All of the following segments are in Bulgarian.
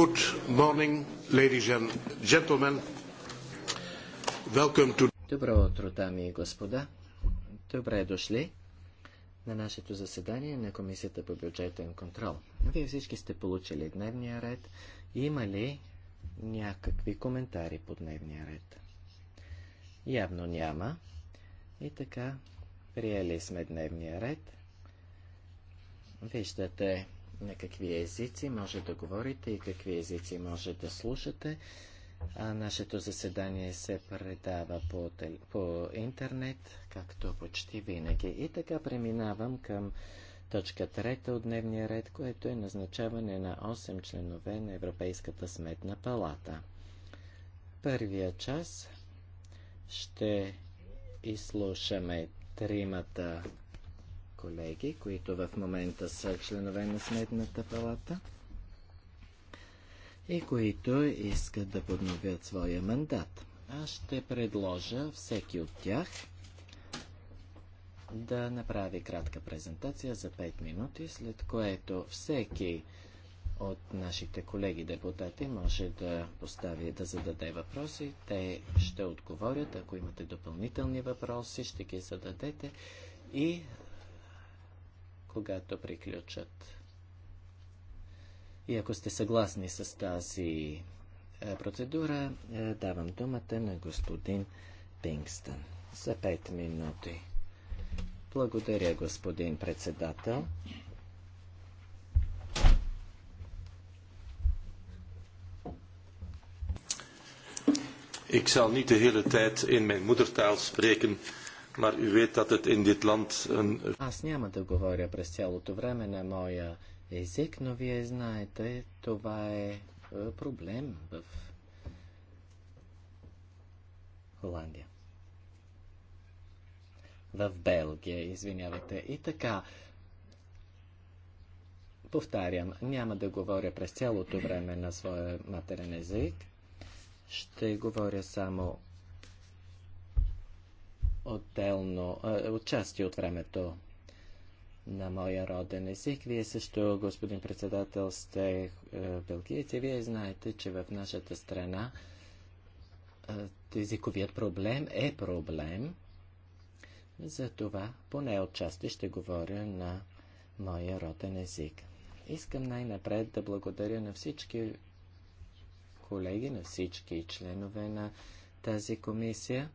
Good morning, ladies and gentlemen. Welcome to... Добро утро, дами и господа. Добре дошли на нашето заседание на Комисията по бюджетен контрол. Вие всички сте получили дневния ред. Има ли някакви коментари по дневния ред? Явно няма. И така, приели сме дневния ред. Виждате на какви езици може да говорите и какви езици може да слушате. А нашето заседание се предава по, по интернет, както почти винаги. И така преминавам към точка трета от дневния ред, което е назначаване на 8 членове на Европейската сметна палата. Първия час ще изслушаме тримата колеги, които в момента са членове на Сметната палата и които искат да подновят своя мандат. Аз ще предложа всеки от тях да направи кратка презентация за 5 минути, след което всеки от нашите колеги депутати може да постави да зададе въпроси. Те ще отговорят. Ако имате допълнителни въпроси, ще ги зададете и когато приключат. И ако сте съгласни с тази е, процедура, е, давам думата на господин Пингстън за 5 минути. Благодаря, господин председател. Ik zal niet de hele tijd in mijn moedertaal spreken. Maar u weet dat het in dit land een... Аз няма да говоря през цялото време на моя език, но вие знаете, това е, е проблем в Холандия. В Белгия, извинявайте. И така, повтарям, няма да говоря през цялото време на своя матерен език. Ще говоря само отделно, отчасти от времето на моя роден език. Вие също, господин председател, сте е, белгиец вие знаете, че в нашата страна езиковият проблем е проблем. Затова поне отчасти ще говоря на моя роден език. Искам най-напред да благодаря на всички колеги, на всички членове на тази комисия.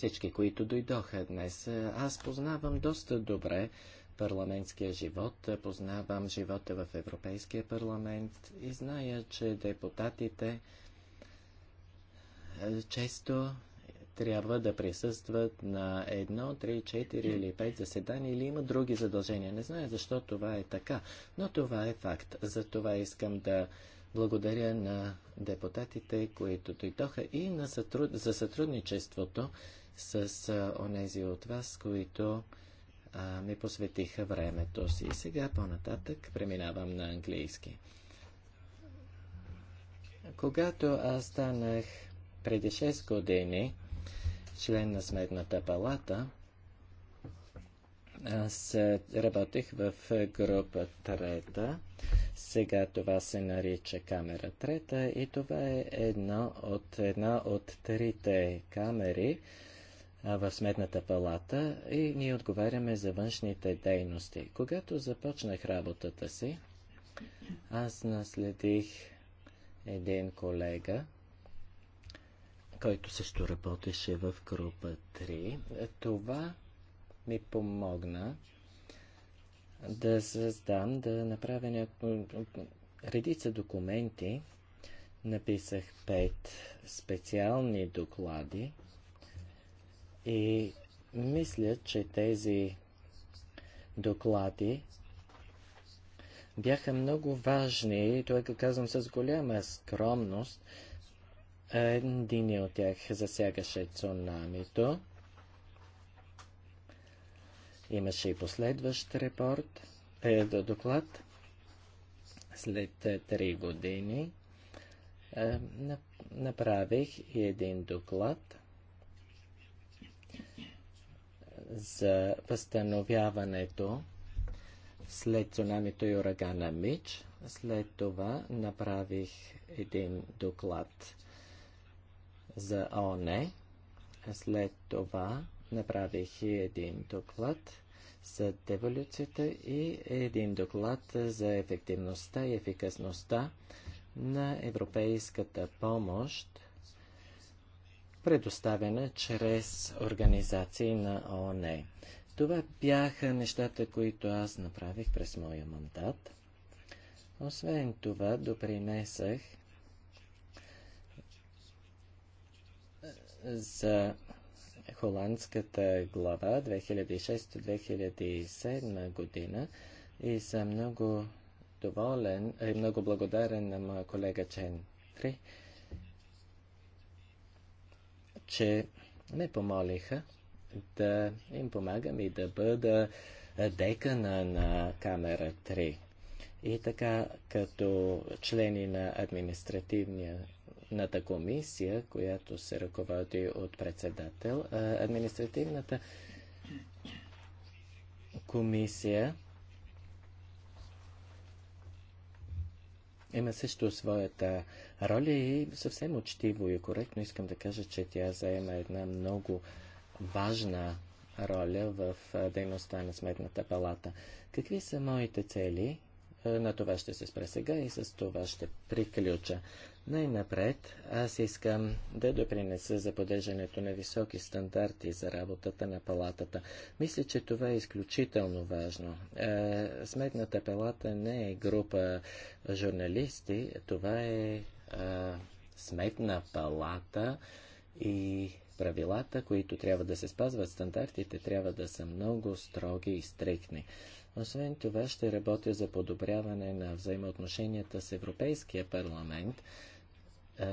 всички, които дойдоха днес. Аз познавам доста добре парламентския живот, познавам живота в Европейския парламент и зная, че депутатите е, често трябва да присъстват на едно, три, четири или пет заседания или има други задължения. Не зная защо това е така, но това е факт. За това искам да благодаря на депутатите, които дойдоха и на сътруд... за сътрудничеството с онези от вас, които а, ми посветиха времето си. И сега по-нататък преминавам на английски. Когато аз станах преди 6 години член на Сметната палата, аз работех в група Трета. Сега това се нарича камера Трета и това е една от, една от трите камери, в Сметната палата и ние отговаряме за външните дейности. Когато започнах работата си, аз наследих един колега, който също работеше в група 3. Това ми помогна да създам, да направя няко... редица документи. Написах пет специални доклади, и мисля, че тези доклади бяха много важни, и това го казвам с голяма скромност. Един от тях засягаше цунамито. Имаше и последващ репорт, е, доклад след е, три години. Е, направих и един доклад за възстановяването след цунамито и урагана Мич. След това направих един доклад за ОНЕ. След това направих и един доклад за деволюцията и един доклад за ефективността и ефикасността на европейската помощ предоставена чрез организации на ООН. Това бяха нещата, които аз направих през моя мандат. Освен това, допринесах за холандската глава 2006-2007 година и съм много доволен и е, много благодарен на моя колега Чен че ме помолиха да им помагам и да бъда декана на камера 3. И така, като члени на административната комисия, която се ръководи от председател, административната комисия има също своята роля и е съвсем учтиво и коректно искам да кажа, че тя заема една много важна роля в дейността на Сметната палата. Какви са моите цели? На това ще се спра сега и с това ще приключа. Най-напред аз искам да допринеса за поддържането на високи стандарти за работата на палатата. Мисля, че това е изключително важно. Сметната палата не е група журналисти, това е сметна палата и правилата, които трябва да се спазват, стандартите трябва да са много строги и стрикни. Освен това ще работя за подобряване на взаимоотношенията с Европейския парламент.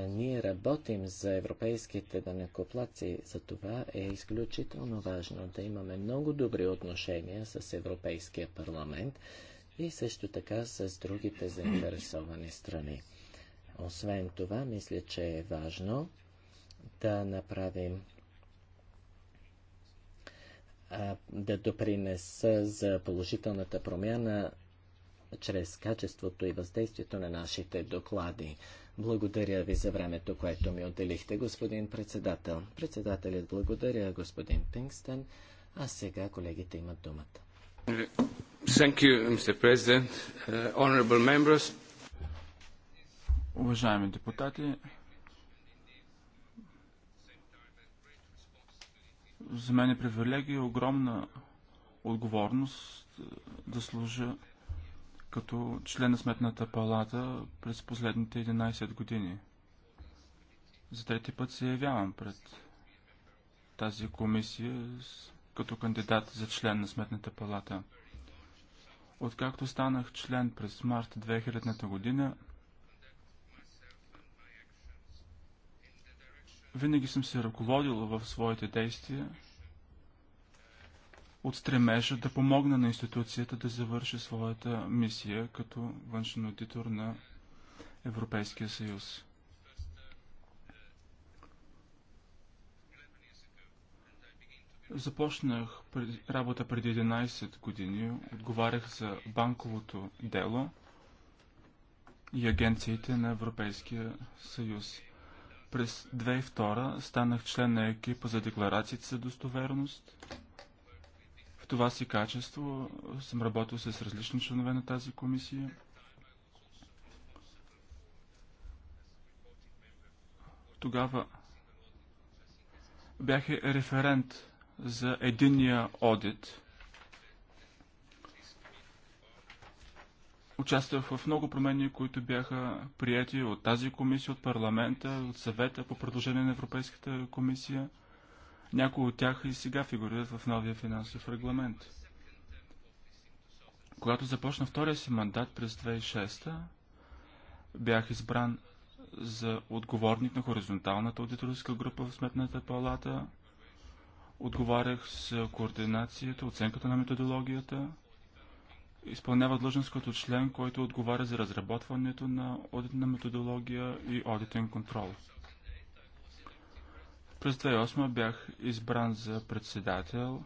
ние работим за европейските данекоплаци, за това е изключително важно да имаме много добри отношения с Европейския парламент и също така с другите заинтересовани страни. Освен това, мисля, че е важно да направим да допринеса за положителната промяна чрез качеството и въздействието на нашите доклади. Благодаря ви за времето, което ми отделихте, господин председател. Председателят благодаря, господин Пингстън. А сега колегите имат думата. Thank you, Mr. President. Uh, honorable members, Уважаеми депутати, за мен е привилегия и огромна отговорност е, да служа като член на Сметната палата през последните 11 години. За трети път се явявам пред тази комисия като кандидат за член на Сметната палата. Откакто станах член през март 2000 година, Винаги съм се ръководил в своите действия от стремежа да помогна на институцията да завърши своята мисия като външен аудитор на Европейския съюз. Започнах работа преди 11 години, отговарях за банковото дело и агенциите на Европейския съюз. През 2002 станах член на екипа за декларациите за достоверност. В това си качество съм работил с различни членове на тази комисия. Тогава бях референт за единия одит Участвах в много промени, които бяха прияти от тази комисия, от парламента, от съвета по предложение на Европейската комисия. Някои от тях и сега фигурират в новия финансов регламент. Когато започна втория си мандат през 2006, бях избран за отговорник на хоризонталната аудиторска група в Сметната палата. Отговарях с координацията, оценката на методологията, изпълнява длъжност като член, който отговаря за разработването на одитна методология и одитен контрол. През 2008 бях избран за председател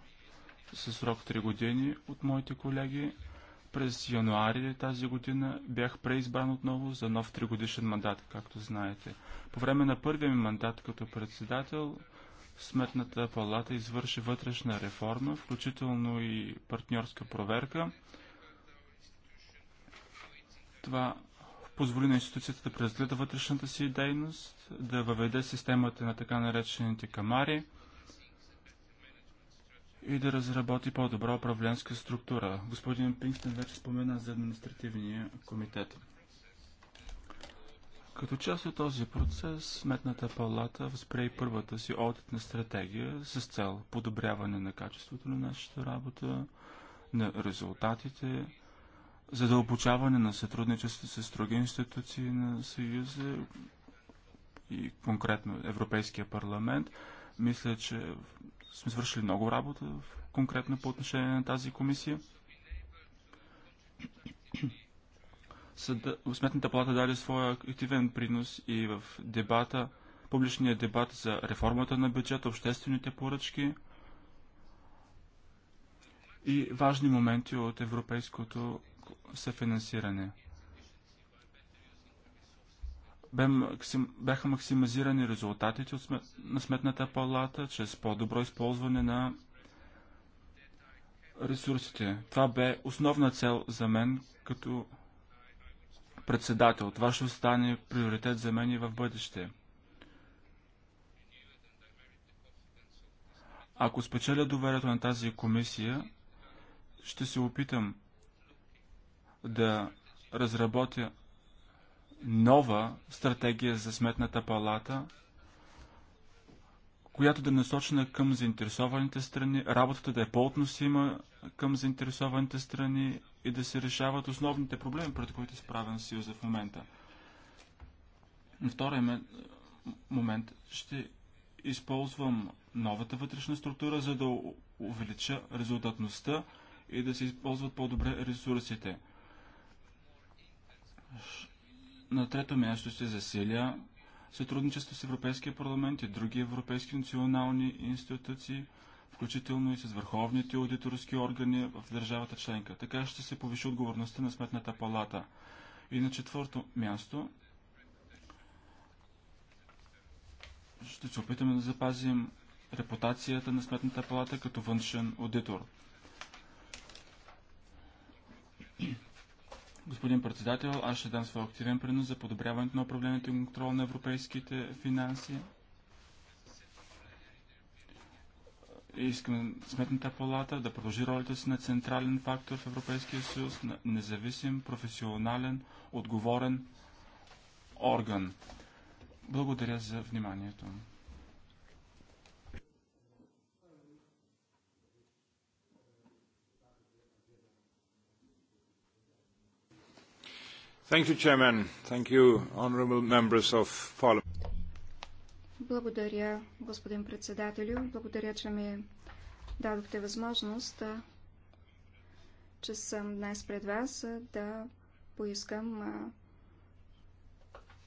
със срок 3 години от моите колеги. През януари тази година бях преизбран отново за нов 3-годишен мандат, както знаете. По време на първия ми мандат като председател Сметната палата извърши вътрешна реформа, включително и партньорска проверка – това позволи на институцията да преразгледа вътрешната си дейност, да въведе системата на така наречените камари и да разработи по-добра управленска структура. Господин Пинстен вече спомена за административния комитет. Като част от този процес, Сметната палата възприе първата си одитна стратегия с цел подобряване на качеството на нашата работа, на резултатите, задълбочаване на сътрудничеството с други институции на Съюза и конкретно Европейския парламент. Мисля, че сме свършили много работа в конкретно по отношение на тази комисия. Сметната плата даде своя активен принос и в дебата, публичния дебат за реформата на бюджета, обществените поръчки и важни моменти от европейското съфинансиране. Бяха максимизирани резултатите на сметната палата чрез по-добро използване на ресурсите. Това бе основна цел за мен като председател. Това ще остане приоритет за мен и в бъдеще. Ако спечеля доверието на тази комисия, ще се опитам да разработя нова стратегия за сметната палата, която да е насочена към заинтересованите страни, работата да е по-относима към заинтересованите страни и да се решават основните проблеми, пред които е справен Съюза в момента. На втория момент ще използвам новата вътрешна структура, за да увелича резултатността и да се използват по-добре ресурсите – на трето място се засиля сътрудничество с Европейския парламент и други европейски национални институции, включително и с върховните аудиторски органи в държавата членка. Така ще се повиши отговорността на Сметната палата. И на четвърто място ще се опитаме да запазим репутацията на Сметната палата като външен аудитор. Господин председател, аз ще дам своя активен принос за подобряването на управлението и контрол на европейските финанси. Искам Сметната палата да продължи ролята си на централен фактор в Европейския съюз, на независим, професионален, отговорен орган. Благодаря за вниманието. Благодаря, господин председателю. Благодаря, че ми дадохте възможност, че съм днес пред вас да поискам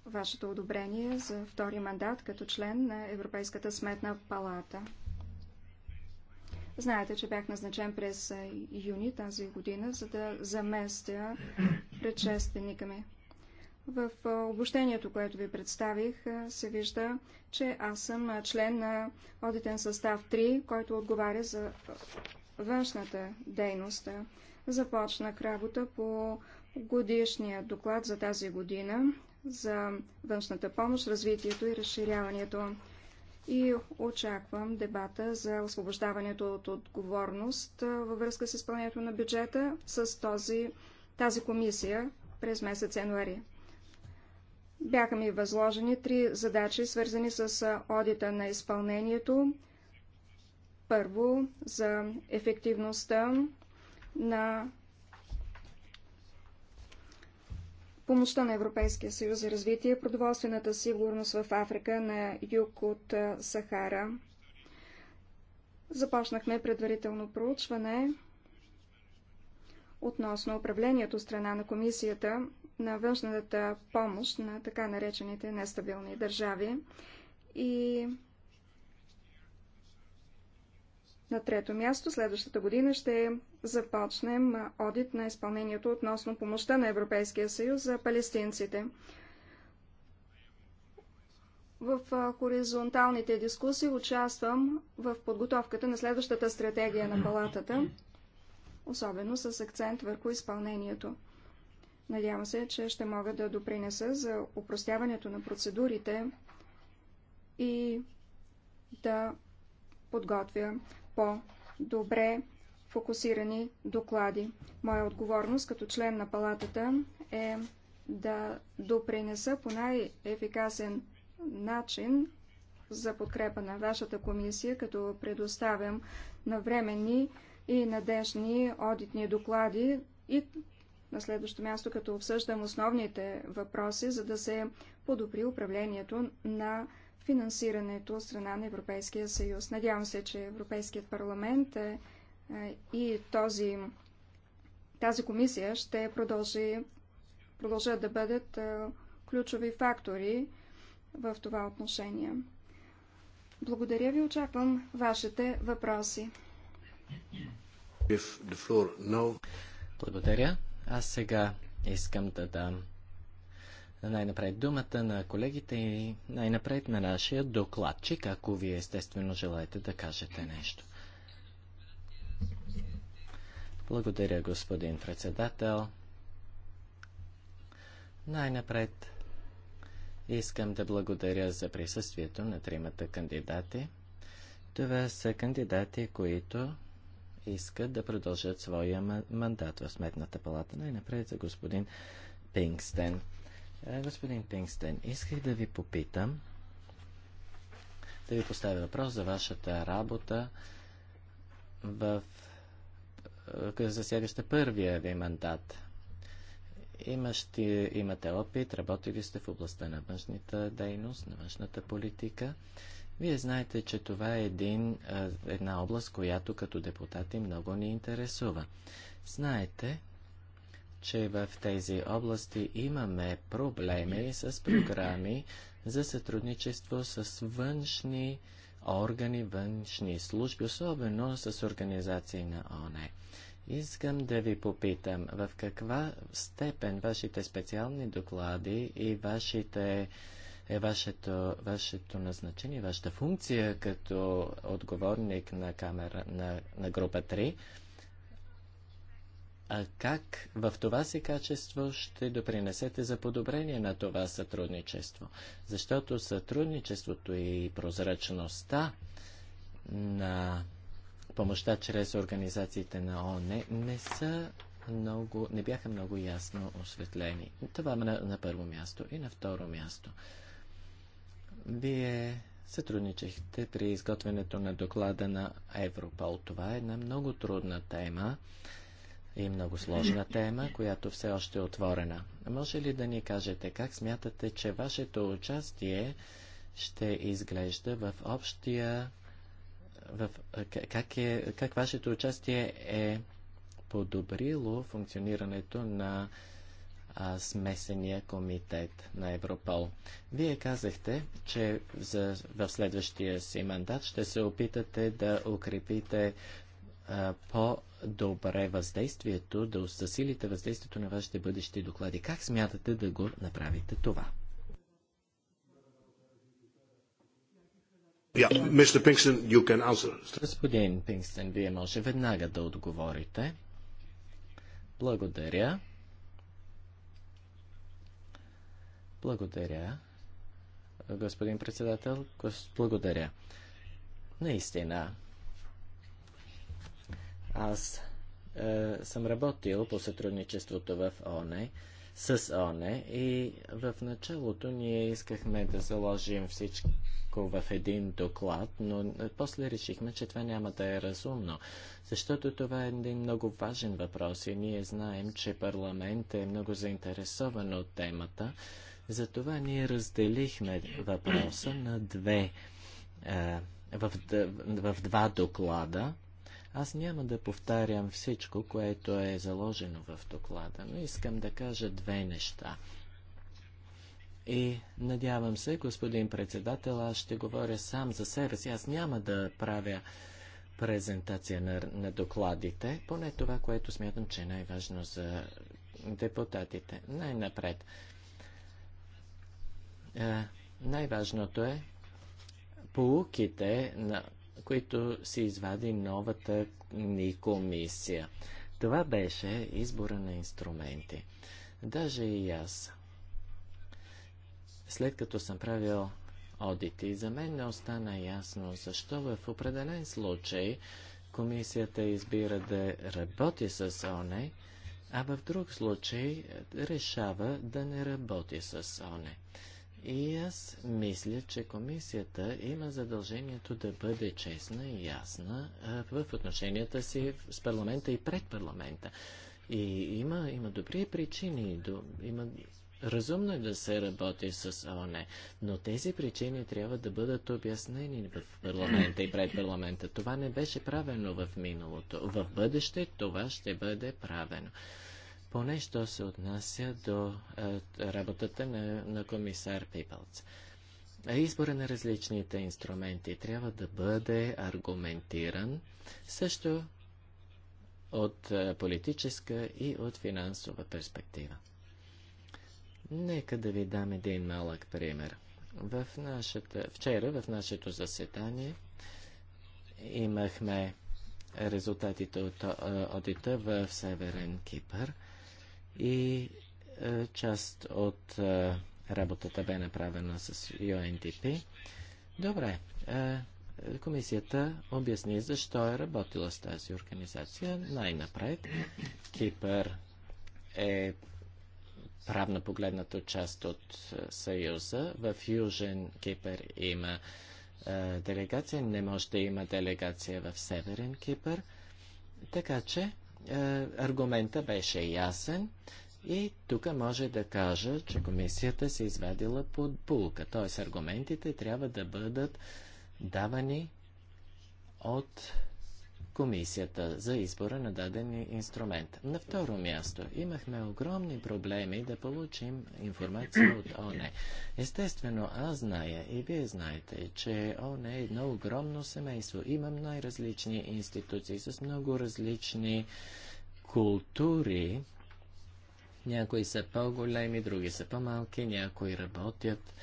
вашето одобрение за втори мандат като член на Европейската сметна палата. Знаете, че бях назначен през юни тази година, за да заместя предшественика ми. В обобщението, което ви представих, се вижда, че аз съм член на одитен състав 3, който отговаря за външната дейност. Започнах работа по годишния доклад за тази година за външната помощ, развитието и разширяването. И очаквам дебата за освобождаването от отговорност във връзка с изпълнението на бюджета с този тази комисия през месец януари. Бяха ми възложени три задачи, свързани с одита на изпълнението. Първо, за ефективността на помощта на Европейския съюз за развитие, и продоволствената сигурност в Африка на юг от Сахара. Започнахме предварително проучване относно управлението страна на комисията на външната помощ на така наречените нестабилни държави. И на трето място, следващата година ще започнем одит на изпълнението относно помощта на Европейския съюз за палестинците. В хоризонталните дискусии участвам в подготовката на следващата стратегия на палатата, особено с акцент върху изпълнението. Надявам се, че ще мога да допринеса за упростяването на процедурите и да подготвя по-добре фокусирани доклади. Моя отговорност като член на палатата е да допринеса по най-ефикасен начин за подкрепа на вашата комисия, като предоставям навременни времени и надежни одитни доклади и на следващо място, като обсъждам основните въпроси, за да се подобри управлението на финансирането от страна на Европейския съюз. Надявам се, че Европейският парламент е, е, и този, тази комисия ще продължи, продължат да бъдат е, ключови фактори в това отношение. Благодаря ви, очаквам вашите въпроси. Благодаря. Аз сега искам да дам най-напред думата на колегите и най-напред на нашия докладчик, ако вие естествено желаете да кажете нещо. Благодаря, господин председател. Най-напред искам да благодаря за присъствието на тримата кандидати. Това са кандидати, които искат да продължат своя мандат в Сметната палата. Най-напред за господин Пингстен. Е, господин Пингстен, исках да ви попитам, да ви поставя въпрос за вашата работа в е, е, засягаща първия ви мандат. Имащи, имате опит, работили сте в областта на външната дейност, на външната политика. Вие знаете, че това е един, една област, която като депутати много ни интересува. Знаете, че в тези области имаме проблеми с програми за сътрудничество с външни органи, външни служби, особено с организации на ОНЕ. Искам да ви попитам в каква степен вашите специални доклади и вашите е вашето, вашето назначение, вашата функция като отговорник на, камера, на, на група 3. А как в това си качество ще допринесете за подобрение на това сътрудничество? Защото сътрудничеството и прозрачността на помощта чрез организациите на ООН не са много, не бяха много ясно осветлени. Това на, на първо място и на второ място. Вие сътрудничахте при изготвянето на доклада на Европол. Това е една много трудна тема и много сложна тема, която все още е отворена. Може ли да ни кажете как смятате, че вашето участие ще изглежда в общия в, как, е, как вашето участие е подобрило функционирането на а, смесения комитет на Европол. Вие казахте, че за, в следващия си мандат ще се опитате да укрепите по-добре въздействието, да засилите въздействието на вашите бъдещи доклади. Как смятате да го направите това? Господин Пингстън, вие може веднага да отговорите. Благодаря. Благодаря. Господин председател, гос... благодаря. Наистина. Аз е, съм работил по сътрудничеството в ОНЕ, с ОНЕ и в началото ние искахме да заложим всичко в един доклад, но е, после решихме, че това няма да е разумно, защото това е един много важен въпрос и ние знаем, че парламент е много заинтересован от темата. Затова ние разделихме въпроса на две, е, в, в, в два доклада. Аз няма да повтарям всичко, което е заложено в доклада, но искам да кажа две неща. И надявам се, господин председател, аз ще говоря сам за себе си. Аз няма да правя презентация на, на докладите, поне това, което смятам, че е най-важно за депутатите. Най-напред, е, най-важното е полуките, на които се извади новата ни комисия. Това беше избора на инструменти. Даже и аз. След като съм правил одити, за мен не остана ясно защо в определен случай комисията избира да работи с ОНЕ, а в друг случай решава да не работи с ОНЕ. И аз мисля, че комисията има задължението да бъде честна и ясна в отношенията си с парламента и пред парламента. И има, има добри причини, до, има Разумно е да се работи с ООН, но тези причини трябва да бъдат обяснени в парламента и пред парламента. Това не беше правено в миналото. В бъдеще това ще бъде правено поне що се отнася до е, работата на, на комисар Пипълц. Е, избора на различните инструменти трябва да бъде аргументиран също от е, политическа и от финансова перспектива. Нека да ви дам един малък пример. В нашата, вчера в нашето заседание имахме резултатите от одита е, в Северен Кипър – и е, част от е, работата бе направена с UNDP. Добре, е, комисията обясни защо е работила с тази организация. Най-напред Кипър е правна погледната част от е, Съюза. В Южен Кипър има е, делегация, не може да има делегация в Северен Кипър. Така че е, аргумента беше ясен и тук може да кажа, че комисията се извадила под булка. Т.е. аргументите трябва да бъдат давани от комисията за избора на даден инструмент. На второ място, имахме огромни проблеми да получим информация от ОНЕ. Естествено, аз зная и вие знаете, че ОНЕ е едно огромно семейство. Имам най-различни институции с много различни култури. Някои са по-големи, други са по-малки, някои работят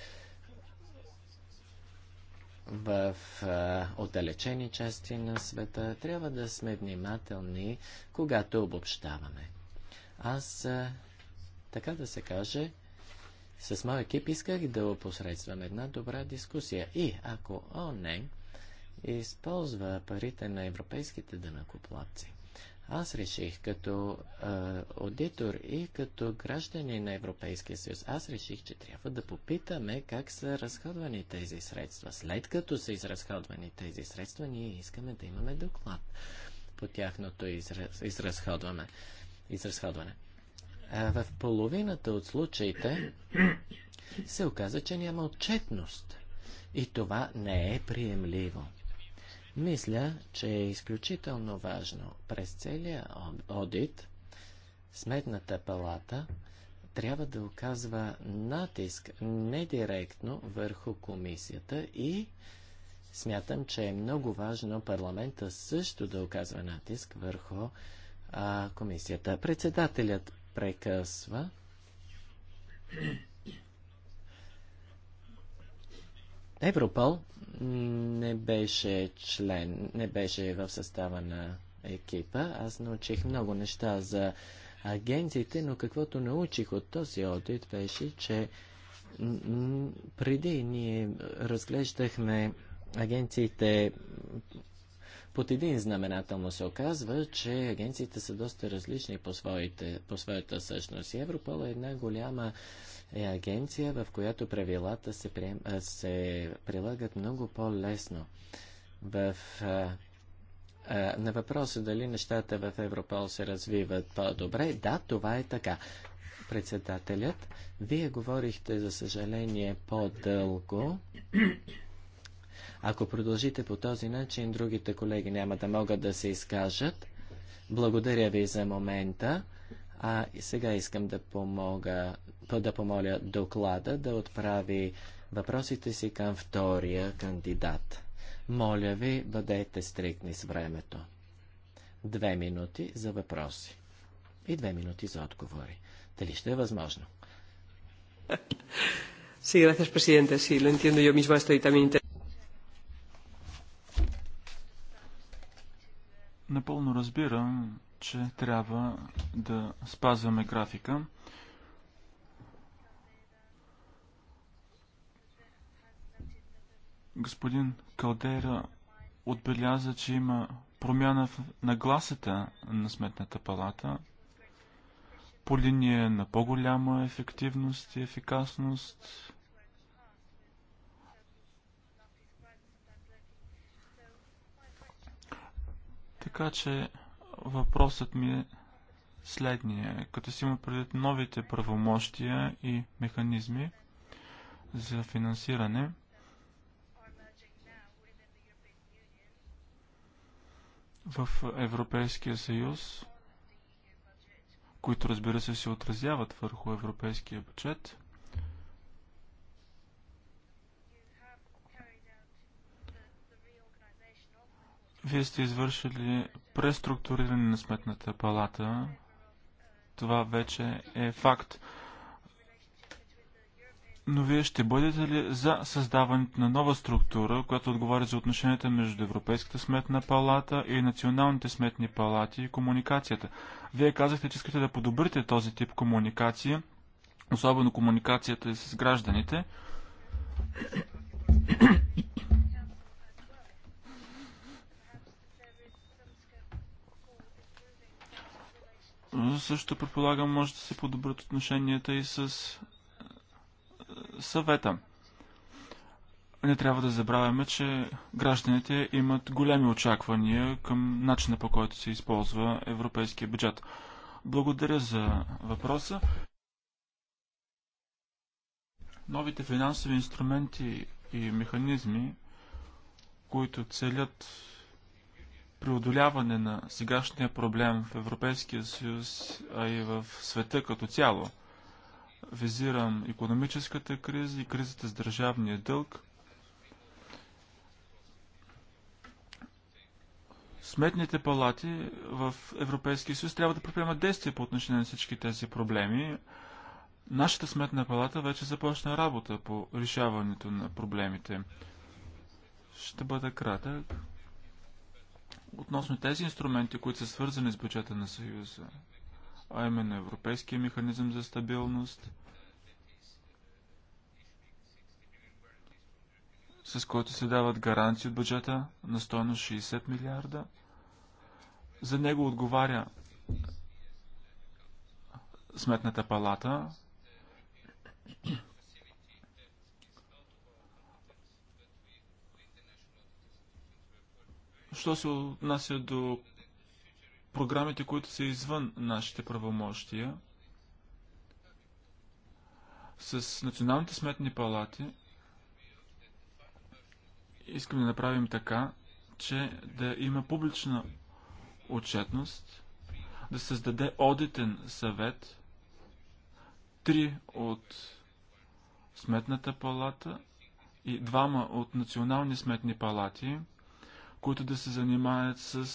в а, отдалечени части на света, трябва да сме внимателни, когато обобщаваме. Аз, а, така да се каже, с моя екип исках да опосредствам една добра дискусия. И ако ОНЕ използва парите на европейските дънакоплаци, аз реших като аудитор и като граждани на Европейския съюз, аз реших, че трябва да попитаме как са разходвани тези средства. След като са изразходвани тези средства, ние искаме да имаме доклад по тяхното израз, изразходване. изразходване. А в половината от случаите се оказа, че няма отчетност. И това не е приемливо. Мисля, че е изключително важно през целия одит Сметната палата трябва да оказва натиск недиректно върху комисията и смятам, че е много важно парламента също да оказва натиск върху а, комисията. Председателят прекъсва. Европол не беше член, не беше в състава на екипа. Аз научих много неща за агенциите, но каквото научих от този одит беше, че преди ние разглеждахме агенциите под един знаменател му се оказва, че агенциите са доста различни по, своите, по своята същност. Европол е една голяма е агенция, в която правилата се, прием, се прилагат много по-лесно. В, а, а, на въпроса дали нещата в Европол се развиват по-добре, да, това е така. Председателят, вие говорихте, за съжаление, по-дълго. Ако продължите по този начин, другите колеги няма да могат да се изкажат. Благодаря ви за момента. А сега искам да помога да помоля доклада да отправи въпросите си към втория кандидат. Моля ви, бъдете стрикни с времето. Две минути за въпроси и две минути за отговори. Дали ще е възможно? Sí, gracias, presidente. Sí, lo entiendo. Yo misma estoy también Напълно разбирам, че трябва да спазваме графика. Господин Калдера отбеляза, че има промяна в нагласата на Сметната палата по линия на по-голяма ефективност и ефикасност. Така че въпросът ми е следния. Като си има предвид новите правомощия и механизми за финансиране – в Европейския съюз, които разбира се се отразяват върху европейския бюджет. Вие сте извършили преструктуриране на сметната палата. Това вече е факт. Но вие ще бъдете ли за създаването на нова структура, която отговаря за отношенията между Европейската сметна палата и националните сметни палати и комуникацията? Вие казахте, че искате да подобрите този тип комуникация, особено комуникацията с гражданите. Също предполагам, може да се подобрят отношенията и с съвета. Не трябва да забравяме, че гражданите имат големи очаквания към начина по който се използва европейския бюджет. Благодаря за въпроса. Новите финансови инструменти и механизми, които целят преодоляване на сегашния проблем в Европейския съюз, а и в света като цяло – Визирам економическата криза и кризата с държавния дълг. Сметните палати в Европейския съюз трябва да предприемат действия по отношение на всички тези проблеми. Нашата сметна палата вече започна работа по решаването на проблемите. Ще бъда кратък. Относно тези инструменти, които са свързани с бюджета на Съюза, а именно Европейския механизъм за стабилност, с който се дават гаранции от бюджета на стойност 60 милиарда. За него отговаря Сметната палата. Що се отнася до програмите, които са извън нашите правомощия, с националните сметни палати искам да направим така, че да има публична отчетност, да създаде одитен съвет, три от сметната палата и двама от национални сметни палати, които да се занимаят с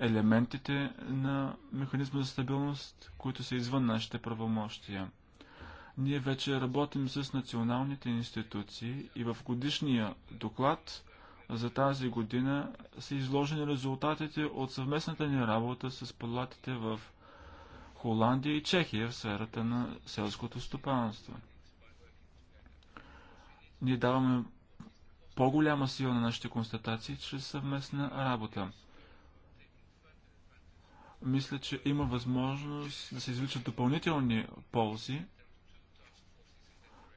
елементите на механизма за стабилност, които са извън нашите правомощия. Ние вече работим с националните институции и в годишния доклад за тази година са изложени резултатите от съвместната ни работа с палатите в Холандия и Чехия в сферата на селското стопанство. Ние даваме по-голяма сила на нашите констатации чрез съвместна работа мисля, че има възможност да се извличат допълнителни ползи,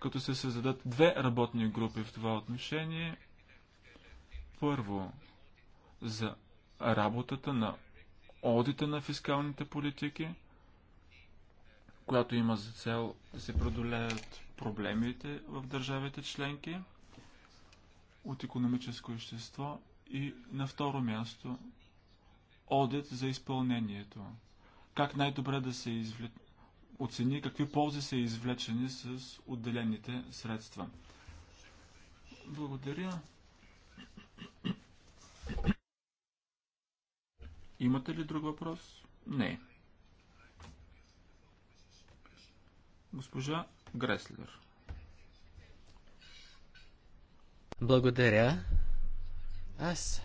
като се създадат две работни групи в това отношение. Първо, за работата на одита на фискалните политики, която има за цел да се продолеят проблемите в държавите членки от економическо общество и на второ място одит за изпълнението. Как най-добре да се извле... оцени какви ползи са извлечени с отделените средства. Благодаря. Имате ли друг въпрос? Не. Госпожа Греслер. Благодаря. Аз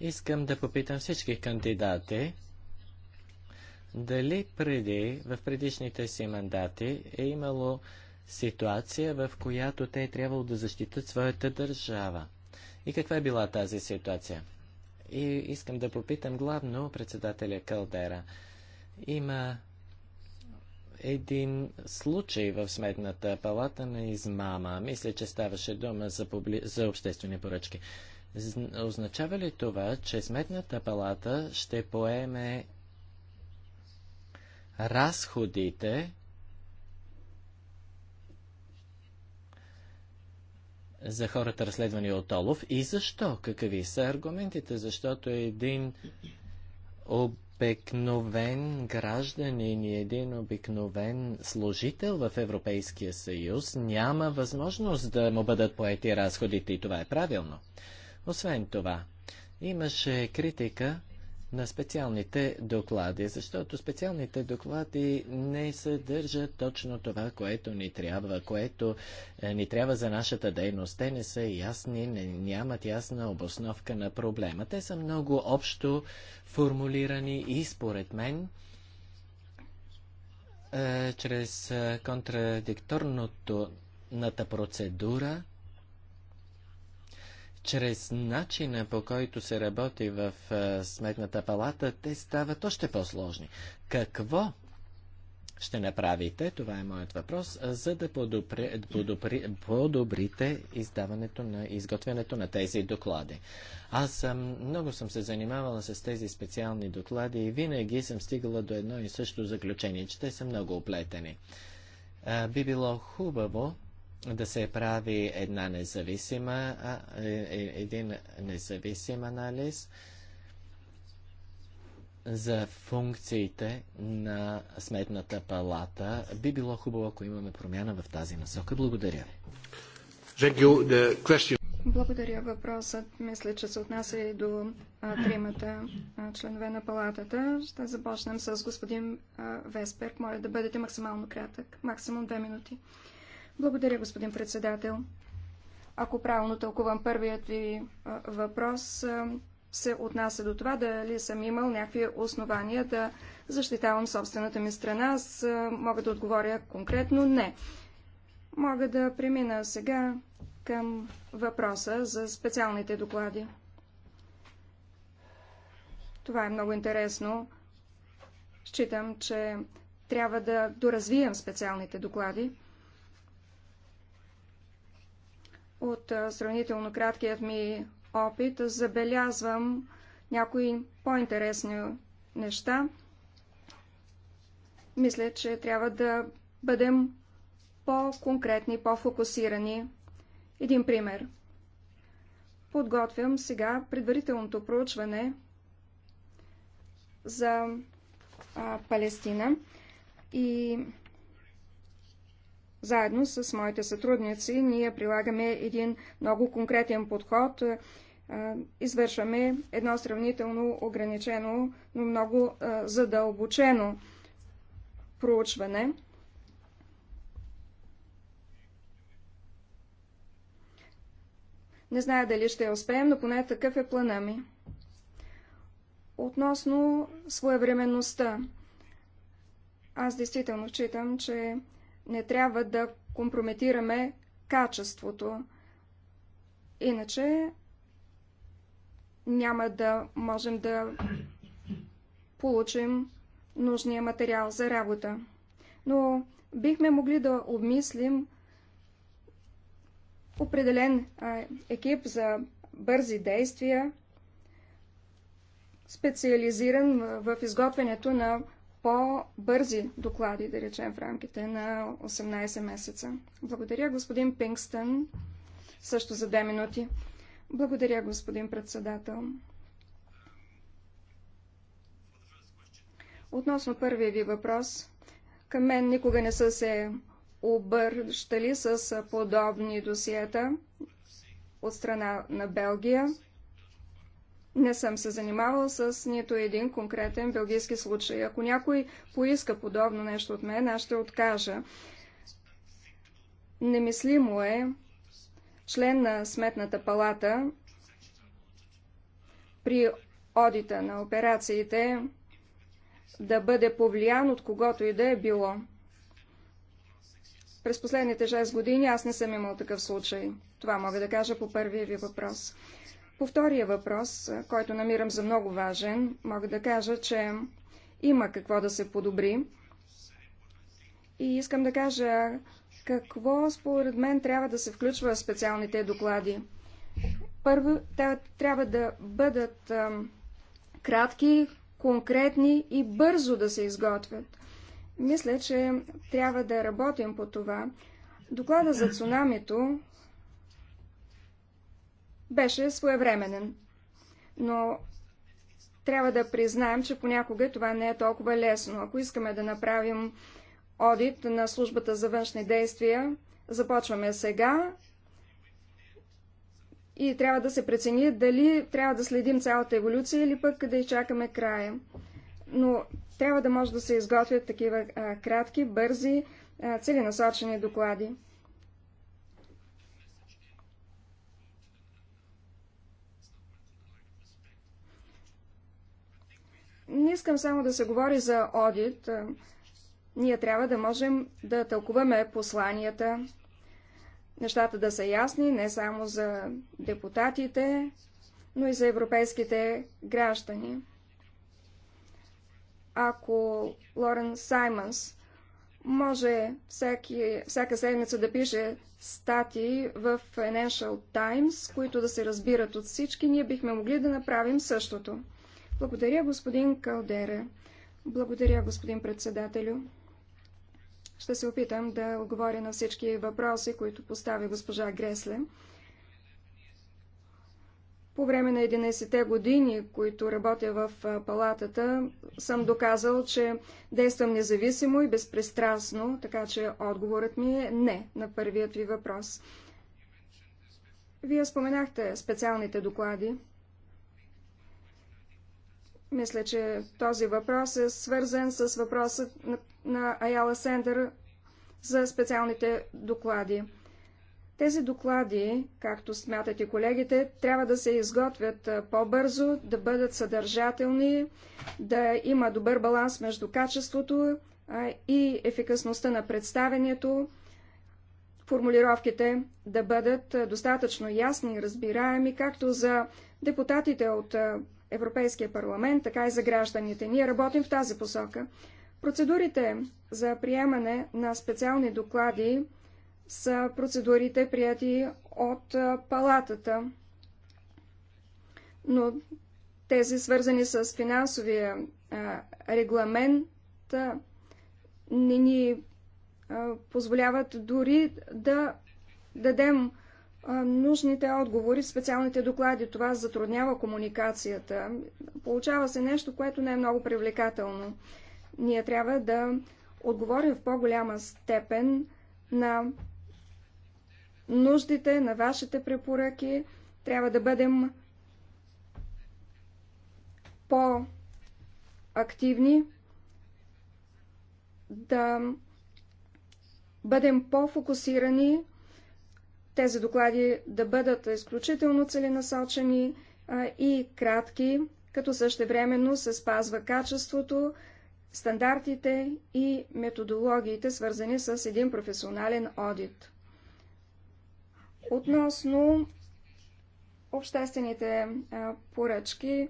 Искам да попитам всички кандидати, дали преди, в предишните си мандати е имало ситуация, в която те е трябвало да защитат своята държава. И каква е била тази ситуация? И искам да попитам главно председателя Калдера. Има един случай в сметната палата на измама. Мисля, че ставаше дума за, публи... за обществени поръчки. Означава ли това, че Сметната палата ще поеме разходите за хората разследвани от Олов и защо? Какви са аргументите? Защото един обикновен гражданин и един обикновен служител в Европейския съюз няма възможност да му бъдат поети разходите и това е правилно. Освен това, имаше критика на специалните доклади, защото специалните доклади не съдържат точно това, което ни трябва, което е, ни трябва за нашата дейност. Те не са ясни, не, нямат ясна обосновка на проблема. Те са много общо формулирани и според мен е, чрез е, контрадикторното процедура чрез начина по който се работи в е, Сметната палата, те стават още по-сложни. Какво ще направите, това е моят въпрос, за да подобри, подобри, подобрите издаването на изготвянето на тези доклади. Аз съм, много съм се занимавала с тези специални доклади и винаги съм стигала до едно и също заключение, че те са много оплетени. А, би било хубаво да се прави една независима, е, е, един независим анализ за функциите на Сметната палата. Би било хубаво, ако имаме промяна в тази насока. Благодаря Благодаря. Въпросът мисля, че се отнася и до а, тримата а, членове на палатата. Ще започнем с господин а, Моля да бъдете максимално кратък. Максимум две минути. Благодаря, господин председател. Ако правилно тълкувам първият ви въпрос, се отнася до това дали съм имал някакви основания да защитавам собствената ми страна. Аз мога да отговоря конкретно не. Мога да премина сега към въпроса за специалните доклади. Това е много интересно. Считам, че трябва да доразвием специалните доклади. От сравнително краткият ми опит забелязвам някои по-интересни неща. Мисля, че трябва да бъдем по-конкретни, по-фокусирани. Един пример. Подготвям сега предварителното проучване за а, Палестина и заедно с моите сътрудници ние прилагаме един много конкретен подход. Е, извършваме едно сравнително ограничено, но много е, задълбочено проучване. Не зная дали ще успеем, но поне такъв е плана ми. Относно своевременността, аз действително считам, че не трябва да компрометираме качеството. Иначе няма да можем да получим нужния материал за работа. Но бихме могли да обмислим определен екип за бързи действия, специализиран в изготвянето на по-бързи доклади, да речем, в рамките на 18 месеца. Благодаря, господин Пингстън, също за 2 минути. Благодаря, господин председател. Относно първия ви въпрос, към мен никога не са се обърщали с подобни досиета от страна на Белгия. Не съм се занимавал с нито един конкретен белгийски случай. Ако някой поиска подобно нещо от мен, аз ще откажа. Немислимо е член на Сметната палата при одита на операциите да бъде повлиян от когото и да е било. През последните 6 години аз не съм имал такъв случай. Това мога да кажа по първия ви въпрос. По втория въпрос, който намирам за много важен, мога да кажа, че има какво да се подобри. И искам да кажа какво според мен трябва да се включва в специалните доклади. Първо, те трябва да бъдат кратки, конкретни и бързо да се изготвят. Мисля, че трябва да работим по това. Доклада за цунамито беше своевременен. Но трябва да признаем, че понякога това не е толкова лесно. Ако искаме да направим одит на службата за външни действия, започваме сега и трябва да се прецени дали трябва да следим цялата еволюция или пък да изчакаме края. Но трябва да може да се изготвят такива а, кратки, бързи, а, целенасочени доклади. Не искам само да се говори за одит. Ние трябва да можем да тълкуваме посланията, нещата да са ясни не само за депутатите, но и за европейските граждани. Ако Лорен Саймънс може всяки, всяка седмица да пише статии в Financial Times, които да се разбират от всички, ние бихме могли да направим същото. Благодаря, господин Калдера. Благодаря, господин председателю. Ще се опитам да отговоря на всички въпроси, които постави госпожа Гресле. По време на 11-те години, които работя в палатата, съм доказал, че действам независимо и безпристрастно, така че отговорът ми е не на първият ви въпрос. Вие споменахте специалните доклади. Мисля, че този въпрос е свързан с въпроса на Аяла Сендър за специалните доклади. Тези доклади, както смятате колегите, трябва да се изготвят по-бързо, да бъдат съдържателни, да има добър баланс между качеството и ефикасността на представенето, формулировките да бъдат достатъчно ясни и разбираеми, както за депутатите от Европейския парламент, така и за гражданите. Ние работим в тази посока. Процедурите за приемане на специални доклади са процедурите, прияти от палатата, но тези свързани с финансовия регламент не ни позволяват дори да дадем нужните отговори в специалните доклади. Това затруднява комуникацията. Получава се нещо, което не е много привлекателно. Ние трябва да отговорим в по-голяма степен на нуждите, на вашите препоръки. Трябва да бъдем по-активни, да бъдем по-фокусирани тези доклади да бъдат изключително целенасочени и кратки, като същевременно се спазва качеството, стандартите и методологиите, свързани с един професионален одит. Относно обществените поръчки,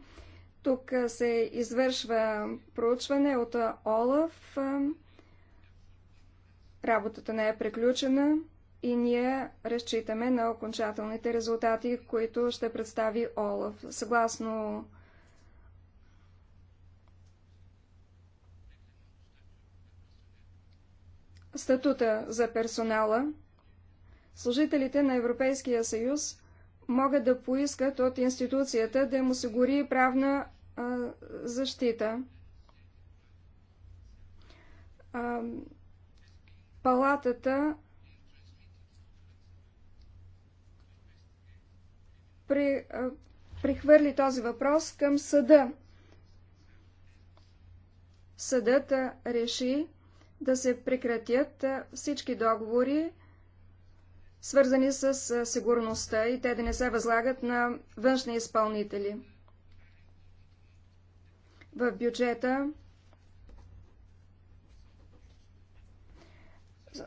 тук се извършва проучване от ОЛАФ. Работата не е приключена и ние разчитаме на окончателните резултати, които ще представи ОЛАФ. Съгласно статута за персонала, служителите на Европейския съюз могат да поискат от институцията да им осигури правна а, защита. А, палатата при, а, прихвърли този въпрос към съда. Съдът реши да се прекратят всички договори, свързани с сигурността и те да не се възлагат на външни изпълнители. В бюджета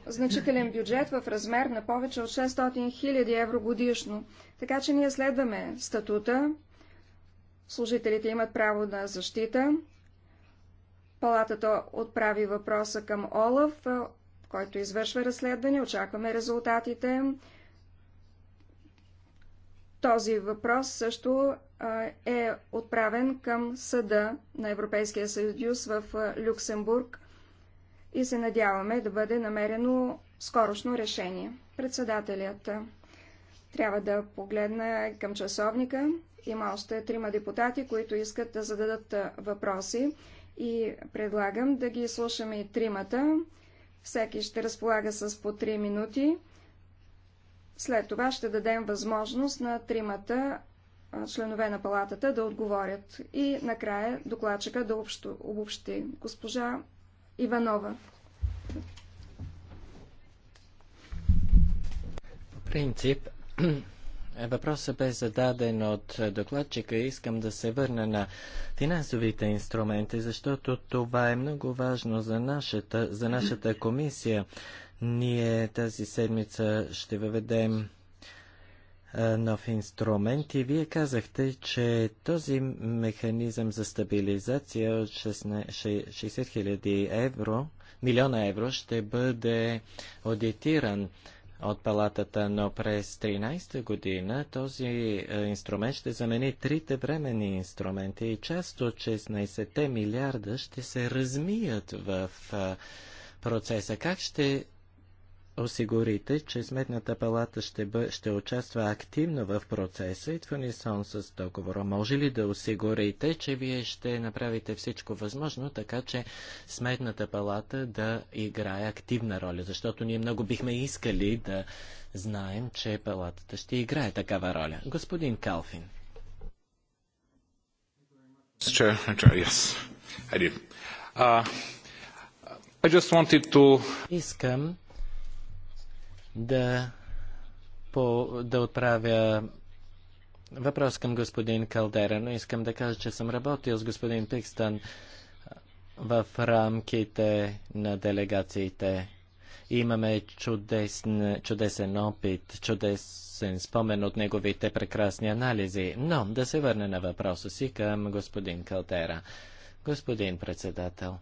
значителен бюджет в размер на повече от 600 000 евро годишно. Така че ние следваме статута, служителите имат право на защита. Палатата отправи въпроса към Олаф, който извършва разследване. Очакваме резултатите. Този въпрос също е отправен към Съда на Европейския съюз в Люксембург и се надяваме да бъде намерено скорошно решение. Председателят трябва да погледне към часовника. Има още трима депутати, които искат да зададат въпроси и предлагам да ги слушаме и тримата. Всеки ще разполага с по 3 минути. След това ще дадем възможност на тримата членове на палатата да отговорят. И накрая докладчика да общо, обобщи. Госпожа Иванова. В принцип, е, въпросът бе зададен от докладчика и искам да се върна на финансовите инструменти, защото това е много важно за нашата, за нашата комисия. Ние тази седмица ще въведем е, нов инструмент и вие казахте, че този механизъм за стабилизация от 60 000 евро, милиона евро ще бъде аудитиран от палатата, но през 13-та година този е, инструмент ще замени трите временни инструменти и част от 16-те милиарда ще се размият в е, процеса. Как ще осигурите, че Сметната палата ще, бъ... ще участва активно в процеса и твърни е сон с договора? Може ли да осигурите, че вие ще направите всичко възможно, така че Сметната палата да играе активна роля? Защото ние много бихме искали да знаем, че палатата ще играе такава роля. Господин Калфин. Uh, Искам да, по, да отправя въпрос към господин Калдера, но искам да кажа, че съм работил с господин Пикстън в рамките на делегациите. Имаме чудесен, чудесен опит, чудесен спомен от неговите прекрасни анализи. Но да се върне на въпроса си към господин Калтера. Господин председател,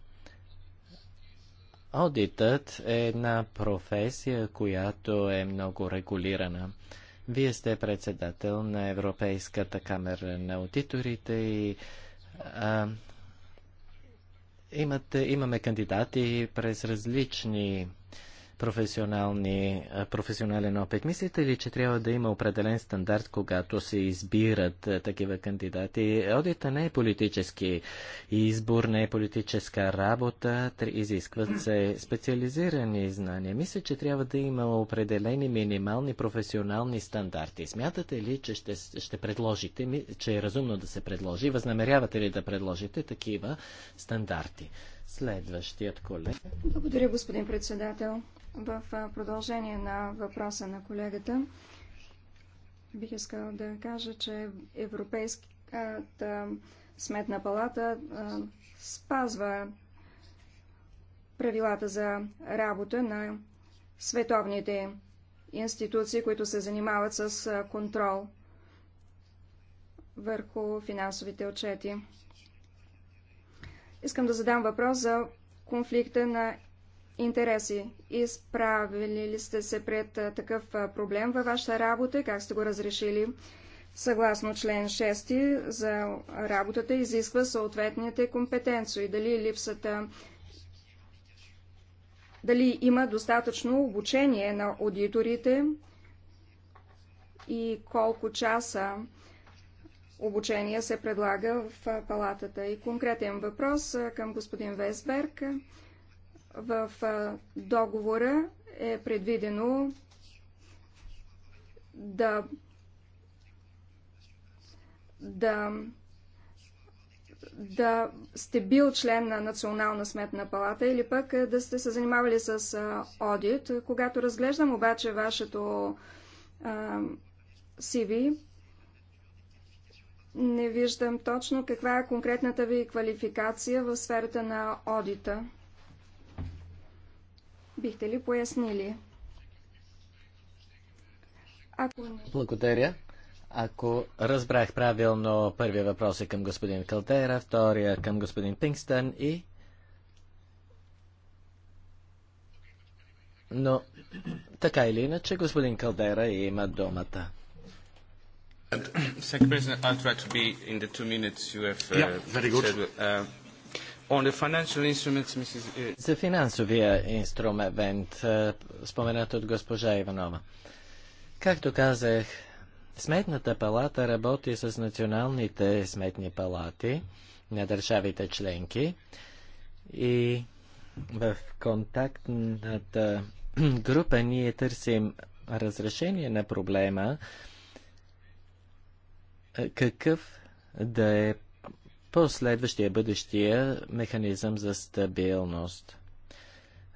Одитът е една професия, която е много регулирана. Вие сте председател на Европейската камера на аудиторите и а, имате, имаме кандидати през различни професионални професионален опит. Мислите ли, че трябва да има определен стандарт, когато се избират такива кандидати? Одита не е политически избор, не е политическа работа, изискват се специализирани знания. Мисля, че трябва да има определени минимални професионални стандарти. Смятате ли, че ще, ще предложите, че е разумно да се предложи? Възнамерявате ли да предложите такива стандарти? Следващият колега. Благодаря, господин председател. В продължение на въпроса на колегата, бих искала да кажа, че Европейската сметна палата спазва правилата за работа на световните институции, които се занимават с контрол върху финансовите отчети. Искам да задам въпрос за конфликта на интереси. Изправили ли сте се пред такъв проблем във вашата работа и как сте го разрешили? Съгласно член 6 за работата изисква съответните компетенции. Дали липсата дали има достатъчно обучение на аудиторите и колко часа обучение се предлага в палатата. И конкретен въпрос към господин Весберг. В договора е предвидено да, да, да сте бил член на Национална сметна палата или пък да сте се занимавали с одит. Когато разглеждам обаче вашето а, CV, не виждам точно каква е конкретната ви квалификация в сферата на одита. Бихте ли пояснили? Ако... Благодаря. Ако разбрах правилно, първия въпрос е към господин Калтера, втория към господин Пингстън и... Но така или иначе, господин Калдера има думата. uh, yeah, very uh, good. said. Uh, за финансовия инструмент, е, споменат от госпожа Иванова. Както казах, Сметната палата работи с националните сметни палати на държавите членки и в контактната група ние търсим разрешение на проблема е, какъв да е последващия бъдещия механизъм за стабилност.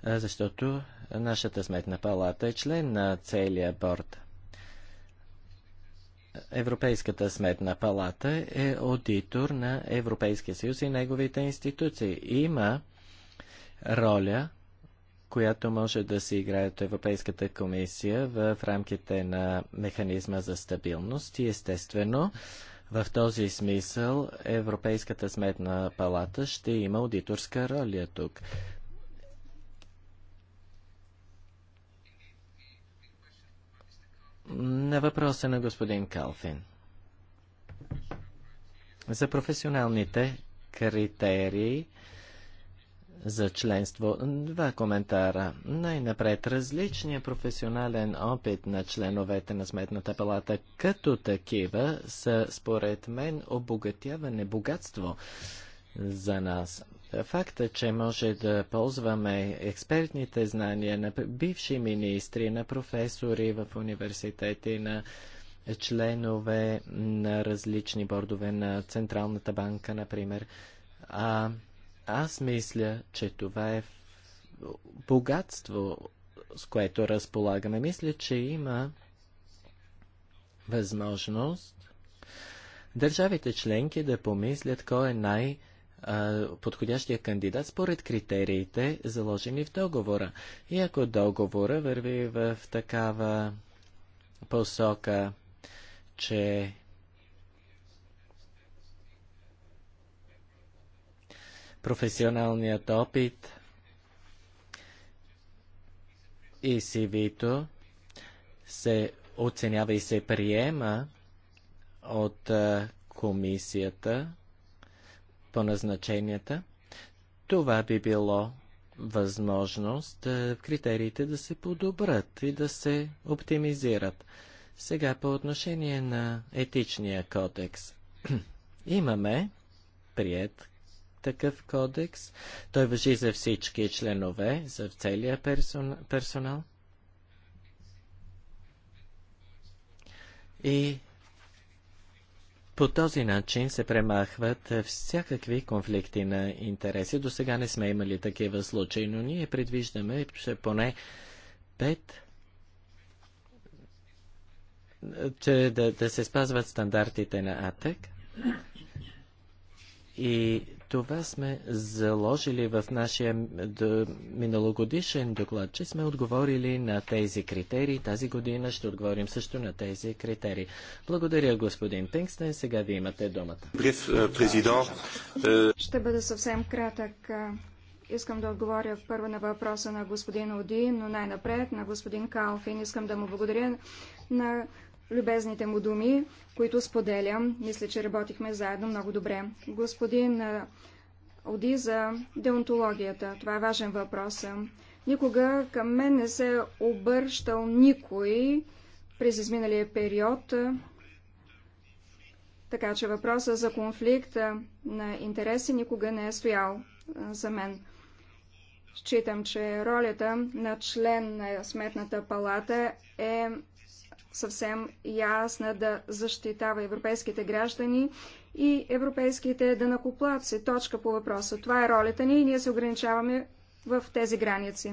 Защото нашата сметна палата е член на целия борт. Европейската сметна палата е аудитор на Европейския съюз и неговите институции. Има роля, която може да се играе от Европейската комисия в рамките на механизма за стабилност и естествено в този смисъл Европейската сметна палата ще има аудиторска роля тук. На въпроса на господин Калфин. За професионалните критерии за членство. Два коментара. Най-напред, различният професионален опит на членовете на Сметната палата като такива са, според мен, обогатяване, богатство за нас. Факта, че може да ползваме експертните знания на бивши министри, на професори в университети, на членове на различни бордове на Централната банка, например, а аз мисля, че това е богатство, с което разполагаме. Мисля, че има възможност държавите членки да помислят кой е най- подходящия кандидат според критериите, заложени в договора. И ако договора върви в такава посока, че професионалният опит и CV-то се оценява и се приема от комисията по назначенията. Това би било възможност критериите да се подобрат и да се оптимизират. Сега по отношение на етичния кодекс. Имаме прият такъв кодекс. Той въжи за всички членове, за целия персонал. И по този начин се премахват всякакви конфликти на интереси. До сега не сме имали такива случаи, но ние предвиждаме, че поне пет че да, да се спазват стандартите на АТЕК и това сме заложили в нашия миналогодишен доклад, че сме отговорили на тези критерии. Тази година ще отговорим също на тези критерии. Благодаря, господин Пинкстен. Сега ви имате думата. Е, е, ще бъда съвсем кратък. Е, искам да отговоря първо на въпроса на господин Оди, но най-напред на господин Калфин. Искам да му благодаря на любезните му думи, които споделям. Мисля, че работихме заедно много добре. Господин Оди за деонтологията. Това е важен въпрос. Никога към мен не се е обърщал никой през изминалия период. Така че въпросът за конфликт на интереси никога не е стоял за мен. Считам, че ролята на член на Сметната палата е съвсем ясна да защитава европейските граждани и европейските данакоплаци. Точка по въпроса. Това е ролята ни и ние се ограничаваме в тези граници.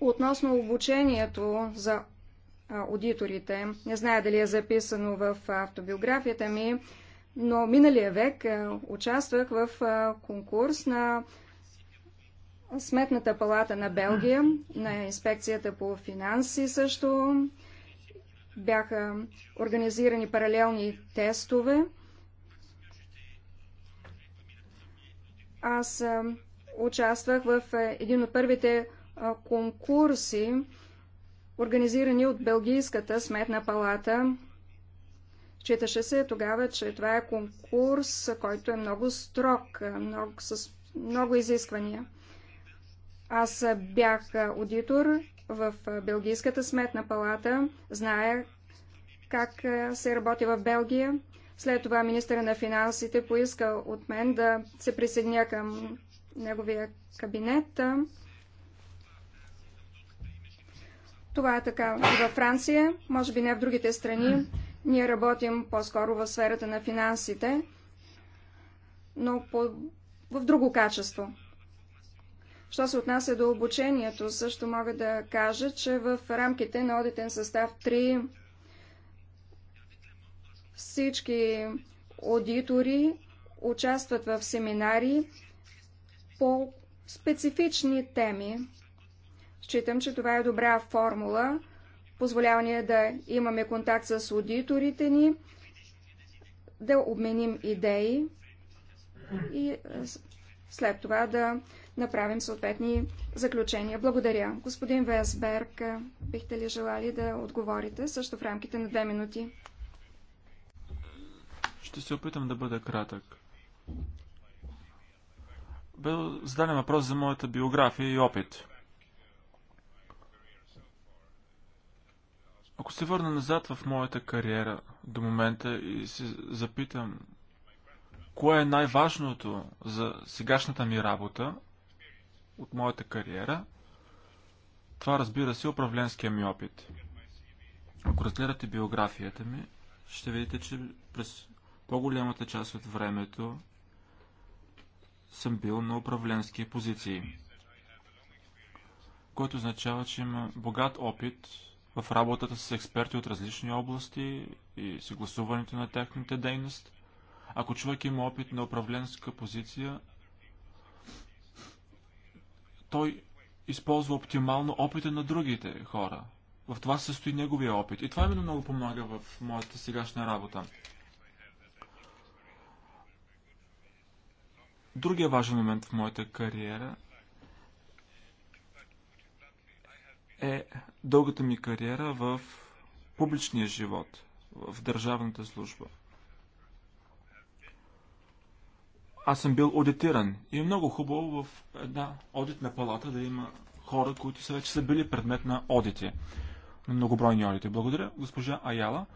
Относно обучението за аудиторите, не зная дали е записано в автобиографията ми, но миналия век участвах в конкурс на Сметната палата на Белгия, на инспекцията по финанси също бяха организирани паралелни тестове. Аз участвах в един от първите конкурси, организирани от Белгийската сметна палата. Четаше се тогава, че това е конкурс, който е много строг, много, с много изисквания. Аз бях аудитор в Белгийската сметна палата, зная как се работи в Белгия. След това министъра на финансите поиска от мен да се присъединя към неговия кабинет. Това е така във Франция, може би не в другите страни. Ние работим по-скоро в сферата на финансите, но по... в друго качество. Що се отнася до обучението, също мога да кажа, че в рамките на одитен състав 3 всички аудитори участват в семинари по специфични теми. Считам, че това е добра формула. Позволява ни е да имаме контакт с аудиторите ни, да обменим идеи и след това да направим съответни заключения. Благодаря. Господин Весберг, бихте ли желали да отговорите също в рамките на две минути? Ще се опитам да бъда кратък. Бе зададен въпрос за моята биография и опит. Ако се върна назад в моята кариера до момента и се запитам кое е най-важното за сегашната ми работа, от моята кариера. Това разбира се е управленския ми опит. Ако разгледате биографията ми, ще видите, че през по-голямата част от времето съм бил на управленски позиции, което означава, че има богат опит в работата с експерти от различни области и съгласуването на техните дейност. Ако човек има опит на управленска позиция, той използва оптимално опита на другите хора. В това се състои неговия опит. И това именно много помага в моята сегашна работа. Другия важен момент в моята кариера е дългата ми кариера в публичния живот, в държавната служба – Аз съм бил аудитиран и е много хубаво в една одитна палата да има хора, които са вече са били предмет на одити, на многобройни одити. Благодаря, госпожа Аяла.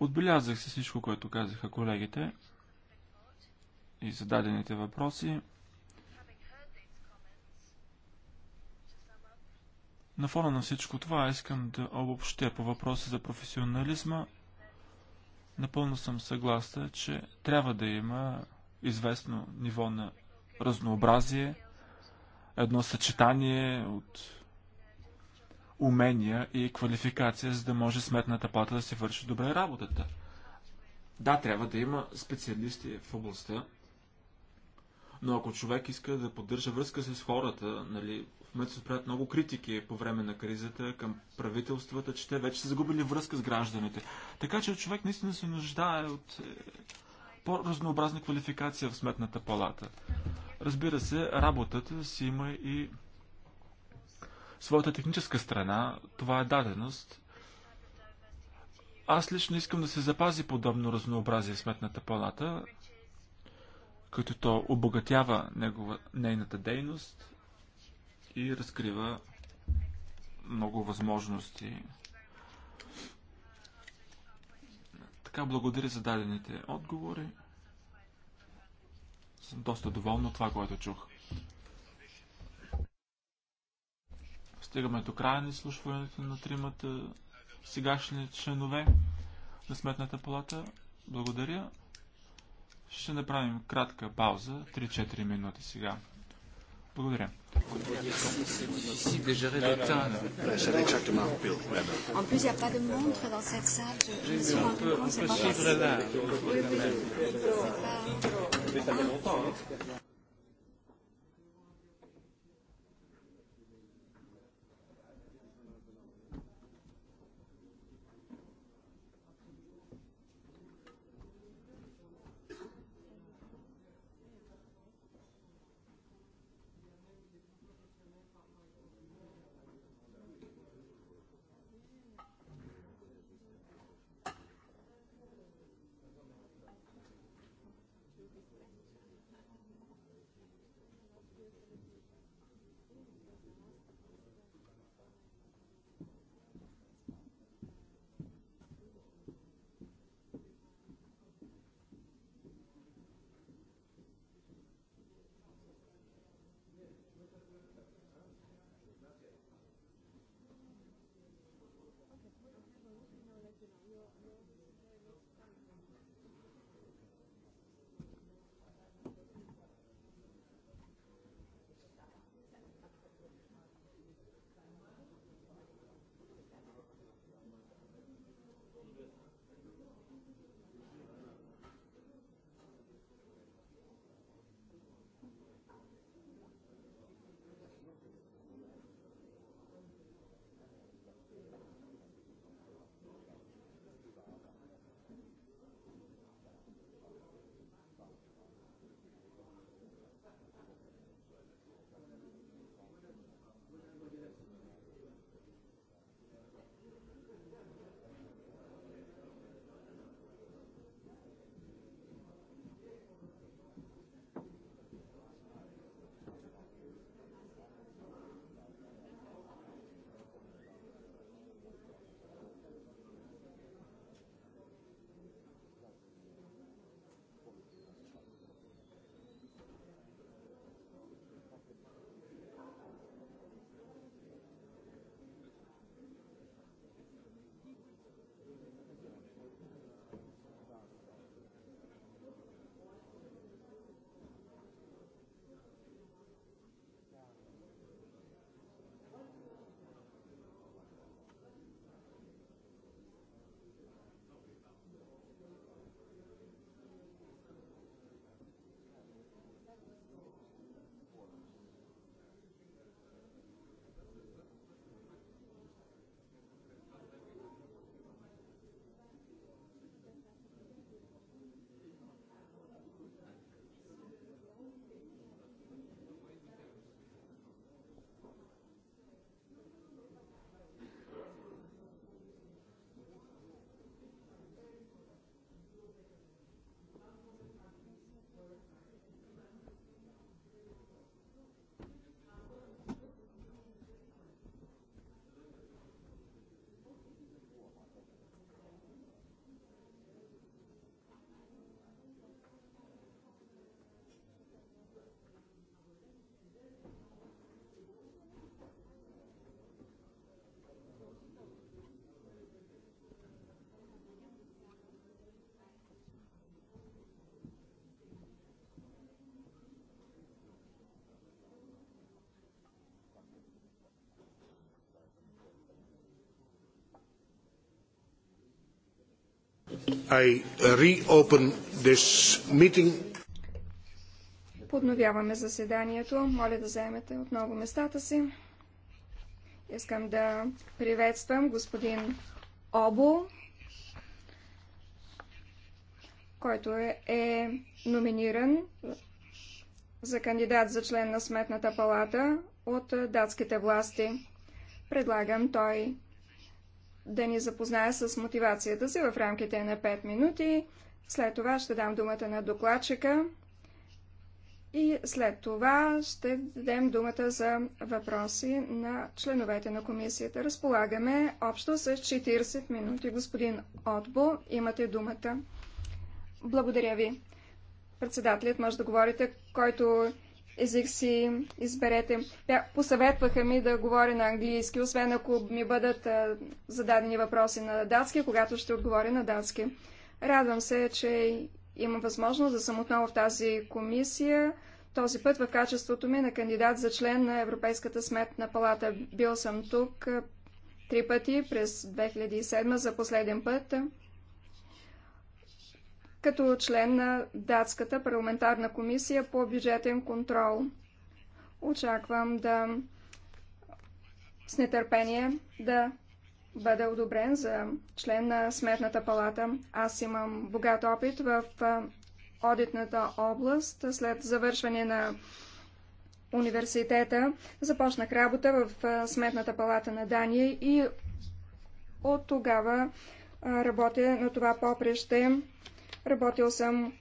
Отбелязах се всичко, което казаха колегите и зададените въпроси. На фона на всичко това искам да обобщя по въпроса за професионализма. Напълно съм съгласна, че трябва да има известно ниво на разнообразие, едно съчетание от умения и квалификация, за да може сметната плата да си върши добре работата. Да, трябва да има специалисти в областта, но ако човек иска да поддържа връзка с хората, нали, момента се отправят много критики по време на кризата към правителствата, че те вече са загубили връзка с гражданите. Така че човек наистина се нуждае от е, по-разнообразна квалификация в сметната палата. Разбира се, работата си има и своята техническа страна. Това е даденост. Аз лично искам да се запази подобно разнообразие в сметната палата, като то обогатява негова, нейната дейност и разкрива много възможности. Така, благодаря за дадените отговори. Съм доста доволна от това, което чух. Стигаме до края на изслушването на тримата сегашни членове на Сметната палата. Благодаря. Ще направим кратка пауза, 3-4 минути сега. Благодаря. En plus, il n'y a pas de montre dans cette salle. Je, je me suis rendu compte, c'est pas facile. Oui, oui, c'est pas... I reopen this meeting. Подновяваме заседанието. Моля да заемете отново местата си. Искам да приветствам господин Обо, който е, е номиниран за кандидат за член на Сметната палата от датските власти. Предлагам той да ни запознае с мотивацията си в рамките на 5 минути. След това ще дам думата на докладчика и след това ще дадем думата за въпроси на членовете на комисията. Разполагаме общо с 40 минути. Господин Отбо, имате думата. Благодаря ви. Председателят може да говорите, който език си изберете. Посъветваха ми да говоря на английски, освен ако ми бъдат зададени въпроси на датски, когато ще отговоря на датски. Радвам се, че имам възможност да съм отново в тази комисия. Този път в качеството ми на кандидат за член на Европейската сметна палата. Бил съм тук три пъти през 2007 за последен път като член на датската парламентарна комисия по бюджетен контрол. Очаквам да с нетърпение да бъда одобрен за член на Сметната палата. Аз имам богат опит в одитната област. След завършване на университета започнах работа в Сметната палата на Дания и от тогава работя на това попреще Работил съм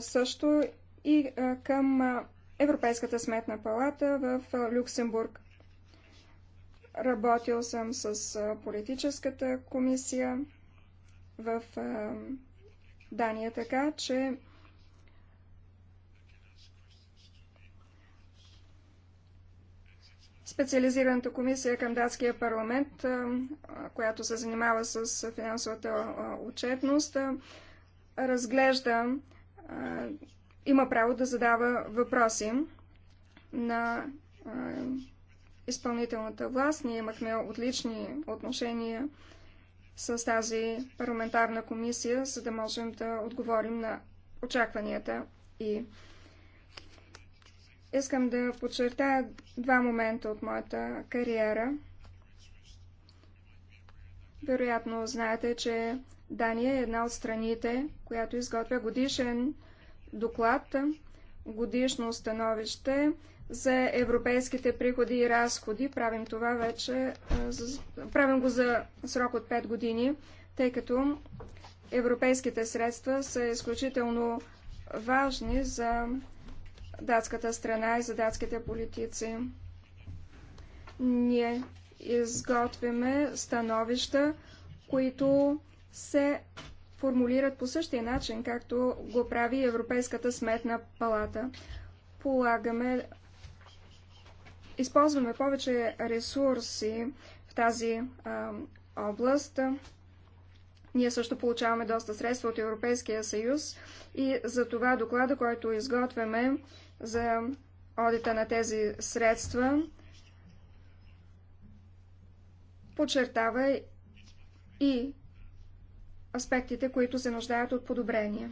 също и към Европейската сметна палата в Люксембург. Работил съм с политическата комисия в Дания, така че специализираната комисия към датския парламент, която се занимава с финансовата отчетност, разглежда, има право да задава въпроси на изпълнителната власт. Ние имахме отлични отношения с тази парламентарна комисия, за да можем да отговорим на очакванията и Искам да подчертая два момента от моята кариера. Вероятно знаете, че Дания е една от страните, която изготвя годишен доклад, годишно становище за европейските приходи и разходи. Правим това вече, правим го за срок от 5 години, тъй като европейските средства са изключително важни за датската страна и за датските политици. Ние изготвяме становища, които се формулират по същия начин, както го прави Европейската сметна палата. Полагаме, използваме повече ресурси в тази а, област. Ние също получаваме доста средства от Европейския съюз и за това доклада, който изготвяме, за одита на тези средства подчертава и аспектите, които се нуждаят от подобрение.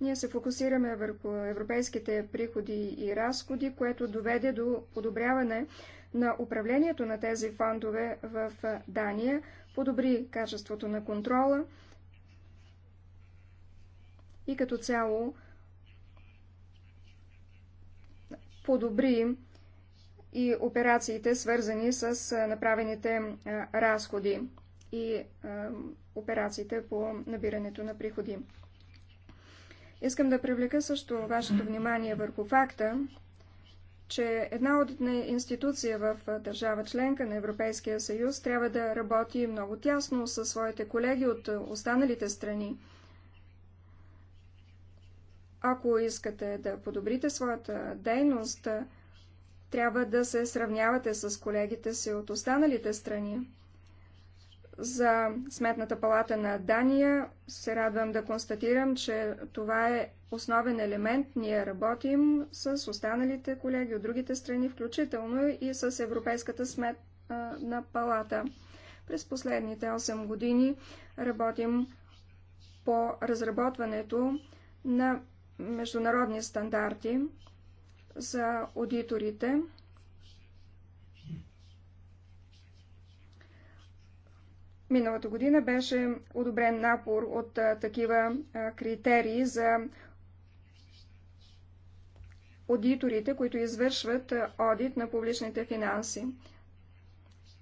Ние се фокусираме върху европейските приходи и разходи, което доведе до подобряване на управлението на тези фондове в Дания, подобри качеството на контрола и като цяло подобри и операциите, свързани с направените разходи и операциите по набирането на приходи. Искам да привлека също вашето внимание върху факта, че една одитна институция в държава членка на Европейския съюз трябва да работи много тясно със своите колеги от останалите страни. Ако искате да подобрите своята дейност, трябва да се сравнявате с колегите си от останалите страни. За Сметната палата на Дания се радвам да констатирам, че това е основен елемент. Ние работим с останалите колеги от другите страни, включително и с Европейската сметна палата. През последните 8 години работим по разработването на международни стандарти за аудиторите. Миналата година беше одобрен напор от а, такива а, критерии за аудиторите, които извършват а, одит на публичните финанси.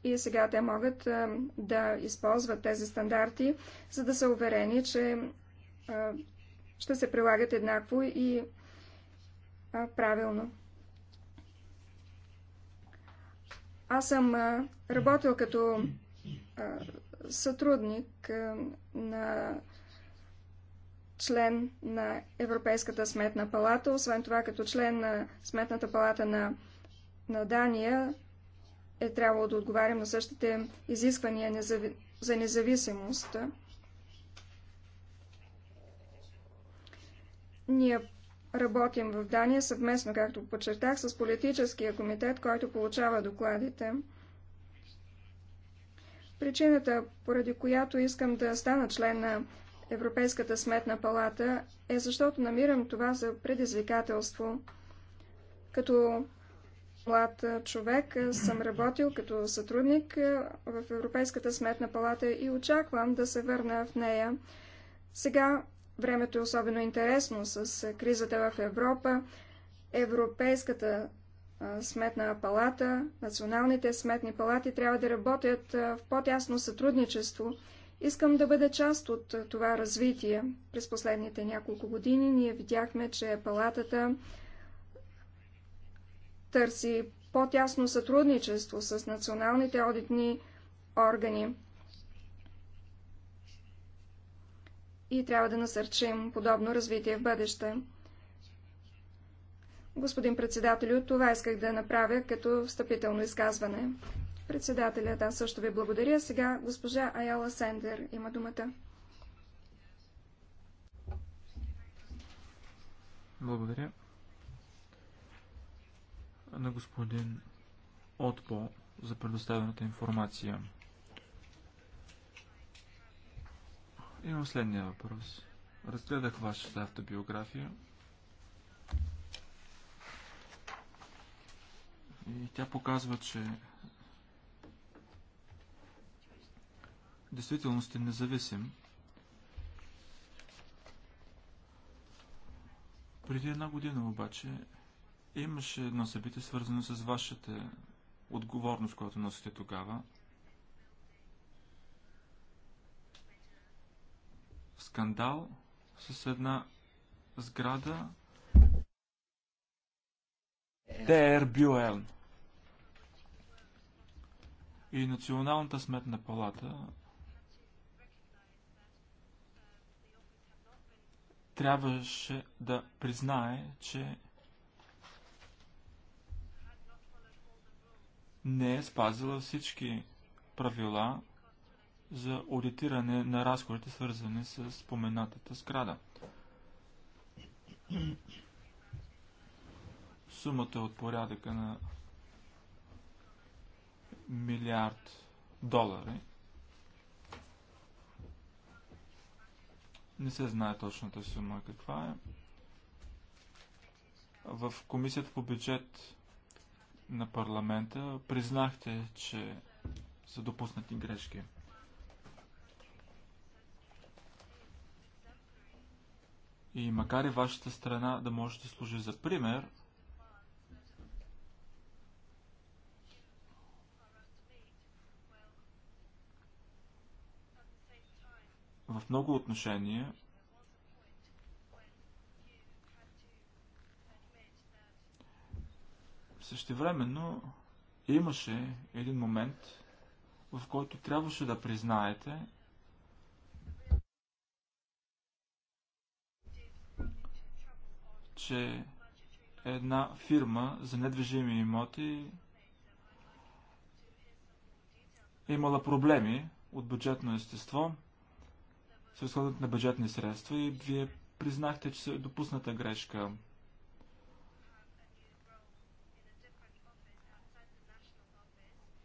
И сега те могат да използват тези стандарти, за да са уверени, че ще се прилагат еднакво и а, правилно. Аз съм а, работил като а, сътрудник а, на член на Европейската сметна палата, освен това като член на Сметната палата на, на Дания е трябвало да отговарям на същите изисквания за независимост. Ние работим в Дания съвместно, както подчертах, с политическия комитет, който получава докладите. Причината, поради която искам да стана член на Европейската сметна палата, е защото намирам това за предизвикателство. Като млад човек съм работил като сътрудник в Европейската сметна палата и очаквам да се върна в нея. Сега Времето е особено интересно с кризата в Европа. Европейската сметна палата, националните сметни палати трябва да работят в по-тясно сътрудничество. Искам да бъда част от това развитие. През последните няколко години ние видяхме, че палатата търси по-тясно сътрудничество с националните одитни органи. и трябва да насърчим подобно развитие в бъдеще. Господин председателю, това исках да направя като встъпително изказване. Председателят, аз също ви благодаря. Сега госпожа Аяла Сендер има думата. Благодаря. На господин Отпо за предоставената информация. Имам следния въпрос. Разгледах вашата автобиография. И тя показва, че действително сте независим. Преди една година обаче имаше едно събитие, свързано с вашата отговорност, която носите тогава – скандал с една сграда ТР И Националната сметна палата трябваше да признае, че не е спазила всички правила, за аудитиране на разходите, свързани с споменатата сграда. Сумата е от порядъка на милиард долари. Не се знае точната сума каква е. В комисията по бюджет на парламента признахте, че са допуснати грешки. И макар и вашата страна да може да служи за пример, в много отношения същевременно имаше един момент, в който трябваше да признаете, че една фирма за недвижими имоти е имала проблеми от бюджетно естество с разходването на бюджетни средства и вие признахте, че е допусната грешка.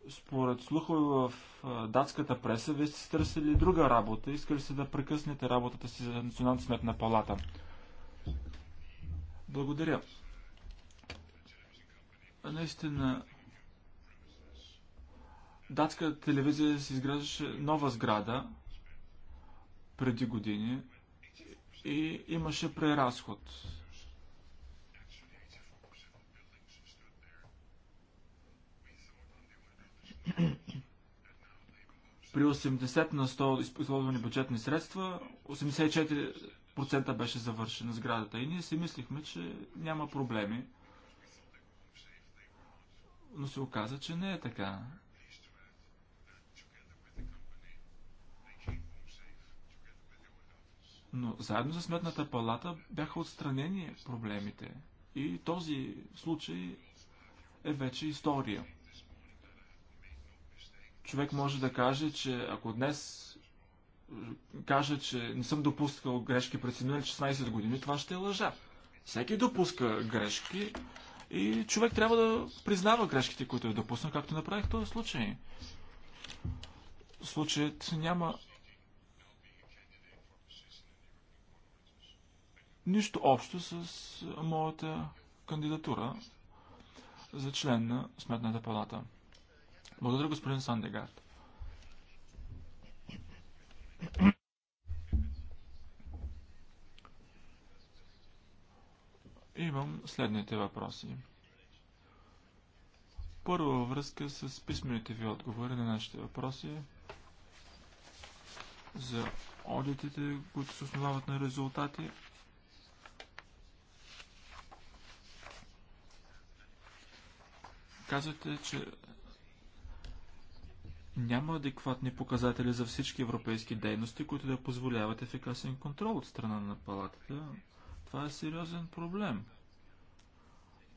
Според слухове в датската преса, вие сте търсили друга работа, искали сте да прекъснете работата си за Националната сметна палата. Благодаря. Наистина, датска телевизия се изграждаше нова сграда преди години и имаше преразход. При 80 на 100 използвани бюджетни средства, 84 процента беше завършена сградата. И ние си мислихме, че няма проблеми. Но се оказа, че не е така. Но заедно с Сметната палата бяха отстранени проблемите. И този случай е вече история. Човек може да каже, че ако днес кажа, че не съм допускал грешки през минали 16 години, това ще е лъжа. Всеки допуска грешки и човек трябва да признава грешките, които е допуснал, както направих този случай. Случаят няма нищо общо с моята кандидатура за член на Сметната палата. Благодаря, господин Сандегард. Имам следните въпроси. Първа връзка с писмените ви отговори на нашите въпроси за одитите, които се основават на резултати. Казвате, че няма адекватни показатели за всички европейски дейности, които да позволяват ефикасен контрол от страна на палатата. Това е сериозен проблем.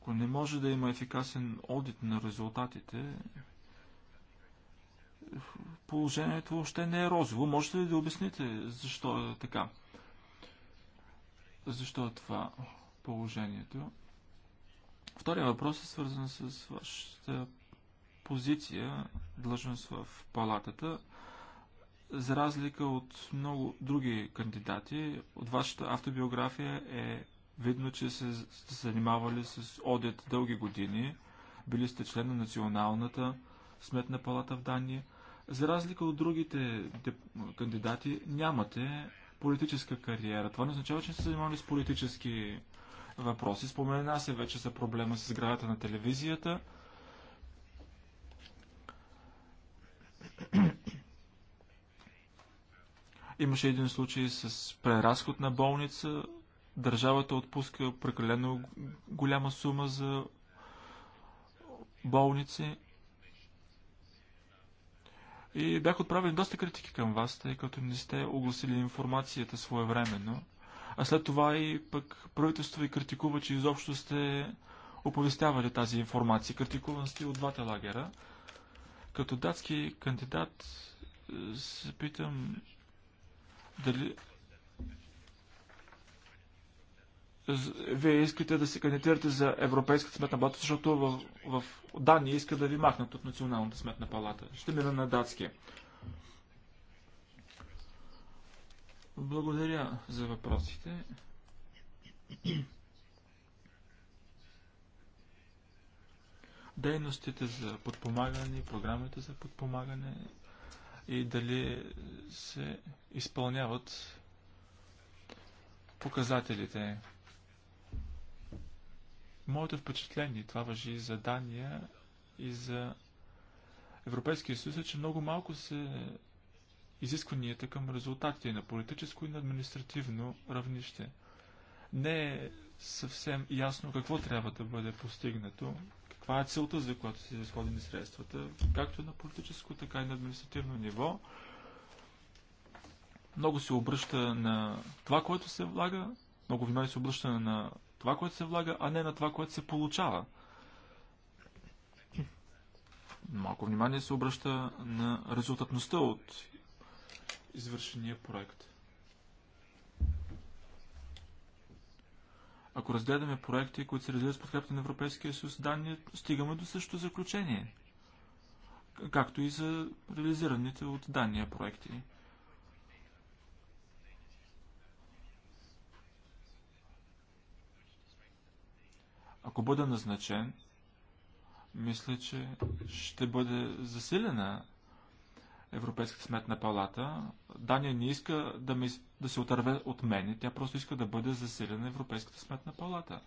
Ако не може да има ефикасен одит на резултатите, положението още не е розово. Можете ли да обясните защо е така? Защо е това положението? Втория въпрос е свързан с вашата позиция, длъжност в палатата, за разлика от много други кандидати. От вашата автобиография е видно, че се, сте се занимавали с одит дълги години. Били сте член на Националната сметна палата в Дания. За разлика от другите кандидати, нямате политическа кариера. Това не означава, че не сте занимавали с политически въпроси. Спомена се вече за проблема с сградата на телевизията. Имаше един случай с преразход на болница. Държавата отпуска прекалено голяма сума за болници. И бях отправили доста критики към вас, тъй като не сте огласили информацията своевременно. А след това и пък правителство ви критикува, че изобщо сте оповестявали тази информация. Критикуван сте от двата лагера. Като датски кандидат е, се питам дали... Вие искате да се кандидирате за Европейската сметна палата, защото в, в Дания иска да ви махнат от Националната сметна палата. Ще мина на датския. Благодаря за въпросите. Дейностите за подпомагане, програмите за подпомагане и дали се изпълняват показателите. Моето впечатление, това въжи и за Дания, и за Европейския съюз, е, че много малко се изискванията към резултатите на политическо и на административно равнище. Не е съвсем ясно какво трябва да бъде постигнато това е целта, за която са изразходени средствата, както на политическо, така и на административно ниво. Много се обръща на това, което се влага, много внимание се обръща на това, което се влага, а не на това, което се получава. Малко внимание се обръща на резултатността от извършения проект. Ако разгледаме проекти, които се развиват с подкрепата на Европейския съюз данни, стигаме до същото заключение. Както и за реализираните от дания проекти. Ако бъда назначен, мисля, че ще бъде засилена Европейската сметна палата. Дания не иска да, ми, да се отърве от мене, тя просто иска да бъде заселена Европейската сметна палата.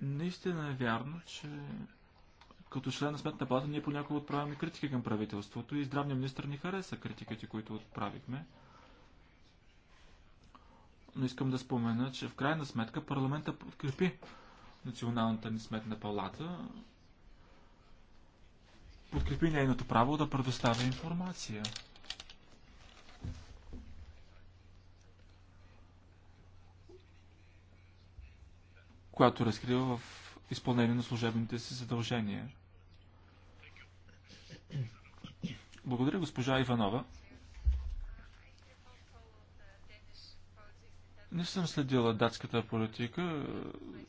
Наистина е вярно, че като член на Сметна палата ние понякога отправяме критики към правителството и здравния министр ни хареса критиките, които отправихме. Но искам да спомена, че в крайна сметка парламента подкрепи Националната ни сметна палата, подкрепи нейното право да предоставя информация. която разкрива в изпълнение на служебните си задължения. Благодаря, госпожа Иванова. Не съм следила датската политика е,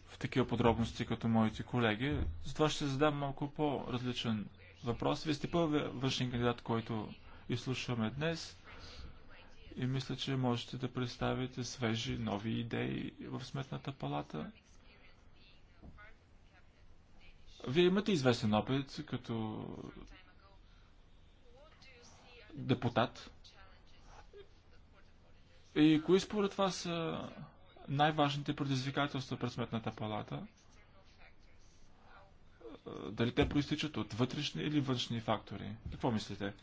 в такива подробности като моите колеги, затова ще задам малко по-различен въпрос. Вие сте първият външен кандидат, който изслушваме днес и мисля, че можете да представите свежи, нови идеи в Сметната палата. Вие имате известен опит като депутат. И кои според вас са най-важните предизвикателства пред Сметната палата? Дали те проистичат от вътрешни или външни фактори? Какво мислите?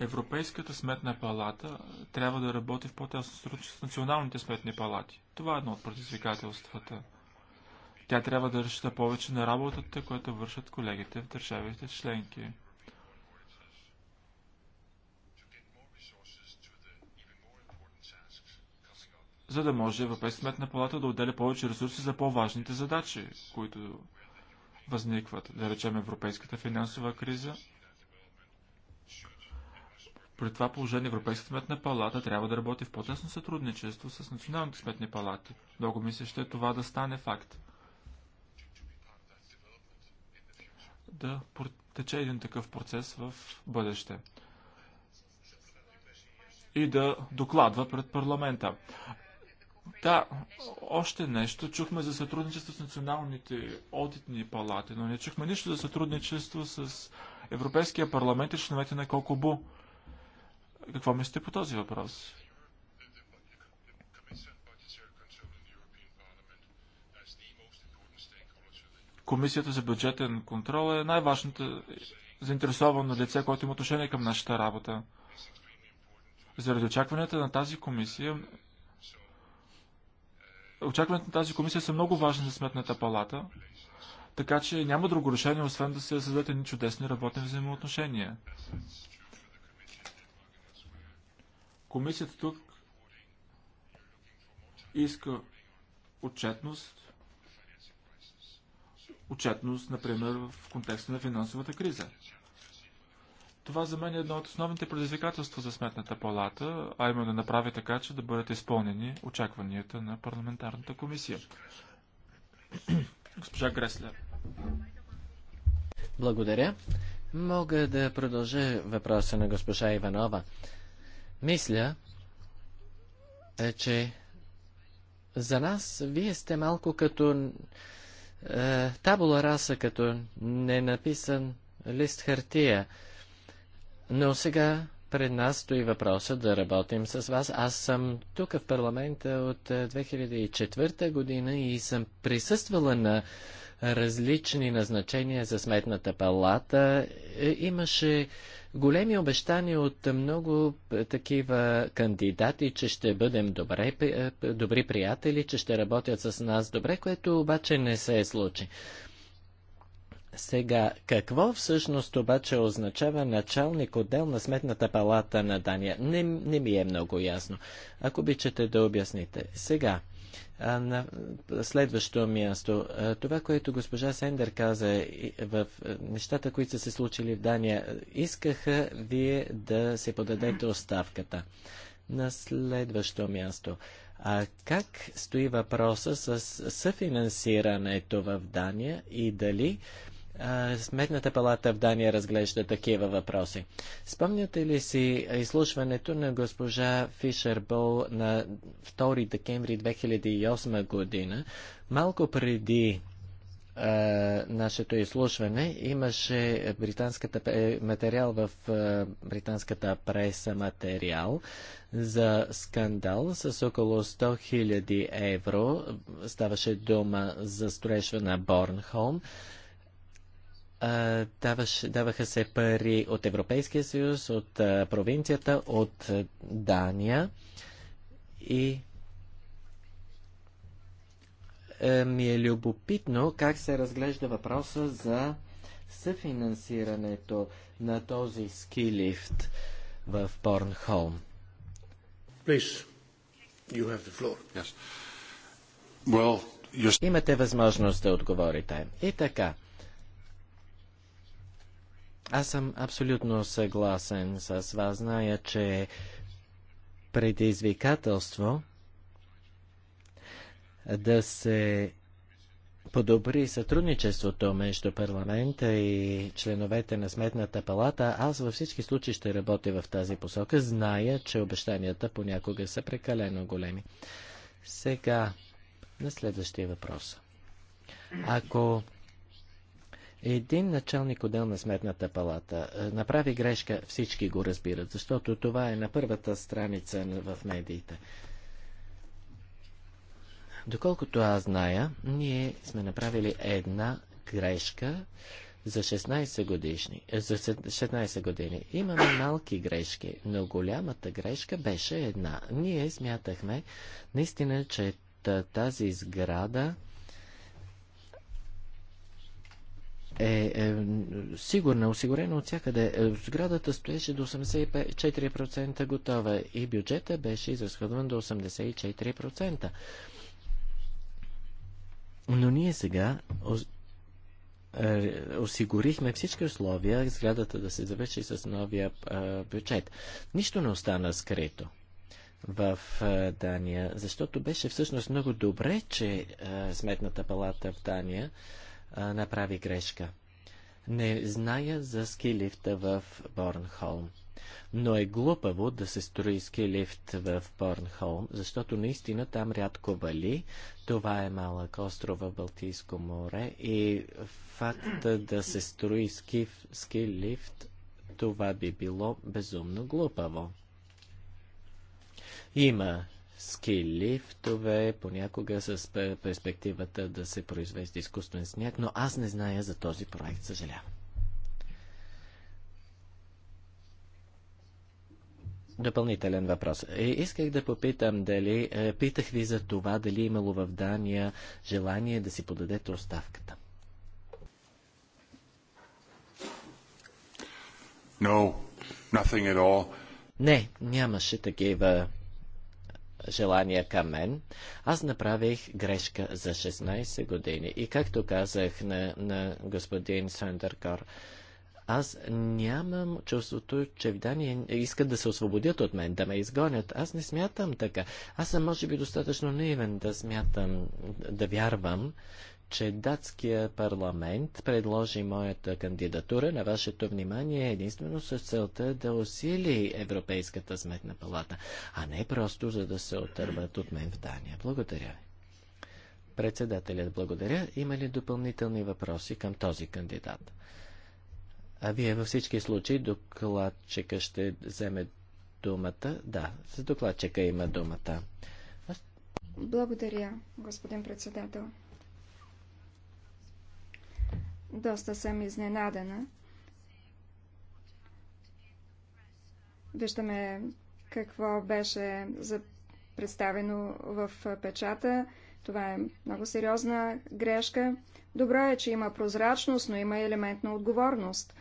Европейската сметна палата трябва да работи в по-тясно сътрудничество с националните сметни палати. Това е едно от предизвикателствата. Тя трябва да разчита повече на работата, която вършат колегите в държавите членки. за да може Европейската сметна палата да отделя повече ресурси за по-важните задачи, които възникват, да речем Европейската финансова криза – при това положение Европейската сметна палата трябва да работи в по-тесно сътрудничество с националните сметни палати. Много мисля, ще е това да стане факт. Да тече един такъв процес в бъдеще. И да докладва пред парламента. Да, още нещо. Чухме за сътрудничество с националните одитни палати, но не чухме нищо за сътрудничество с Европейския парламент и членовете на Кокобу. Какво мислите по този въпрос? Комисията за бюджетен контрол е най-важното заинтересовано лице, което има отношение към нашата работа. Заради очакванията на тази комисия, очакванията на тази комисия са много важни за сметната палата, така че няма друго решение, освен да се създадат едни чудесни работни взаимоотношения. Комисията тук иска отчетност, отчетност, например, в контекста на финансовата криза. Това за мен е едно от основните предизвикателства за Сметната палата, а именно да направи така, че да бъдат изпълнени очакванията на парламентарната комисия. Госпожа Греслер. Благодаря. Мога да продължа въпроса на госпожа Иванова. Мисля, е, че за нас вие сте малко като е, табула раса, като ненаписан лист хартия. Но сега пред нас стои въпроса да работим с вас. Аз съм тук в парламента от 2004 е, година и съм присъствала на различни назначения за сметната палата. Е, имаше големи обещания от много е, такива кандидати, че ще бъдем добре, е, е, добри приятели, че ще работят с нас добре, което обаче не се е случи. Сега, какво всъщност обаче означава началник отдел на Сметната палата на Дания? Не, не ми е много ясно. Ако обичате да обясните. Сега, на следващо място, това, което госпожа Сендер каза в нещата, които са се случили в Дания, искаха вие да се подадете оставката. На следващо място, а как стои въпроса с съфинансирането в Дания и дали Сметната палата в Дания разглежда такива въпроси. Спомняте ли си изслушването на госпожа Фишер Боу на 2 декември 2008 година? Малко преди а, нашето изслушване имаше британската, материал в а, британската преса материал за скандал с около 100 000 евро. Ставаше дума за строеж на Борнхолм даваш, даваха се пари от Европейския съюз, от а, провинцията, от Дания и а, е, ми е любопитно как се разглежда въпроса за съфинансирането на този ски лифт в Порнхолм. Please, you have the floor. Yes. Well, Имате възможност да отговорите. И така, аз съм абсолютно съгласен с вас. Зная, че предизвикателство да се подобри сътрудничеството между парламента и членовете на Сметната палата, аз във всички случаи ще работя в тази посока. Зная, че обещанията понякога са прекалено големи. Сега, на следващия въпрос. Ако един началник отдел на Сметната палата е, направи грешка, всички го разбират, защото това е на първата страница в медиите. Доколкото аз зная, ние сме направили една грешка за 16 годишни, е, за 16 години. Имаме малки грешки, но голямата грешка беше една. Ние смятахме наистина, че тази сграда е, е сигурна, осигурена от всякъде. Е, сградата стоеше до 84% готова и бюджета беше изразходван до 84%. Но ние сега е, осигурихме всички условия сградата да се завърши с новия е, бюджет. Нищо не остана скрито в Дания, защото беше всъщност много добре, че Сметната палата в Дания направи грешка. Не зная за ски лифта в Борнхолм. Но е глупаво да се строи ски лифт в Борнхолм, защото наистина там рядко вали. Това е малък остров в Балтийско море и факта да се строи ски, ски лифт, това би било безумно глупаво. Има ски лифтове, понякога с перспективата да се произвежда изкуствен сняг, но аз не зная за този проект, съжалявам. Допълнителен въпрос. И е, исках да попитам дали, е, питах ви за това, дали е имало в Дания желание да си подадете оставката. No, nothing at all. Не, нямаше такива желания към мен. Аз направих грешка за 16 години и както казах на, на господин Сандъркор, аз нямам чувството, че в Дания искат да се освободят от мен, да ме изгонят. Аз не смятам така. Аз съм, може би, достатъчно наивен да смятам, да вярвам, че датския парламент предложи моята кандидатура на вашето внимание единствено с целта да усили Европейската сметна палата, а не просто за да се отърват от мен в Дания. Благодаря ви. Председателят благодаря. Има ли допълнителни въпроси към този кандидат? А вие във всички случаи докладчика ще вземе думата. Да, за докладчика има думата. Благодаря, господин председател. Доста съм изненадана. Виждаме какво беше за представено в печата. Това е много сериозна грешка. Добро е, че има прозрачност, но има елемент на отговорност.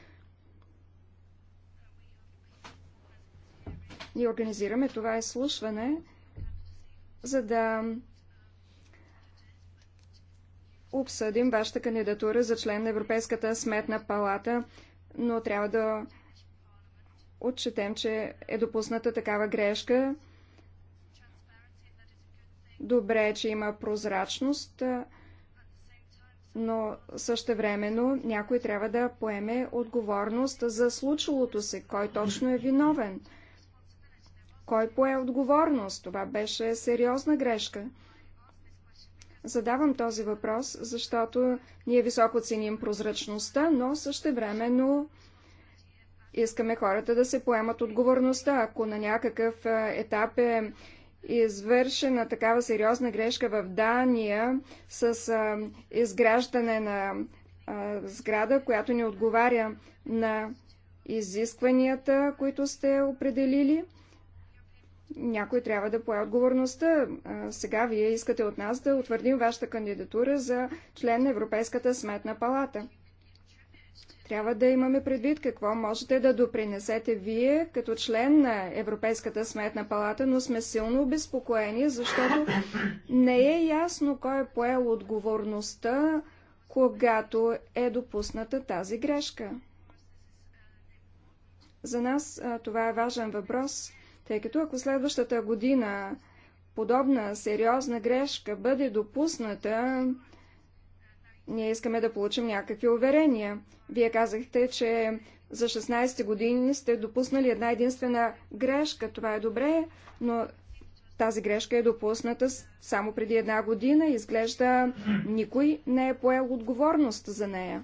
И организираме това изслушване, за да обсъдим вашата кандидатура за член на Европейската сметна палата, но трябва да отчетем, че е допусната такава грешка. Добре е, че има прозрачност, но същевременно някой трябва да поеме отговорност за случилото се, кой точно е виновен. Кой пое отговорност? Това беше сериозна грешка. Задавам този въпрос, защото ние високо ценим прозрачността, но същевременно искаме хората да се поемат отговорността. Ако на някакъв е, етап е извършена такава сериозна грешка в Дания с а, е, изграждане на а, е, сграда, която не отговаря на изискванията, които сте определили, някой трябва да пое отговорността. Сега вие искате от нас да утвърдим вашата кандидатура за член на Европейската сметна палата. Трябва да имаме предвид какво можете да допринесете вие като член на Европейската сметна палата, но сме силно обезпокоени, защото не е ясно кой е поел отговорността, когато е допусната тази грешка. За нас това е важен въпрос – тъй като ако следващата година подобна сериозна грешка бъде допусната, ние искаме да получим някакви уверения. Вие казахте, че за 16 години сте допуснали една единствена грешка. Това е добре, но тази грешка е допусната само преди една година. Изглежда никой не е поел отговорност за нея.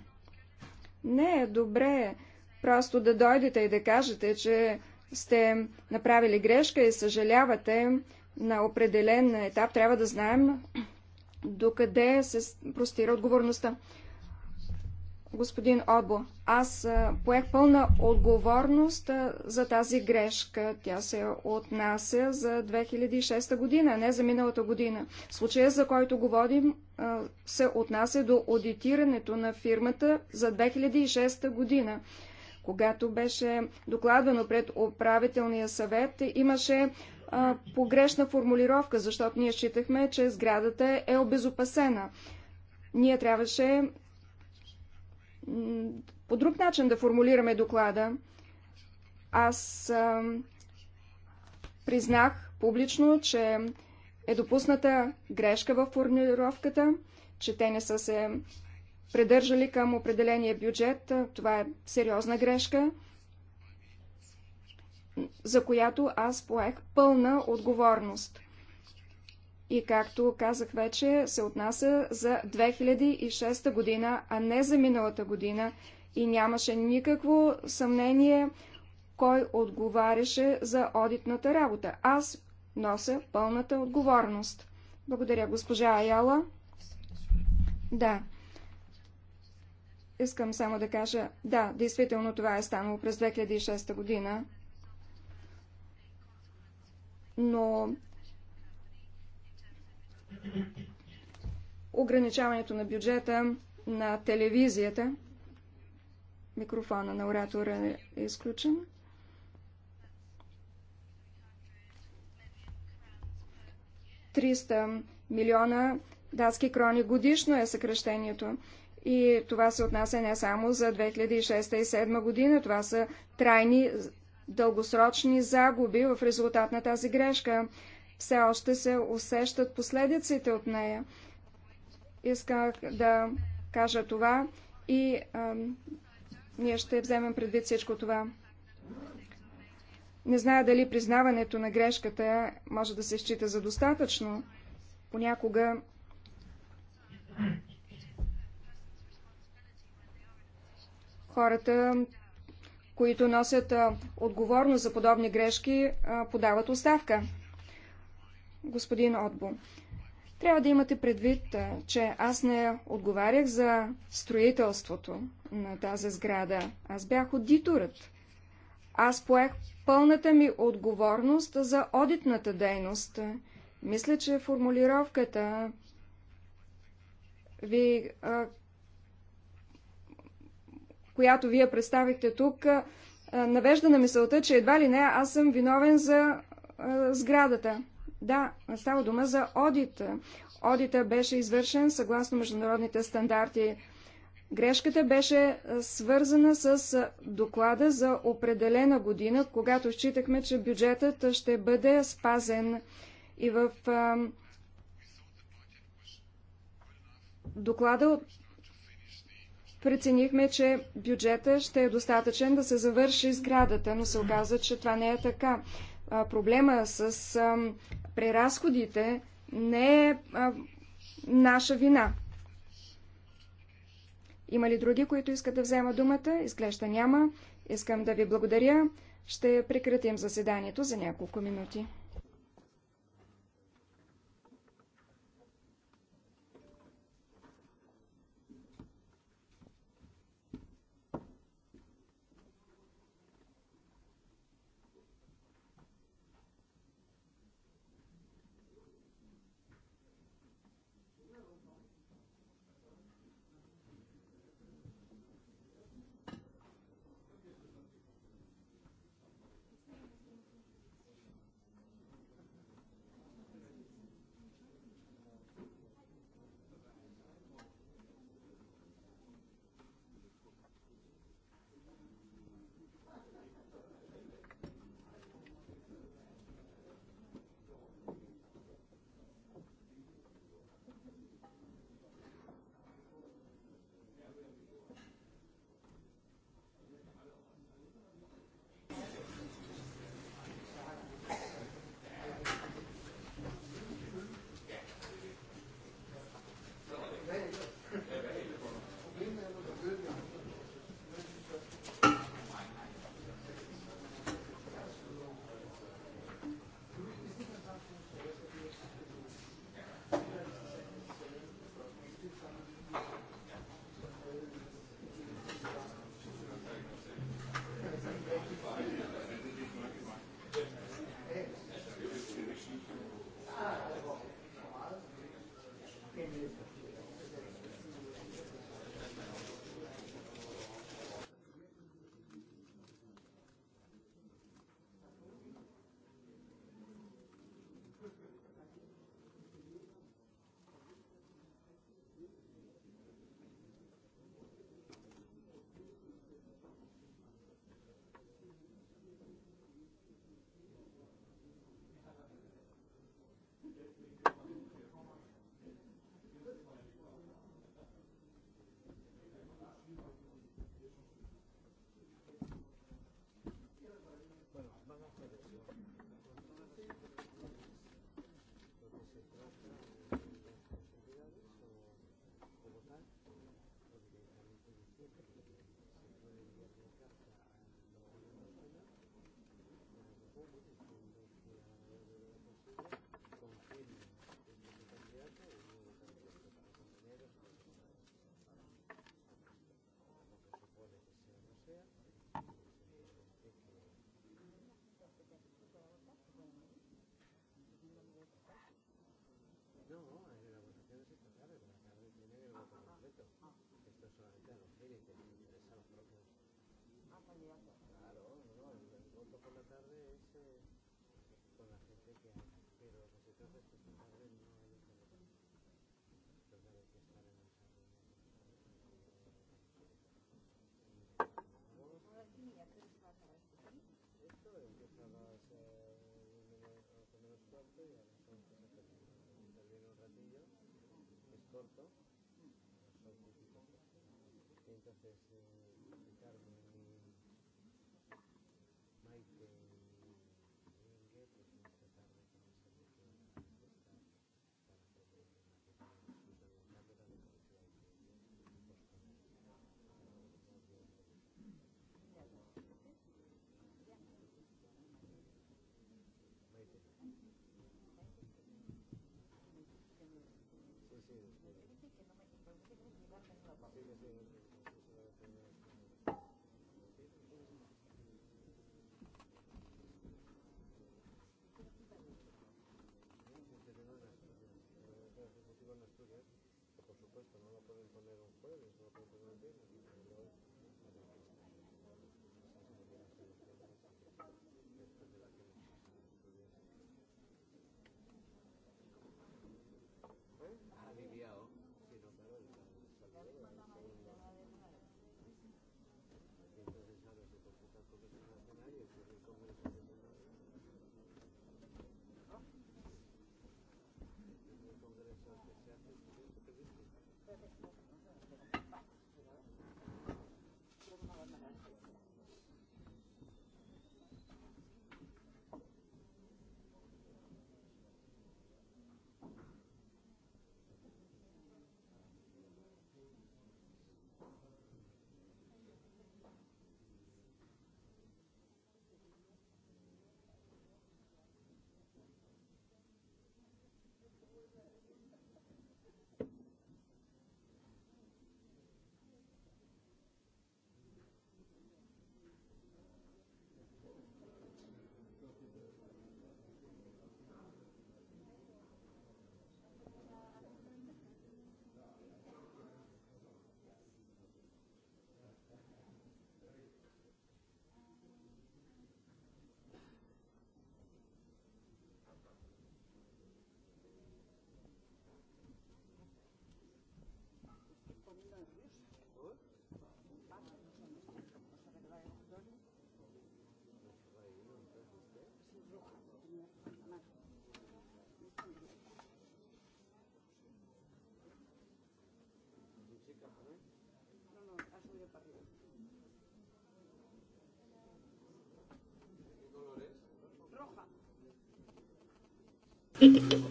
Не е добре просто да дойдете и да кажете, че сте направили грешка и съжалявате на определен етап, трябва да знаем докъде се простира отговорността. Господин Обо, аз поех пълна отговорност за тази грешка. Тя се отнася за 2006 година, не за миналата година. Случая, за който говорим, се отнася до аудитирането на фирмата за 2006 година. Когато беше докладвано пред управителния съвет, имаше а, погрешна формулировка, защото ние считахме, че сградата е обезопасена. Ние трябваше по друг начин да формулираме доклада. Аз а, признах публично, че е допусната грешка в формулировката, че те не са се придържали към определения бюджет. Това е сериозна грешка, за която аз поех пълна отговорност. И както казах вече, се отнася за 2006 година, а не за миналата година. И нямаше никакво съмнение кой отговаряше за одитната работа. Аз нося пълната отговорност. Благодаря, госпожа Аяла. Да. Искам само да кажа, да, действително това е станало през 2006 година, но ограничаването на бюджета на телевизията, микрофона на оратора е изключен, Триста милиона датски крони годишно е съкръщението. И това се отнася не само за 2006 и 2007 година, това са трайни дългосрочни загуби в резултат на тази грешка. Все още се усещат последиците от нея. Исках да кажа това и а, ние ще вземем предвид всичко това. Не зная дали признаването на грешката може да се счита за достатъчно. Понякога хората, които носят отговорност за подобни грешки, подават оставка. Господин Отбо, трябва да имате предвид, че аз не отговарях за строителството на тази сграда. Аз бях аудиторът. Аз поех пълната ми отговорност за одитната дейност. Мисля, че формулировката ви която вие представихте тук, навежда на мисълта, че едва ли не аз съм виновен за сградата. Да, става дума за одит. Одита беше извършен съгласно международните стандарти. Грешката беше свързана с доклада за определена година, когато считахме, че бюджетът ще бъде спазен. И в доклада преценихме, че бюджета ще е достатъчен да се завърши сградата, но се оказа, че това не е така. А, проблема с а, преразходите не е а, наша вина. Има ли други, които искат да взема думата? Изглежда няма. Искам да ви благодаря. Ще прекратим заседанието за няколко минути. cuentas es eh, Ricardo Asturias, que por supuesto no lo pueden poner un jueves, no lo pueden poner un viernes,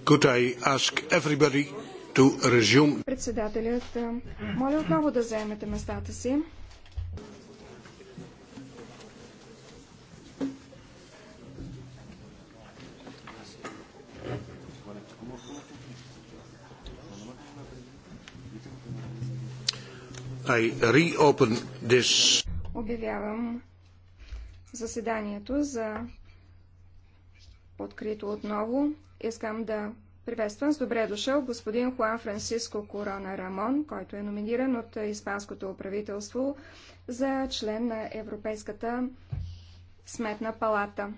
Could I ask everybody to resume? Председателят, моля отново да заемете местата си. I reopen this. Обявявам заседанието за открито отново. Искам да приветствам с добре дошъл господин Хуан Франциско Корона Рамон, който е номиниран от Испанското правителство за член на Европейската сметна палата.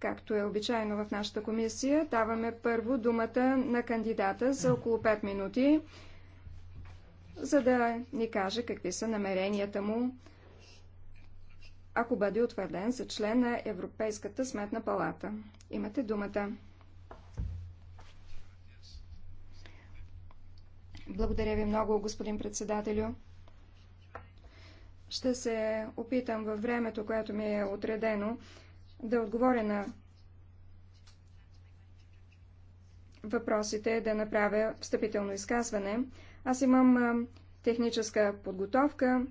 Както е обичайно в нашата комисия, даваме първо думата на кандидата за около 5 минути за да ни каже какви са намеренията му, ако бъде утвърден за член на Европейската сметна палата. Имате думата. Благодаря ви много, господин председателю. Ще се опитам във времето, което ми е отредено, да отговоря на въпросите, да направя встъпително изказване. Аз имам техническа подготовка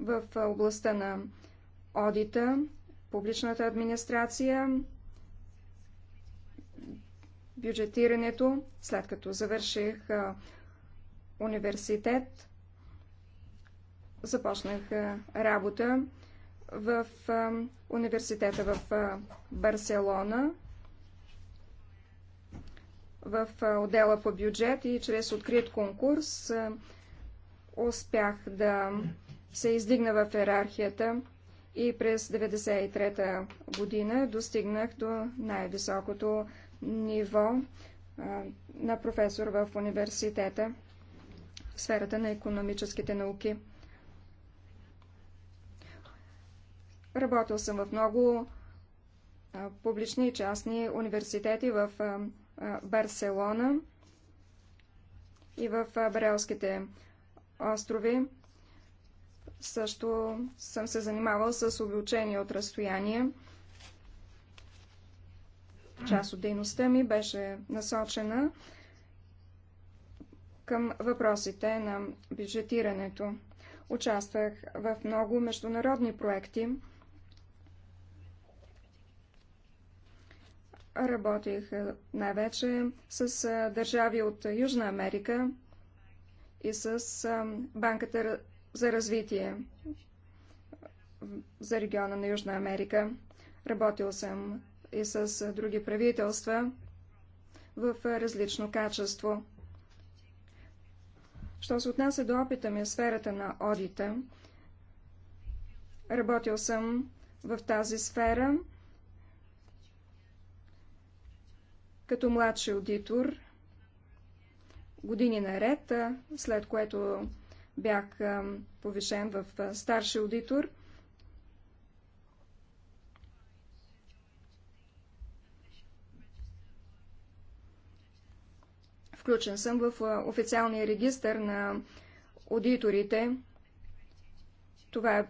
в областта на одита, публичната администрация, бюджетирането, след като завърших университет, започнах работа в университета в Барселона в отдела по бюджет и чрез открит конкурс успях да се издигна в иерархията и през 1993 година достигнах до най-високото ниво на професор в университета в сферата на економическите науки. Работил съм в много публични и частни университети в Барселона и в Барелските острови. Също съм се занимавал с обучение от разстояние. Част от дейността ми беше насочена към въпросите на бюджетирането. Участвах в много международни проекти. Работих най-вече с държави от Южна Америка и с Банката за развитие за региона на Южна Америка. Работил съм и с други правителства в различно качество. Що се отнася до опита ми в сферата на одита, работил съм в тази сфера – като младши аудитор години наред, след което бях повишен в старши аудитор. Включен съм в официалния регистр на аудиторите. Това е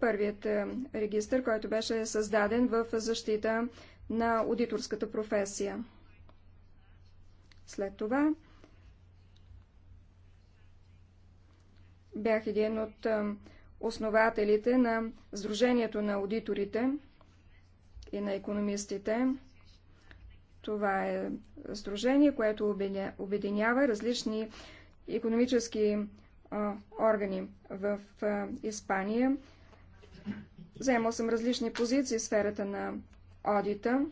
първият регистр, който беше създаден в защита на аудиторската професия. След това бях един от основателите на Сдружението на аудиторите и на економистите. Това е сдружение, което обединява различни економически органи в Испания. Заемал съм различни позиции в сферата на одита.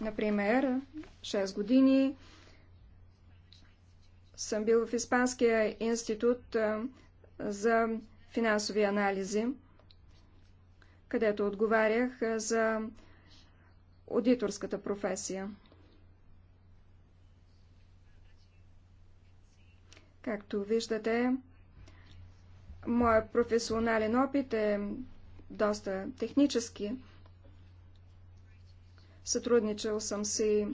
Например, 6 години съм бил в Испанския институт за финансови анализи, където отговарях за аудиторската професия. Както виждате, моят професионален опит е доста технически. Сътрудничал съм си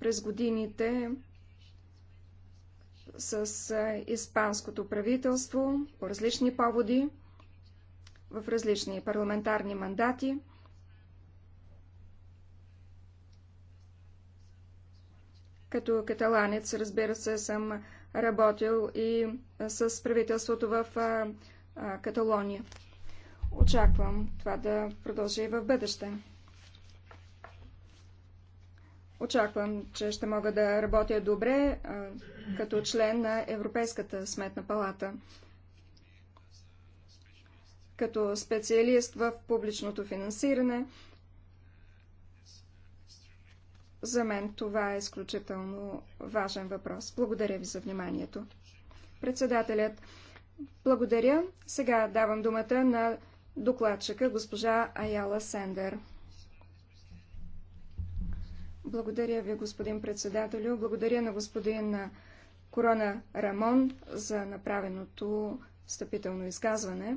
през годините с испанското правителство по различни поводи, в различни парламентарни мандати. Като каталанец, разбира се, съм работил и с правителството в Каталония. Очаквам това да продължи и в бъдеще. Очаквам, че ще мога да работя добре а, като член на Европейската сметна палата. Като специалист в публичното финансиране, за мен това е изключително важен въпрос. Благодаря ви за вниманието. Председателят, благодаря. Сега давам думата на докладчика госпожа Аяла Сендер. Благодаря ви, господин председателю. Благодаря на господин Корона Рамон за направеното встъпително изказване.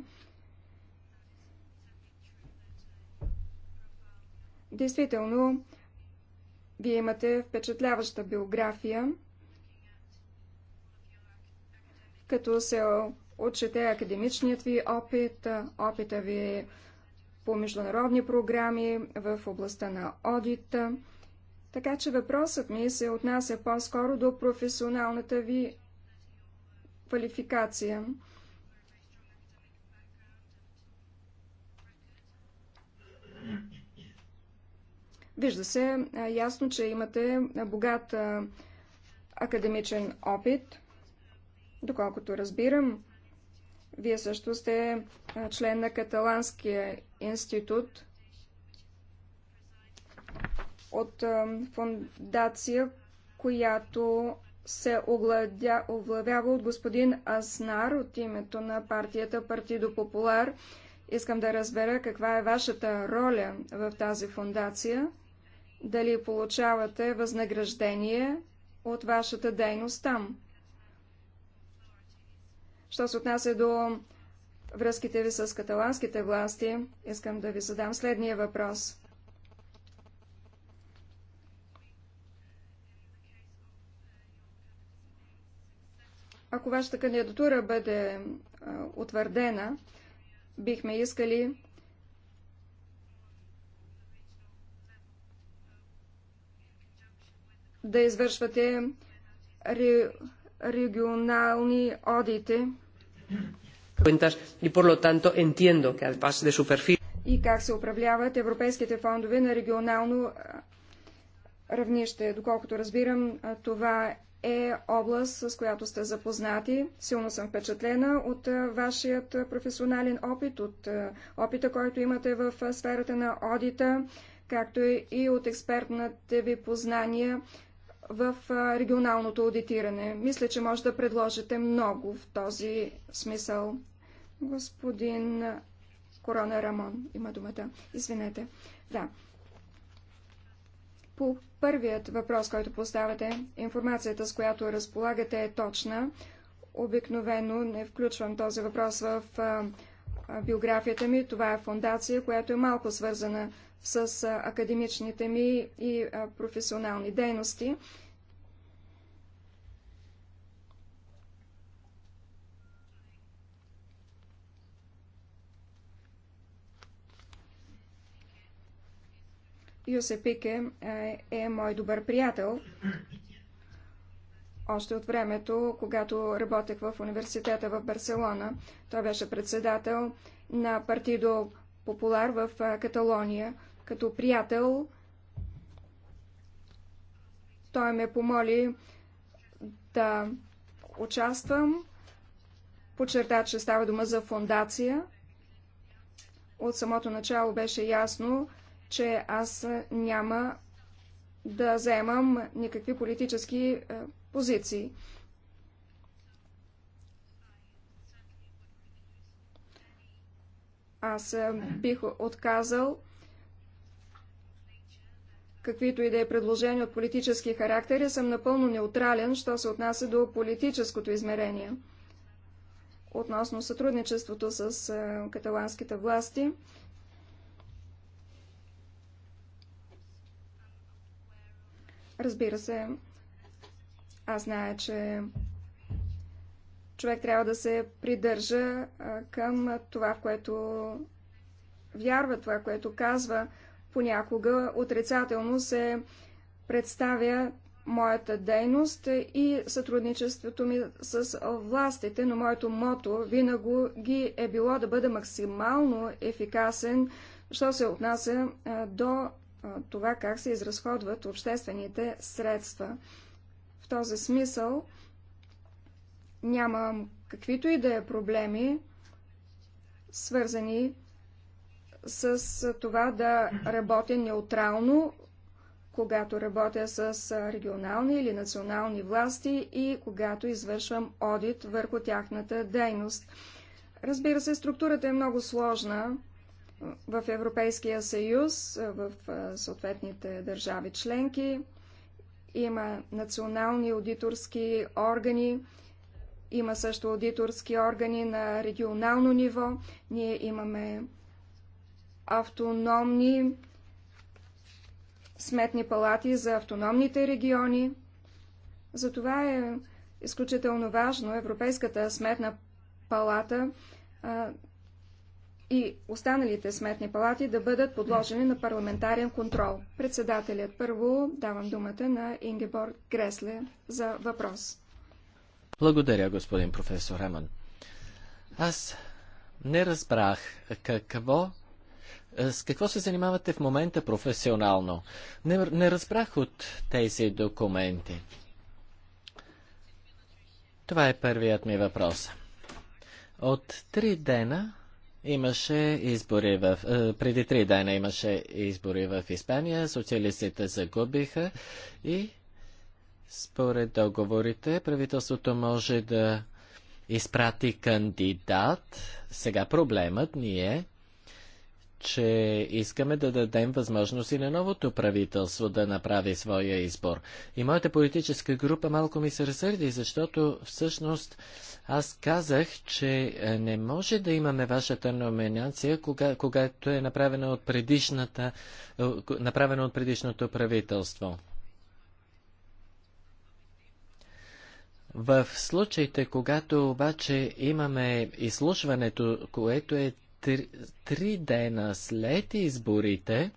Действително, вие имате впечатляваща биография, като се отчете академичният ви опит, опита ви по международни програми в областта на одита. Така че въпросът ми се отнася по-скоро до професионалната ви квалификация. Вижда се ясно, че имате богат академичен опит. Доколкото разбирам, вие също сте член на Каталанския институт – от фундация, която се огладя, оглавява от господин Аснар от името на партията Партидо Популар. Искам да разбера каква е вашата роля в тази фундация, дали получавате възнаграждение от вашата дейност там. Що се отнася до връзките ви с каталанските власти, искам да ви задам следния въпрос. Ако вашата кандидатура бъде утвърдена, бихме искали да извършвате регионални одити. И как се управляват европейските фондове на регионално равнище. Доколкото разбирам, това е област, с която сте запознати. Силно съм впечатлена от е, вашият професионален опит, от е, опита, който имате в е, сферата на одита, както и от експертните ви познания в регионалното аудитиране. Мисля, че може да предложите много в този смисъл. Господин Корона Рамон има думата. Извинете. Да. По първият въпрос, който поставяте, информацията, с която разполагате, е точна. Обикновено не включвам този въпрос в биографията ми. Това е фундация, която е малко свързана с академичните ми и професионални дейности. Юсепике е, е мой добър приятел. Още от времето, когато работех в университета в Барселона, той беше председател на партидо Популар в е, Каталония. Като приятел той ме помоли да участвам. Подчерта, че става дума за фундация. От самото начало беше ясно, че аз няма да заемам никакви политически е, позиции. Аз е, бих отказал каквито и да е предложения от политически характер, и съм напълно неутрален, що се отнася до политическото измерение. Относно сътрудничеството с е, каталанските власти, Разбира се, аз зная, че човек трябва да се придържа към това, в което вярва, това, което казва. Понякога отрицателно се представя моята дейност и сътрудничеството ми с властите, но моето мото винаги е било да бъда максимално ефикасен, що се отнася до това как се изразходват обществените средства. В този смисъл нямам каквито и да е проблеми, свързани с това да работя неутрално, когато работя с регионални или национални власти и когато извършвам одит върху тяхната дейност. Разбира се, структурата е много сложна в Европейския съюз, в съответните държави членки. Има национални аудиторски органи, има също аудиторски органи на регионално ниво. Ние имаме автономни сметни палати за автономните региони. Затова е изключително важно Европейската сметна палата и останалите сметни палати да бъдат подложени на парламентарен контрол. Председателят първо давам думата на Ингеборг Гресле за въпрос. Благодаря, господин професор Реман. Аз не разбрах какво с какво се занимавате в момента професионално? Не, не разбрах от тези документи. Това е първият ми въпрос. От три дена Имаше избори в... Е, преди три дена имаше избори в Испания, социалистите загубиха и според договорите правителството може да изпрати кандидат. Сега проблемът ни е, че искаме да дадем възможност и на новото правителство да направи своя избор. И моята политическа група малко ми се разсърди, защото всъщност аз казах, че е, не може да имаме вашата номинация, кога, когато е направена от, предишната, е, направена от предишното правителство. В случаите, когато обаче имаме изслушването, което е три, три дена след изборите,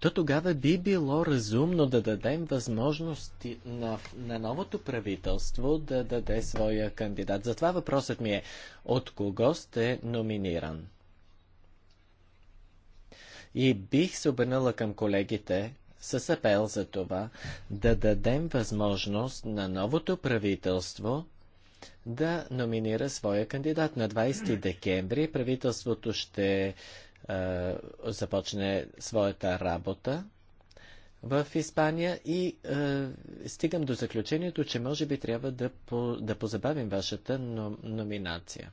то тогава би било разумно да дадем възможност на, на новото правителство да даде своя кандидат. Затова въпросът ми е, от кого сте номиниран? И бих се обърнала към колегите с апел за това да дадем възможност на новото правителство да номинира своя кандидат. На 20 декември правителството ще е, започне своята работа в Испания и е, стигам до заключението, че може би трябва да, по, да позабавим вашата номинация.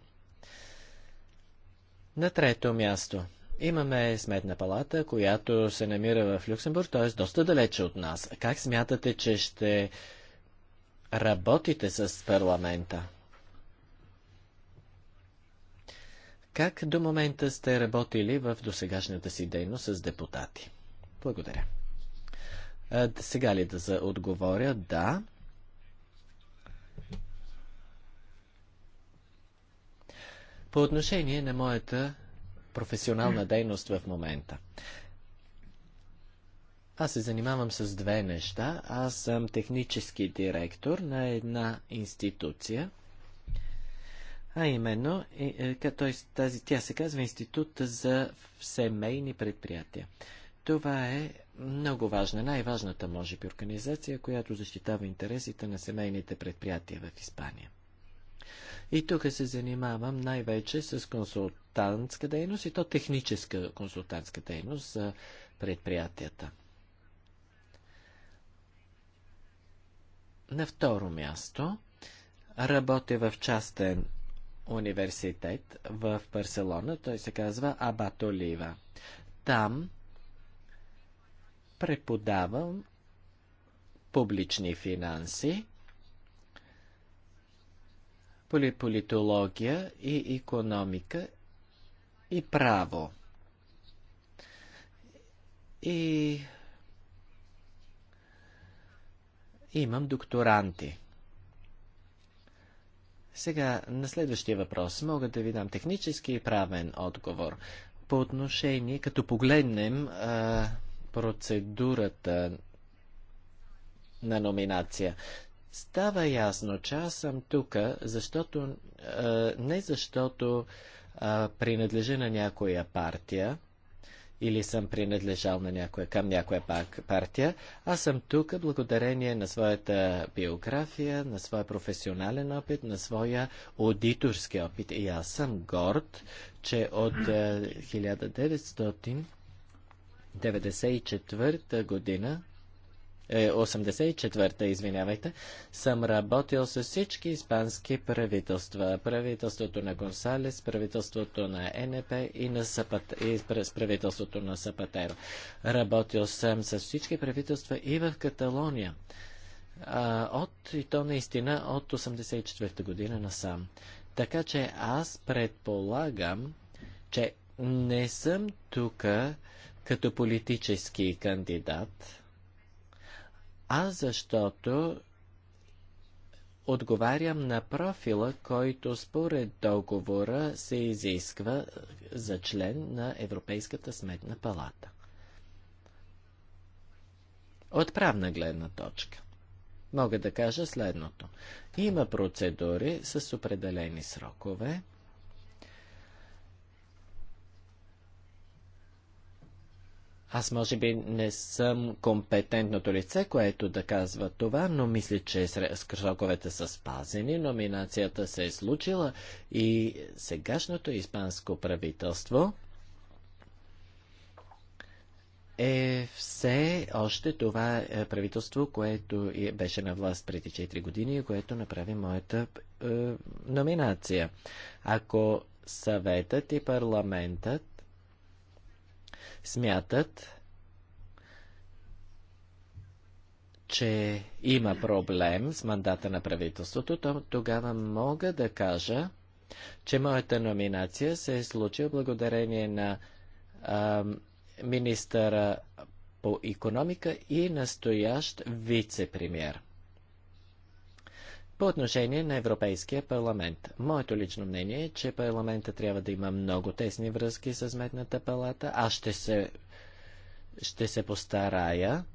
На трето място имаме Сметна палата, която се намира в Люксембург, т.е. доста далече от нас. Как смятате, че ще работите с парламента? Как до момента сте работили в досегашната си дейност с депутати? Благодаря. А, сега ли да за отговоря? Да. По отношение на моята професионална дейност в момента. Аз се занимавам с две неща. Аз съм технически директор на една институция – а именно, т.е. тази, тя се казва Институт за семейни предприятия. Това е много важна, най-важната, може би, организация, която защитава интересите на семейните предприятия в Испания. И тук се занимавам най-вече с консултантска дейност и то техническа консултантска дейност за предприятията. На второ място работя в частен университет в Барселона. Той се казва Абатолива. Там преподавам публични финанси, политология и економика и право. И имам докторанти – сега, на следващия въпрос мога да ви дам технически и правен отговор. По отношение, като погледнем а, процедурата на номинация, става ясно, че аз съм тук, защото а, не защото а, принадлежа на някоя партия, или съм принадлежал на някоя, към някоя пак партия. Аз съм тук благодарение на своята биография, на своя професионален опит, на своя аудиторски опит. И аз съм горд, че от 1994 е, година 84-та, е, извинявайте, съм работил с всички испански правителства. Правителството на Гонсалес, правителството на НП и, на Сапат... и с правителството на Сапатеро. Работил съм с всички правителства и в Каталония. А, от, и то наистина, от 84-та година насам. Така че аз предполагам, че не съм тук като политически кандидат, а защото отговарям на профила, който според договора се изисква за член на Европейската сметна палата. От правна гледна точка мога да кажа следното. Има процедури с определени срокове, Аз може би не съм компетентното лице, което да казва това, но мисля, че сроковете са спазени, номинацията се е случила и сегашното испанско правителство е все още това е, правителство, което беше на власт преди 4 години и което направи моята е, номинация. Ако съветът и парламентът смятат, че има проблем с мандата на правителството, то тогава мога да кажа, че моята номинация се е случила благодарение на а, министъра по економика и настоящ вице-премьер. По отношение на Европейския парламент, моето лично мнение е, че парламента трябва да има много тесни връзки с Сметната палата. Аз ще се, ще се постарая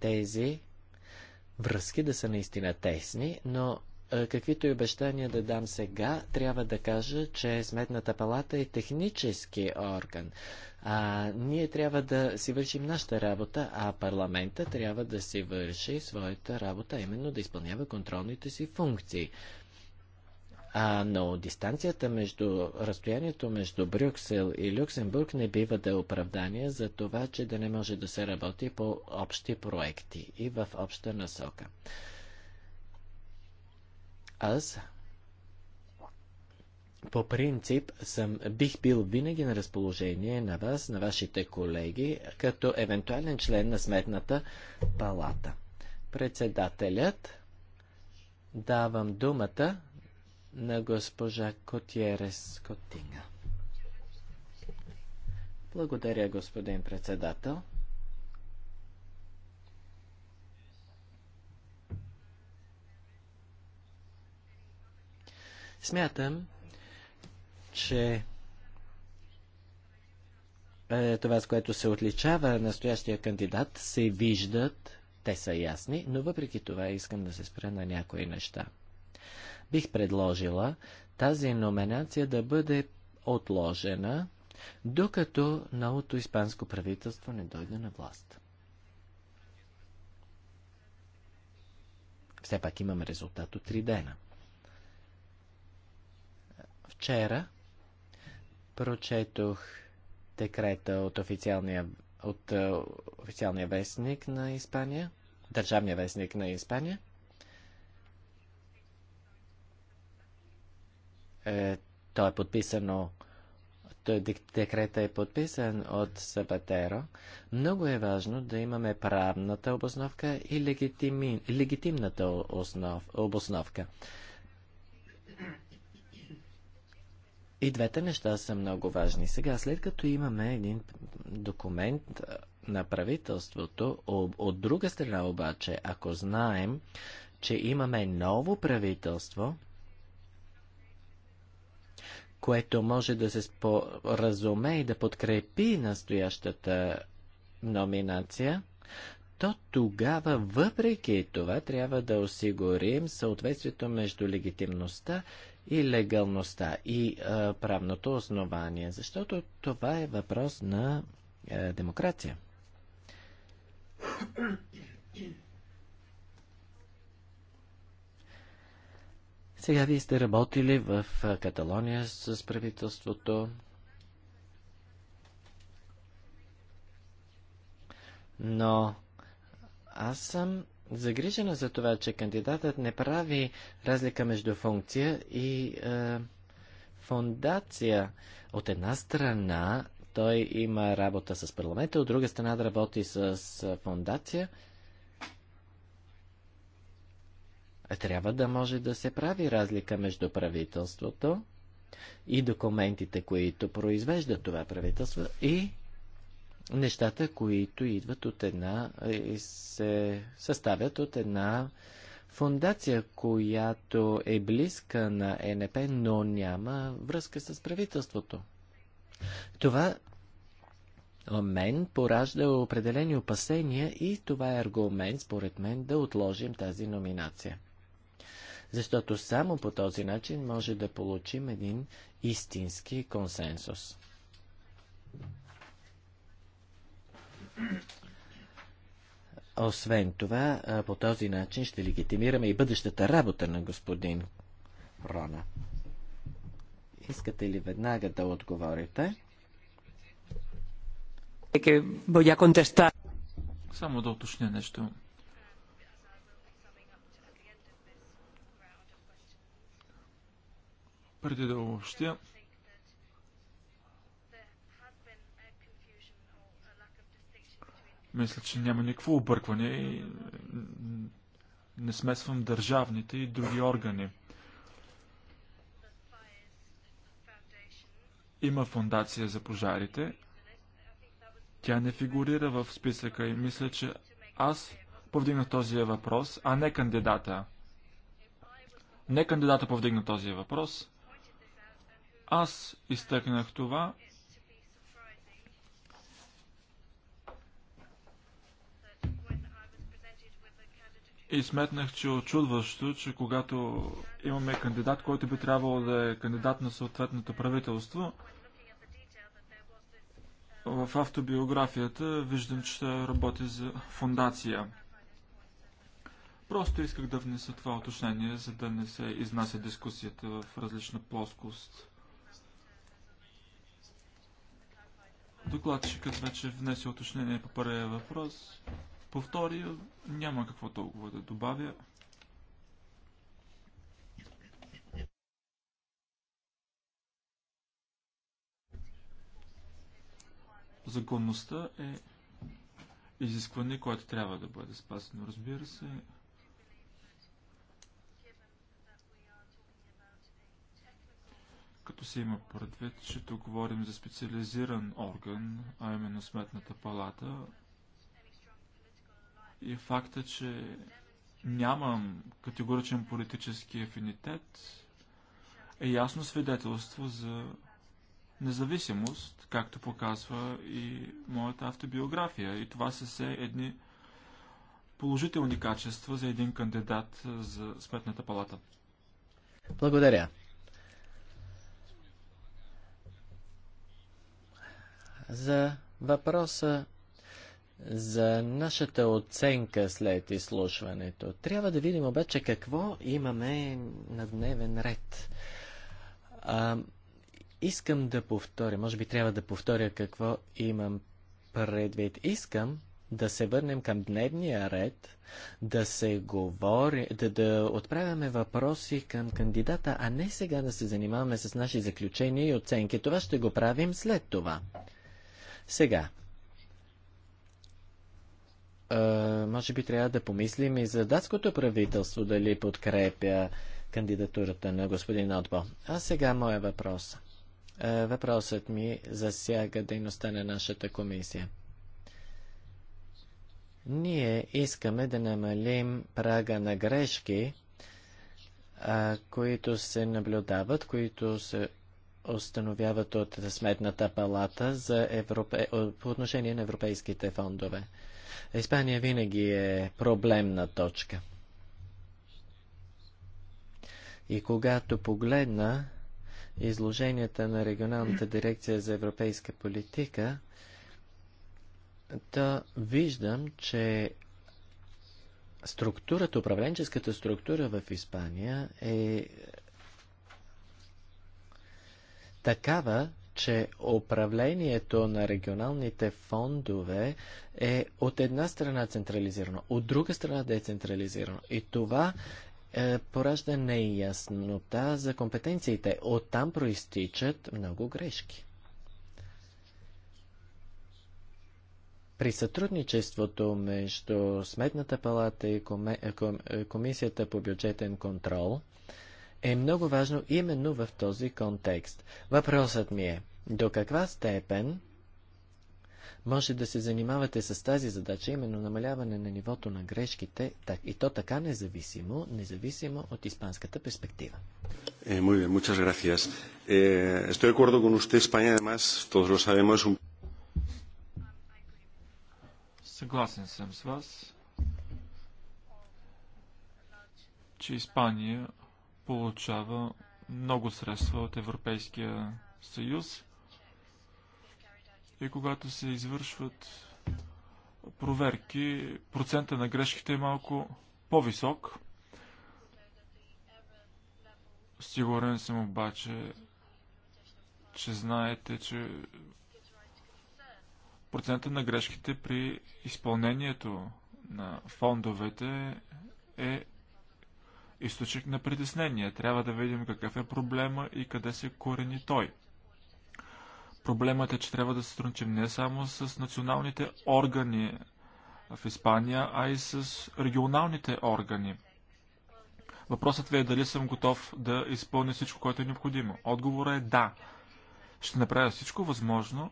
тези връзки да са наистина тесни, но е, каквито и обещания да дам сега, трябва да кажа, че Сметната палата е технически орган. А, ние трябва да си вършим нашата работа, а парламента трябва да си върши своята работа, именно да изпълнява контролните си функции. А, но дистанцията между, разстоянието между Брюксел и Люксембург не бива да е оправдание за това, че да не може да се работи по общи проекти и в обща насока. Аз по принцип съм, бих бил винаги на разположение на вас, на вашите колеги, като евентуален член на Сметната палата. Председателят давам думата на госпожа Котиерес Котинга. Благодаря, господин председател. Смятам, че е, това, с което се отличава настоящия кандидат, се виждат, те са ясни, но въпреки това искам да се спра на някои неща. Бих предложила тази номинация да бъде отложена, докато новото испанско правителство не дойде на власт. Все пак имам резултат от три дена. Вчера прочетох декрета от официалния, от е, официалния вестник на Испания, държавния вестник на Испания. Е, то е подписано, то, декрета е подписан от Сабатеро. Много е важно да имаме правната обосновка и легитими, легитимната обоснов, обосновка. И двете неща са много важни. Сега, след като имаме един документ на правителството, от друга страна обаче, ако знаем, че имаме ново правителство, което може да се споразуме и да подкрепи настоящата номинация, то тогава, въпреки това, трябва да осигурим съответствието между легитимността и легалността и а, правното основание, защото това е въпрос на а, демокрация. Сега вие сте работили в Каталония с правителството. Но аз съм загрижена за това, че кандидатът не прави разлика между функция и е, фундация. От една страна той има работа с парламента, от друга страна да работи с фундация. Трябва да може да се прави разлика между правителството и документите, които произвежда това правителство и нещата, които идват от една е, и се съставят от една фундация, която е близка на ЕНП, но няма връзка с правителството. Това мен поражда определени опасения и това е аргумент, според мен, да отложим тази номинация. Защото само по този начин може да получим един истински консенсус. Освен това, по този начин ще легитимираме и бъдещата работа на господин Рона. Искате ли веднага да отговорите? Е, Само да уточня нещо. Преди да обобщя, Мисля, че няма никакво объркване и не смесвам държавните и други органи. Има фундация за пожарите. Тя не фигурира в списъка и мисля, че аз повдигнах този въпрос, а не кандидата. Не кандидата повдигна този въпрос. Аз изтъкнах това И сметнах, че е очудващо, че когато имаме кандидат, който би трябвало да е кандидат на съответното правителство, в автобиографията виждам, че ще работи за фундация. Просто исках да внеса това уточнение, за да не се изнася дискусията в различна плоскост. Докладчикът вече внесе уточнение по първия въпрос. Повтори, няма какво толкова да добавя. Законността е изискване, което трябва да бъде спасено. Разбира се, като се има предвид, че тук говорим за специализиран орган, а именно Сметната палата, и факта, че нямам категоричен политически афинитет, е ясно свидетелство за независимост, както показва и моята автобиография. И това са все едни положителни качества за един кандидат за Сметната палата. Благодаря. За въпроса за нашата оценка след изслушването. Трябва да видим обаче какво имаме на дневен ред. А, искам да повторя, може би трябва да повторя какво имам предвид. Искам да се върнем към дневния ред, да се говори, да, да отправяме въпроси към кандидата, а не сега да се занимаваме с наши заключения и оценки. Това ще го правим след това. Сега, може би трябва да помислим и за датското правителство дали подкрепя кандидатурата на господин Отбо. А сега моя въпрос. Въпросът ми засяга дейността на нашата комисия. Ние искаме да намалим прага на грешки, а, които се наблюдават, които се установяват от Сметната палата за Европе... по отношение на европейските фондове. Испания винаги е проблемна точка. И когато погледна изложенията на регионалната дирекция за европейска политика, да виждам, че структурата, управленческата структура в Испания е такава, че управлението на регионалните фондове е от една страна централизирано, от друга страна децентрализирано. И това е, поражда неяснота за компетенциите. Оттам проистичат много грешки. При сътрудничеството между Сметната палата и Комисията по бюджетен контрол – е много важно именно в този контекст. Въпросът ми е, до каква степен може да се занимавате с тази задача, именно намаляване на нивото на грешките, так, и то така независимо, независимо от испанската перспектива. Eh, muy bien, muchas gracias. Eh, estoy de acuerdo con usted, España, además, todos lo sabemos. Un... Съгласен съм с вас, че Испания получава много средства от Европейския съюз и когато се извършват проверки, процента на грешките е малко по-висок. Сигурен съм обаче, че знаете, че процента на грешките при изпълнението на фондовете е източник на притеснение. Трябва да видим какъв е проблема и къде се корени той. Проблемът е, че трябва да се сътрудничим не само с националните органи в Испания, а и с регионалните органи. Въпросът ви е дали съм готов да изпълня всичко, което е необходимо. Отговорът е да. Ще направя всичко възможно,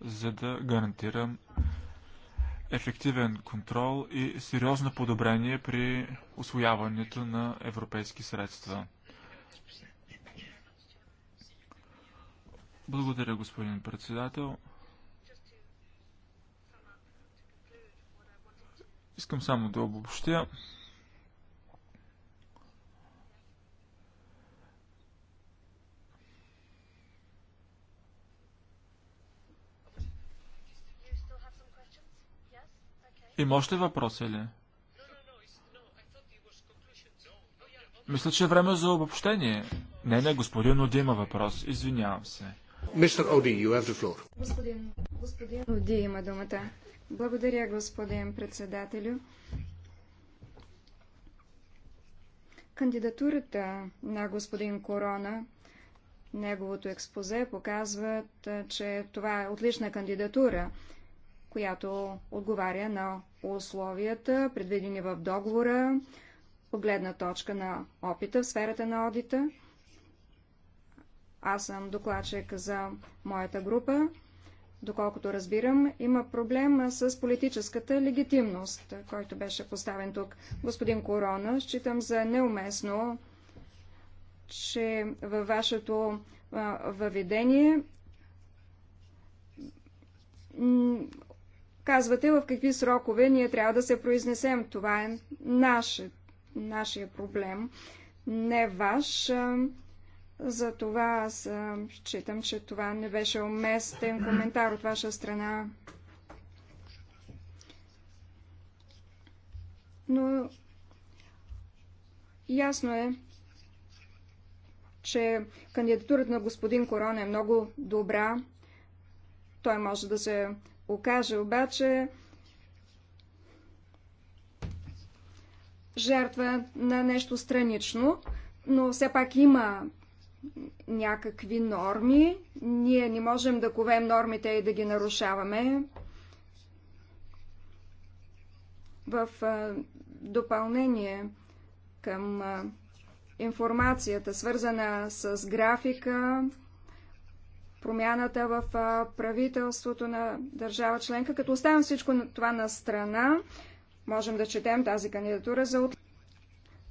за да гарантирам, ефективен контрол и сериозно подобрение при освояването на европейски средства. Благодаря, господин председател. Искам само да обобщя. Има още въпроси ли? Мисля, че е време за обобщение. Не, не, господин Оди има въпрос. Извинявам се. Мистер Оди, you have the floor. Господин, господин Оди има думата. Благодаря, господин председателю. Кандидатурата на господин Корона, неговото експозе показват, че това е отлична кандидатура която отговаря на условията, предвидени в договора, от гледна точка на опита в сферата на одита. Аз съм докладчик за моята група. Доколкото разбирам, има проблем с политическата легитимност, който беше поставен тук. Господин Корона, считам за неуместно, че във вашето въведение Казвате в какви срокове ние трябва да се произнесем. Това е наше, нашия проблем, не ваш. За това аз считам, че това не беше уместен коментар от ваша страна. Но ясно е, че кандидатурата на господин Корон е много добра. Той може да се окаже обаче жертва на нещо странично, но все пак има някакви норми. Ние не можем да ковем нормите и да ги нарушаваме. В допълнение към информацията, свързана с графика, промяната в правителството на държава членка. Като оставям всичко на това на страна, можем да четем тази кандидатура за от...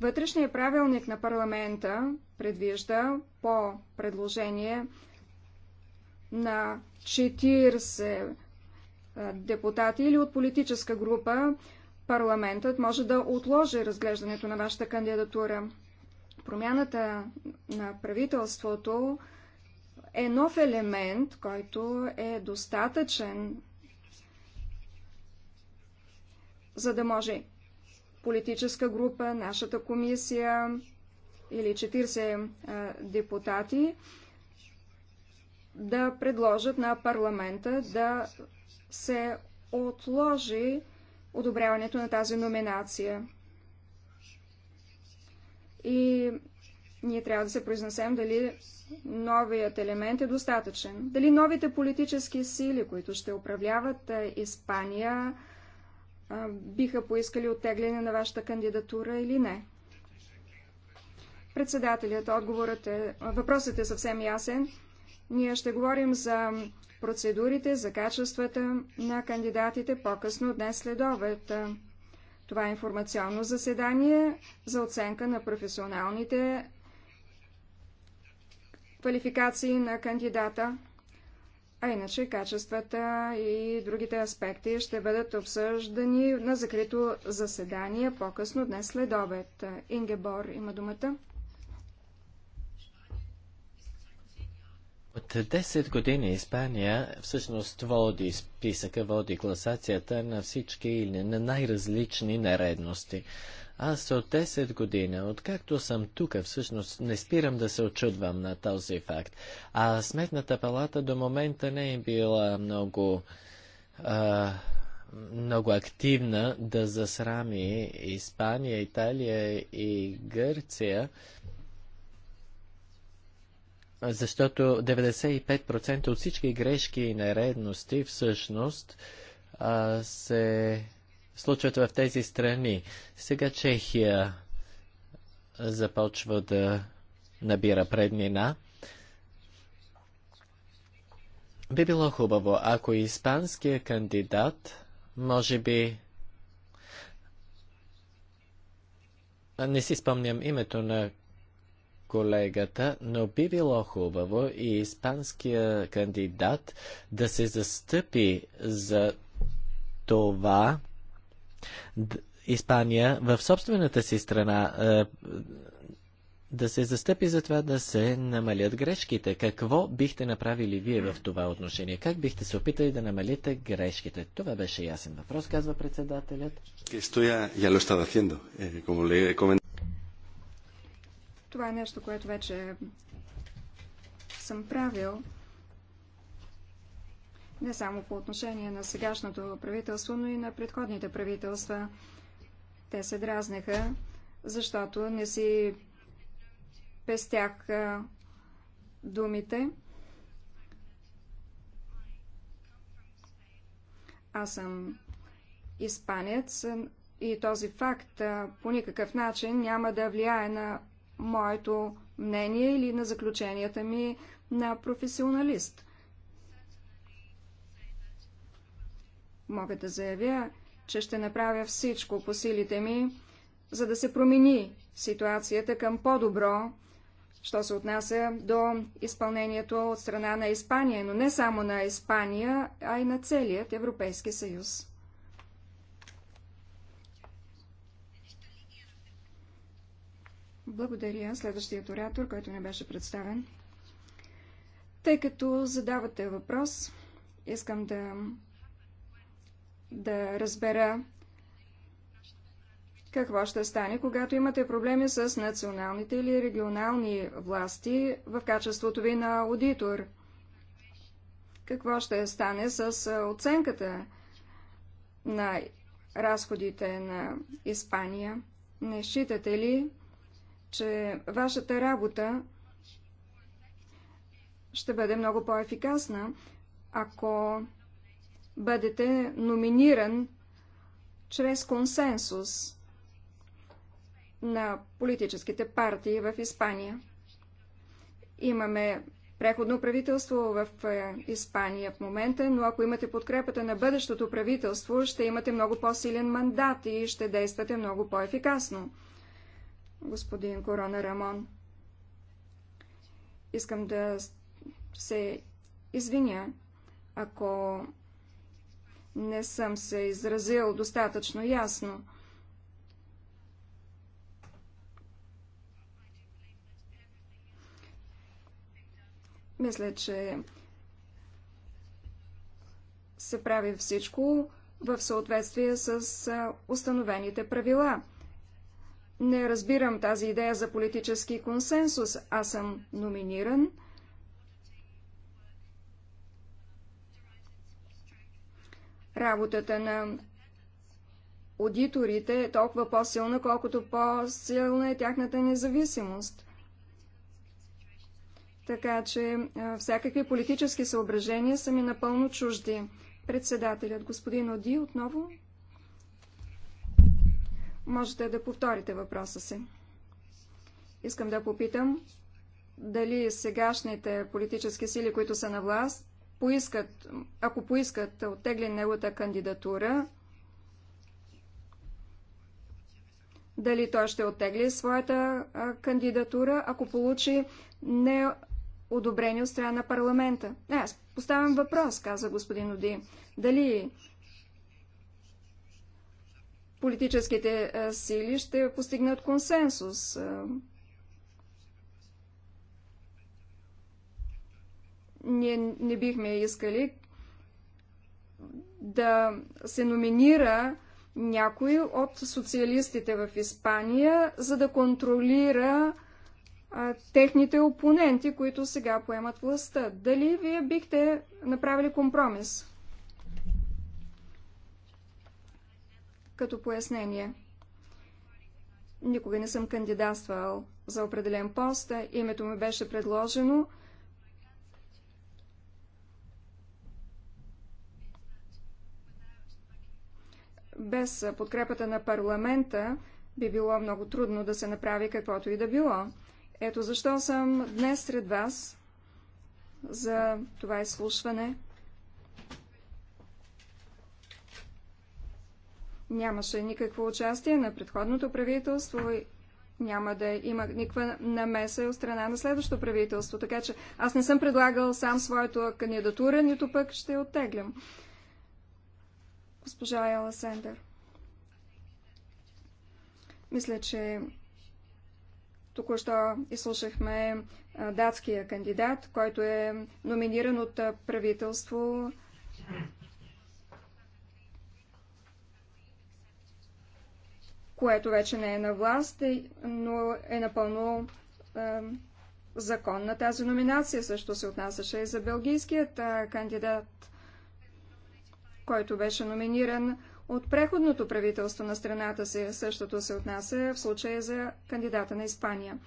Вътрешният правилник на парламента предвижда по предложение на 40 депутати или от политическа група, парламентът може да отложи разглеждането на вашата кандидатура. Промяната на правителството е нов елемент, който е достатъчен, за да може политическа група, нашата комисия или 40 депутати да предложат на парламента да се отложи одобряването на тази номинация. И ние трябва да се произнесем дали новият елемент е достатъчен. Дали новите политически сили, които ще управляват Испания, биха поискали оттегляне на вашата кандидатура или не. Председателят, отговорът е, въпросът е съвсем ясен. Ние ще говорим за процедурите, за качествата на кандидатите по-късно днес след обед. Това е информационно заседание за оценка на професионалните квалификации на кандидата, а иначе качествата и другите аспекти ще бъдат обсъждани на закрито заседание по-късно днес след обед. Ингебор има думата. От 10 години Испания всъщност води списъка, води класацията на всички или на най-различни нередности. Аз от 10 години, откакто съм тук, всъщност не спирам да се очудвам на този факт. А Сметната палата до момента не е била много, а, много активна да засрами Испания, Италия и Гърция, защото 95% от всички грешки и нередности всъщност а, се случват в тези страни. Сега Чехия започва да набира преднина. Би било хубаво, ако испанския кандидат, може би, не си спомням името на колегата, но би било хубаво и испанския кандидат да се застъпи за това, Испания в собствената си страна е, да се застъпи за това да се намалят грешките. Какво бихте направили вие в това отношение? Как бихте се опитали да намалите грешките? Това беше ясен въпрос, казва председателят. Eh, това е нещо, което вече съм правил не само по отношение на сегашното правителство, но и на предходните правителства. Те се дразнеха, защото не си пестях думите. Аз съм испанец и този факт по никакъв начин няма да влияе на моето мнение или на заключенията ми на професионалист – Мога да заявя, че ще направя всичко по силите ми, за да се промени ситуацията към по-добро, що се отнася до изпълнението от страна на Испания, но не само на Испания, а и на целият Европейски съюз. Благодаря. Следващият оратор, който не беше представен. Тъй като задавате въпрос, искам да да разбера какво ще стане, когато имате проблеми с националните или регионални власти в качеството ви на аудитор? Какво ще стане с оценката на разходите на Испания? Не считате ли, че вашата работа ще бъде много по-ефикасна, ако бъдете номиниран чрез консенсус на политическите партии в Испания. Имаме преходно правителство в е, Испания в момента, но ако имате подкрепата на бъдещото правителство, ще имате много по-силен мандат и ще действате много по-ефикасно. Господин Корона Рамон, искам да се извиня, ако не съм се изразил достатъчно ясно. Мисля, че се прави всичко в съответствие с установените правила. Не разбирам тази идея за политически консенсус. Аз съм номиниран – работата на аудиторите е толкова по-силна, колкото по-силна е тяхната независимост. Така че всякакви политически съображения са ми напълно чужди. Председателят, господин Оди, отново. Можете да повторите въпроса си. Искам да попитам дали сегашните политически сили, които са на власт, поискат, ако поискат оттегли неговата кандидатура, дали той ще оттегли своята кандидатура, ако получи не от страна на парламента. Не, аз поставям въпрос, каза господин Оди. Дали политическите сили ще постигнат консенсус ние не бихме искали да се номинира някой от социалистите в Испания, за да контролира а, техните опоненти, които сега поемат властта. Дали вие бихте направили компромис? Като пояснение. Никога не съм кандидатствал за определен пост, името ми беше предложено – без подкрепата на парламента би било много трудно да се направи каквото и да било. Ето защо съм днес сред вас за това изслушване. Нямаше никакво участие на предходното правителство и няма да има никаква намеса и от страна на следващото правителство. Така че аз не съм предлагал сам своето кандидатура, нито пък ще оттеглям госпожа Ела Сендер. Мисля, че току-що изслушахме датския кандидат, който е номиниран от правителство. което вече не е на власт, е, но е напълно е, законна тази номинация. Също се отнасяше и за белгийският кандидат който беше номиниран от преходното правителство на страната си. Същото се отнася в случая за кандидата на Испания.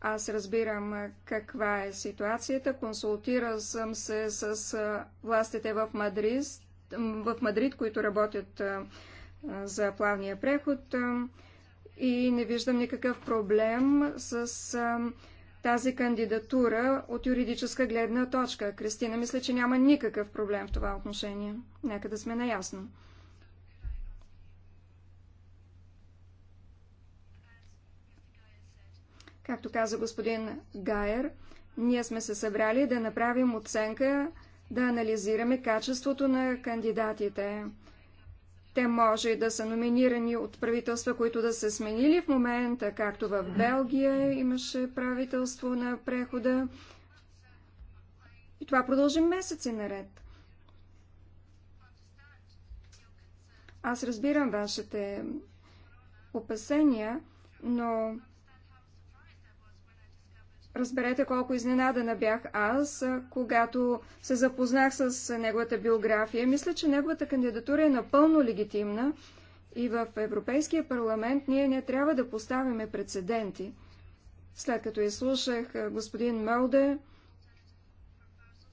Аз разбирам каква е ситуацията. Консултирал съм се с властите в Мадрид, в Мадрид които работят за плавния преход и не виждам никакъв проблем с тази кандидатура от юридическа гледна точка. Кристина, мисля, че няма никакъв проблем в това отношение. Нека да сме наясно. Както каза господин Гайер, ние сме се събрали да направим оценка, да анализираме качеството на кандидатите. Те може да са номинирани от правителства, които да са сменили в момента, както в Белгия имаше правителство на прехода. И това продължи месеци наред. Аз разбирам вашите опасения, но разберете колко изненадана бях аз, когато се запознах с неговата биография. Мисля, че неговата кандидатура е напълно легитимна и в Европейския парламент ние не трябва да поставяме прецеденти. След като изслушах господин Мълде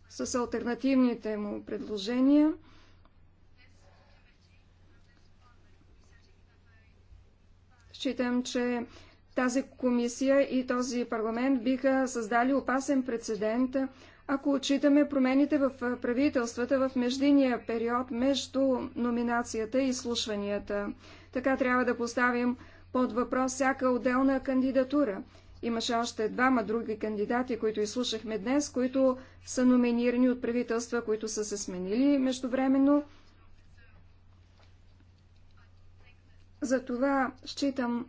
с альтернативните му предложения, считам, че тази комисия и този парламент биха създали опасен прецедент, ако отчитаме промените в правителствата в междинния период между номинацията и слушванията. Така трябва да поставим под въпрос всяка отделна кандидатура. Имаше още двама други кандидати, които изслушахме днес, които са номинирани от правителства, които са се сменили междувременно. Затова считам,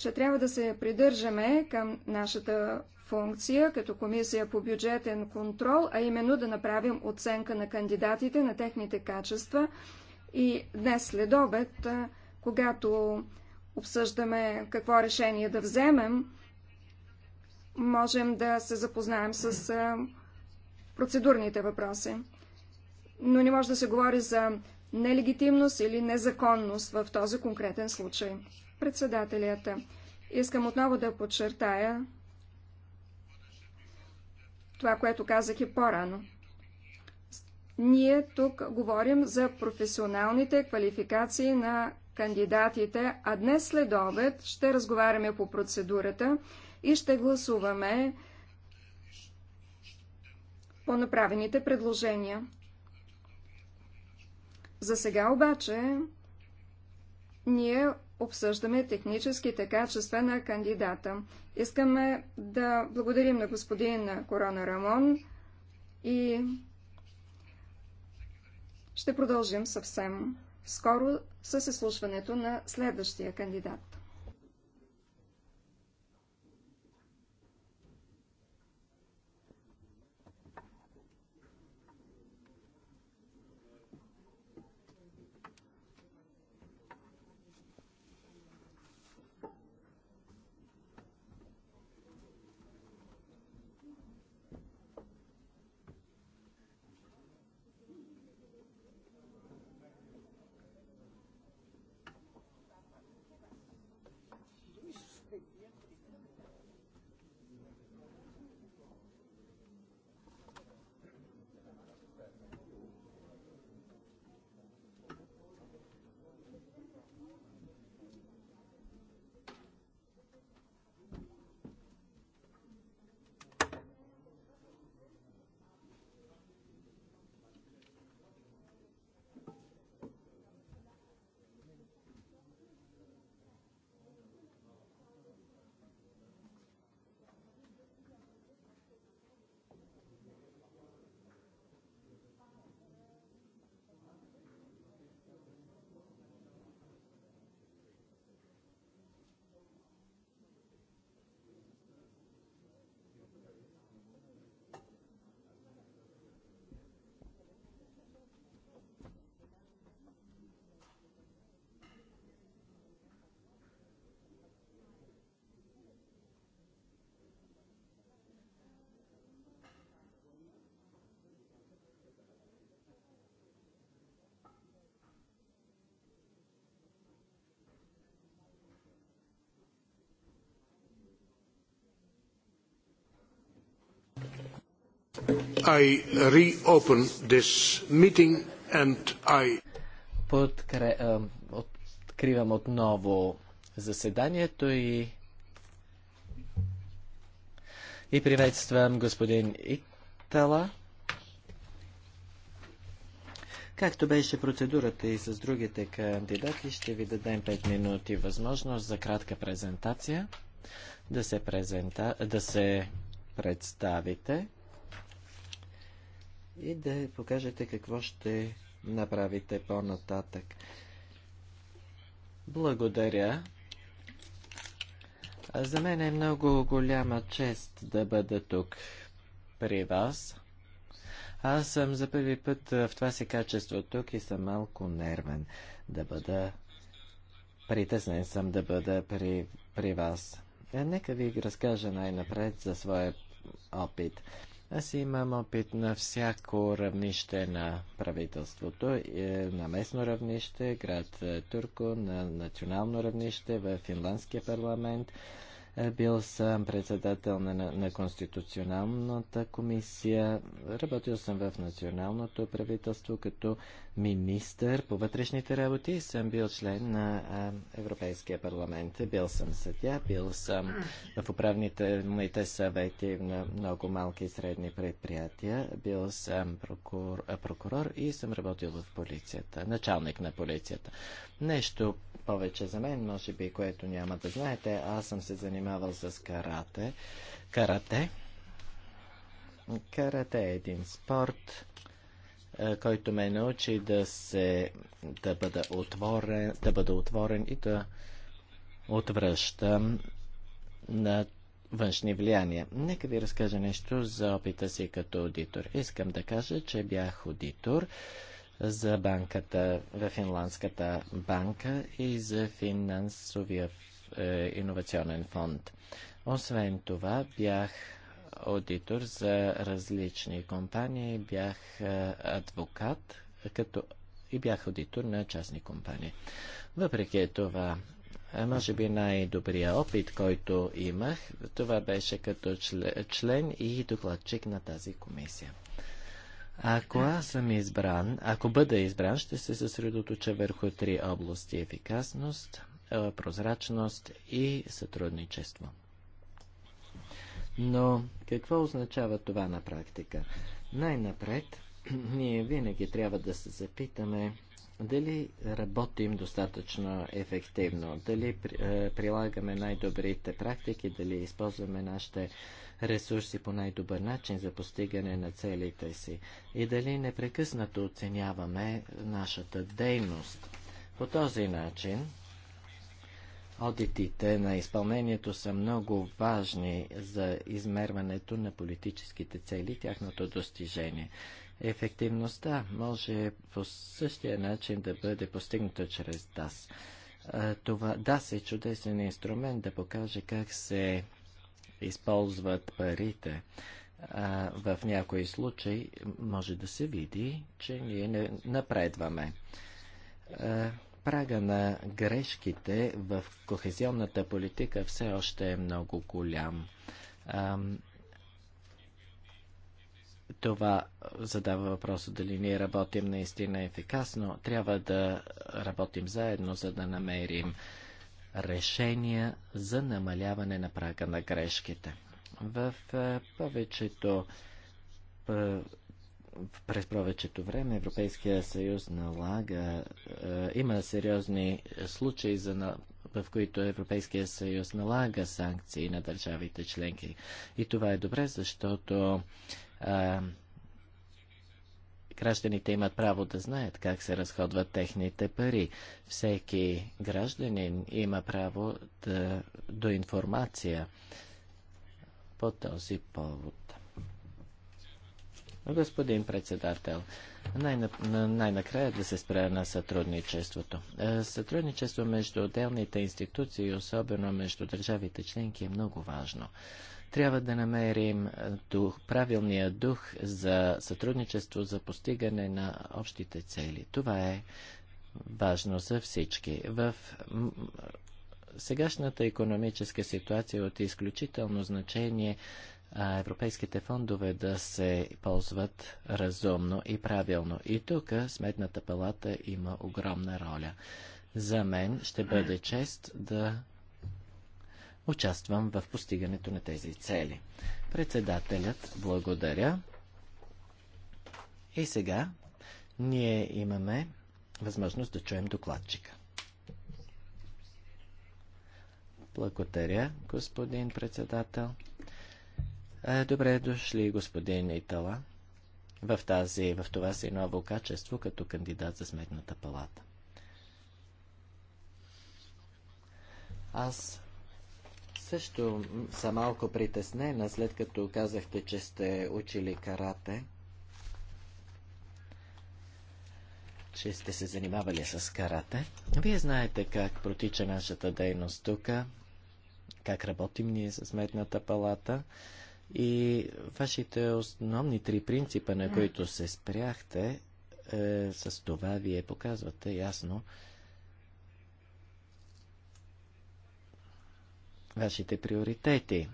че трябва да се придържаме към нашата функция като комисия по бюджетен контрол, а именно да направим оценка на кандидатите, на техните качества. И днес след обед, когато обсъждаме какво решение да вземем, можем да се запознаем с процедурните въпроси. Но не може да се говори за нелегитимност или незаконност в този конкретен случай. Председателята. искам отново да подчертая това, което казах и по-рано. Ние тук говорим за професионалните квалификации на кандидатите, а днес след обед ще разговаряме по процедурата и ще гласуваме по направените предложения. За сега обаче ние обсъждаме техническите качества на кандидата. Искаме да благодарим на господин Корона Рамон и ще продължим съвсем скоро с изслушването на следващия кандидат. I reopen this meeting and I... Подкре... Откривам отново заседанието и и приветствам господин Итала. Както беше процедурата и с другите кандидати, ще ви дадем 5 минути възможност за кратка презентация, да се, презента... да се представите и да покажете какво ще направите по-нататък. Благодаря. За мен е много голяма чест да бъда тук при вас. Аз съм за първи път в това си качество тук и съм малко нервен да бъда. Притеснен съм да бъда при, при вас. Е, нека ви разкажа най-напред за своя опит. Аз имам опит на всяко равнище на правителството, е, на местно равнище, град е, Турко, на национално равнище, в финландския парламент. Е, бил съм председател на, на Конституционалната комисия. Работил съм в националното правителство като министър по вътрешните работи и съм бил член на Европейския парламент. Бил съм съдя, бил съм в управителните съвети на много малки и средни предприятия. Бил съм прокурор, прокурор и съм работил в полицията, началник на полицията. Нещо повече за мен, може би, което няма да знаете. Аз съм се занимавал занимавал с карате. Карате. Карате е един спорт, е, който ме научи да се да бъда отворен, да бъда отворен и да отвръщам на външни влияния. Нека ви разкажа нещо за опита си като аудитор. Искам да кажа, че бях аудитор за банката, в Финландската банка и за финансовия е, иновационен фонд. Освен това, бях аудитор за различни компании, бях е, адвокат като и бях аудитор на частни компании. Въпреки това, е, може би най-добрия опит, който имах, това беше като член и докладчик на тази комисия. Ако аз съм избран, ако бъда избран, ще се съсредоточа върху три области ефикасност, е, прозрачност и сътрудничество. Но какво означава това на практика? Най-напред, ние винаги трябва да се запитаме дали работим достатъчно ефективно, дали е, прилагаме най-добрите практики, дали използваме нашите ресурси по най-добър начин за постигане на целите си и дали непрекъснато оценяваме нашата дейност. По този начин Одитите на изпълнението са много важни за измерването на политическите цели, тяхното достижение. Ефективността може по същия начин да бъде постигната чрез DAS. Това DAS е чудесен инструмент да покаже как се използват парите. А, в някои случаи може да се види, че ние не напредваме прага на грешките в кохезионната политика все още е много голям. Това задава въпроса дали ние работим наистина ефикасно. Трябва да работим заедно, за да намерим решения за намаляване на прага на грешките. В повечето през повечето време Европейския съюз налага, е, има сериозни случаи, за, на, в които Европейския съюз налага санкции на държавите членки. И това е добре, защото е, гражданите имат право да знаят как се разходват техните пари. Всеки гражданин има право да, до информация по този повод. Господин председател, най-накрая най да се спра на сътрудничеството. Е, сътрудничество между отделните институции, особено между държавите членки, е много важно. Трябва да намерим е, дух, правилния дух за сътрудничество, за постигане на общите цели. Това е важно за всички. В сегашната економическа ситуация е от изключително значение европейските фондове да се ползват разумно и правилно. И тук Сметната палата има огромна роля. За мен ще бъде чест да участвам в постигането на тези цели. Председателят благодаря. И сега ние имаме възможност да чуем докладчика. Благодаря, господин председател. Е, добре дошли, господин Итала, в, тази, в това си ново качество като кандидат за Сметната палата. Аз също съм малко притеснена, след като казахте, че сте учили карате, че сте се занимавали с карате. Вие знаете как протича нашата дейност тук, как работим ние с Сметната палата. И вашите основни три принципа, на които се спряхте, е, с това вие показвате ясно вашите приоритети.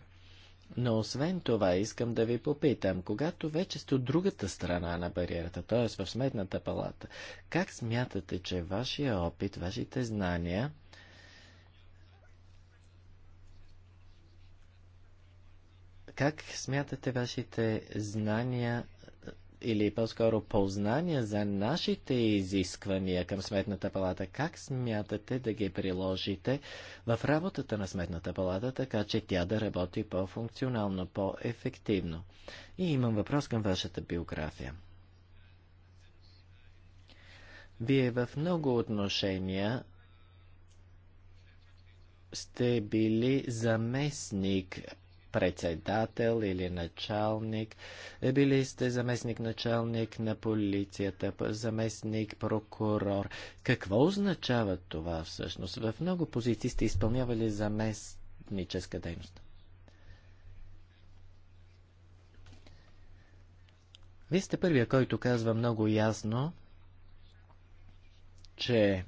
Но освен това, искам да ви попитам, когато вече сте от другата страна на бариерата, т.е. в сметната палата, как смятате, че вашия опит, вашите знания Как смятате вашите знания или по-скоро познания за нашите изисквания към Сметната палата? Как смятате да ги приложите в работата на Сметната палата, така че тя да работи по-функционално, по-ефективно? И имам въпрос към вашата биография. Вие в много отношения сте били заместник председател или началник, е, били сте заместник началник на полицията, заместник прокурор. Какво означава това всъщност? В много позиции сте изпълнявали заместническа дейност. Вие сте първия, който казва много ясно, че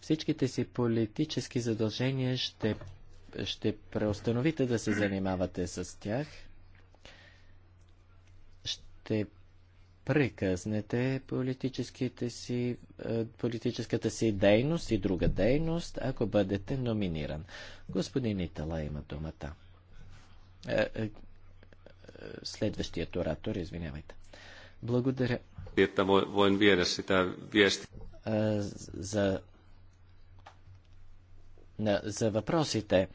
всичките си политически задължения ще ще преустановите да се занимавате с тях, ще прекъснете политическите си, е, политическата си дейност и друга дейност, ако бъдете номиниран. Господин Итала има думата. Е, е, следващият оратор, извинявайте. Благодаря. За на, за въпросите.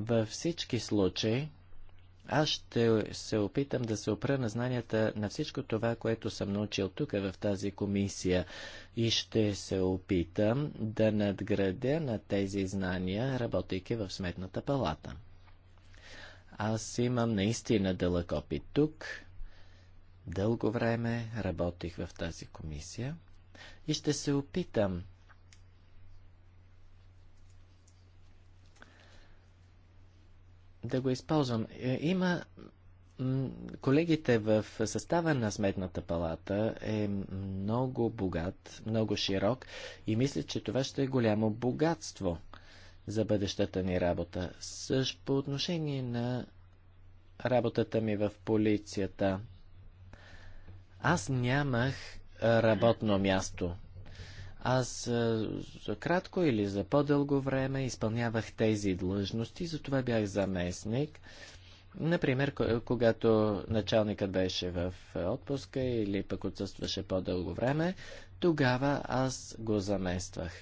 Във всички случаи, аз ще се опитам да се опра на знанията на всичко това, което съм научил тук в тази комисия и ще се опитам да надградя на тези знания, работейки в Сметната палата. Аз имам наистина дълъг опит тук. Дълго време работих в тази комисия и ще се опитам да го използвам. Е, има колегите в състава на Сметната палата е много богат, много широк и мисля, че това ще е голямо богатство за бъдещата ни работа. Също по отношение на работата ми в полицията, аз нямах работно място. Аз за кратко или за по-дълго време изпълнявах тези длъжности, затова бях заместник. Например, когато началникът беше в отпуска или пък отсъстваше по-дълго време, тогава аз го замествах.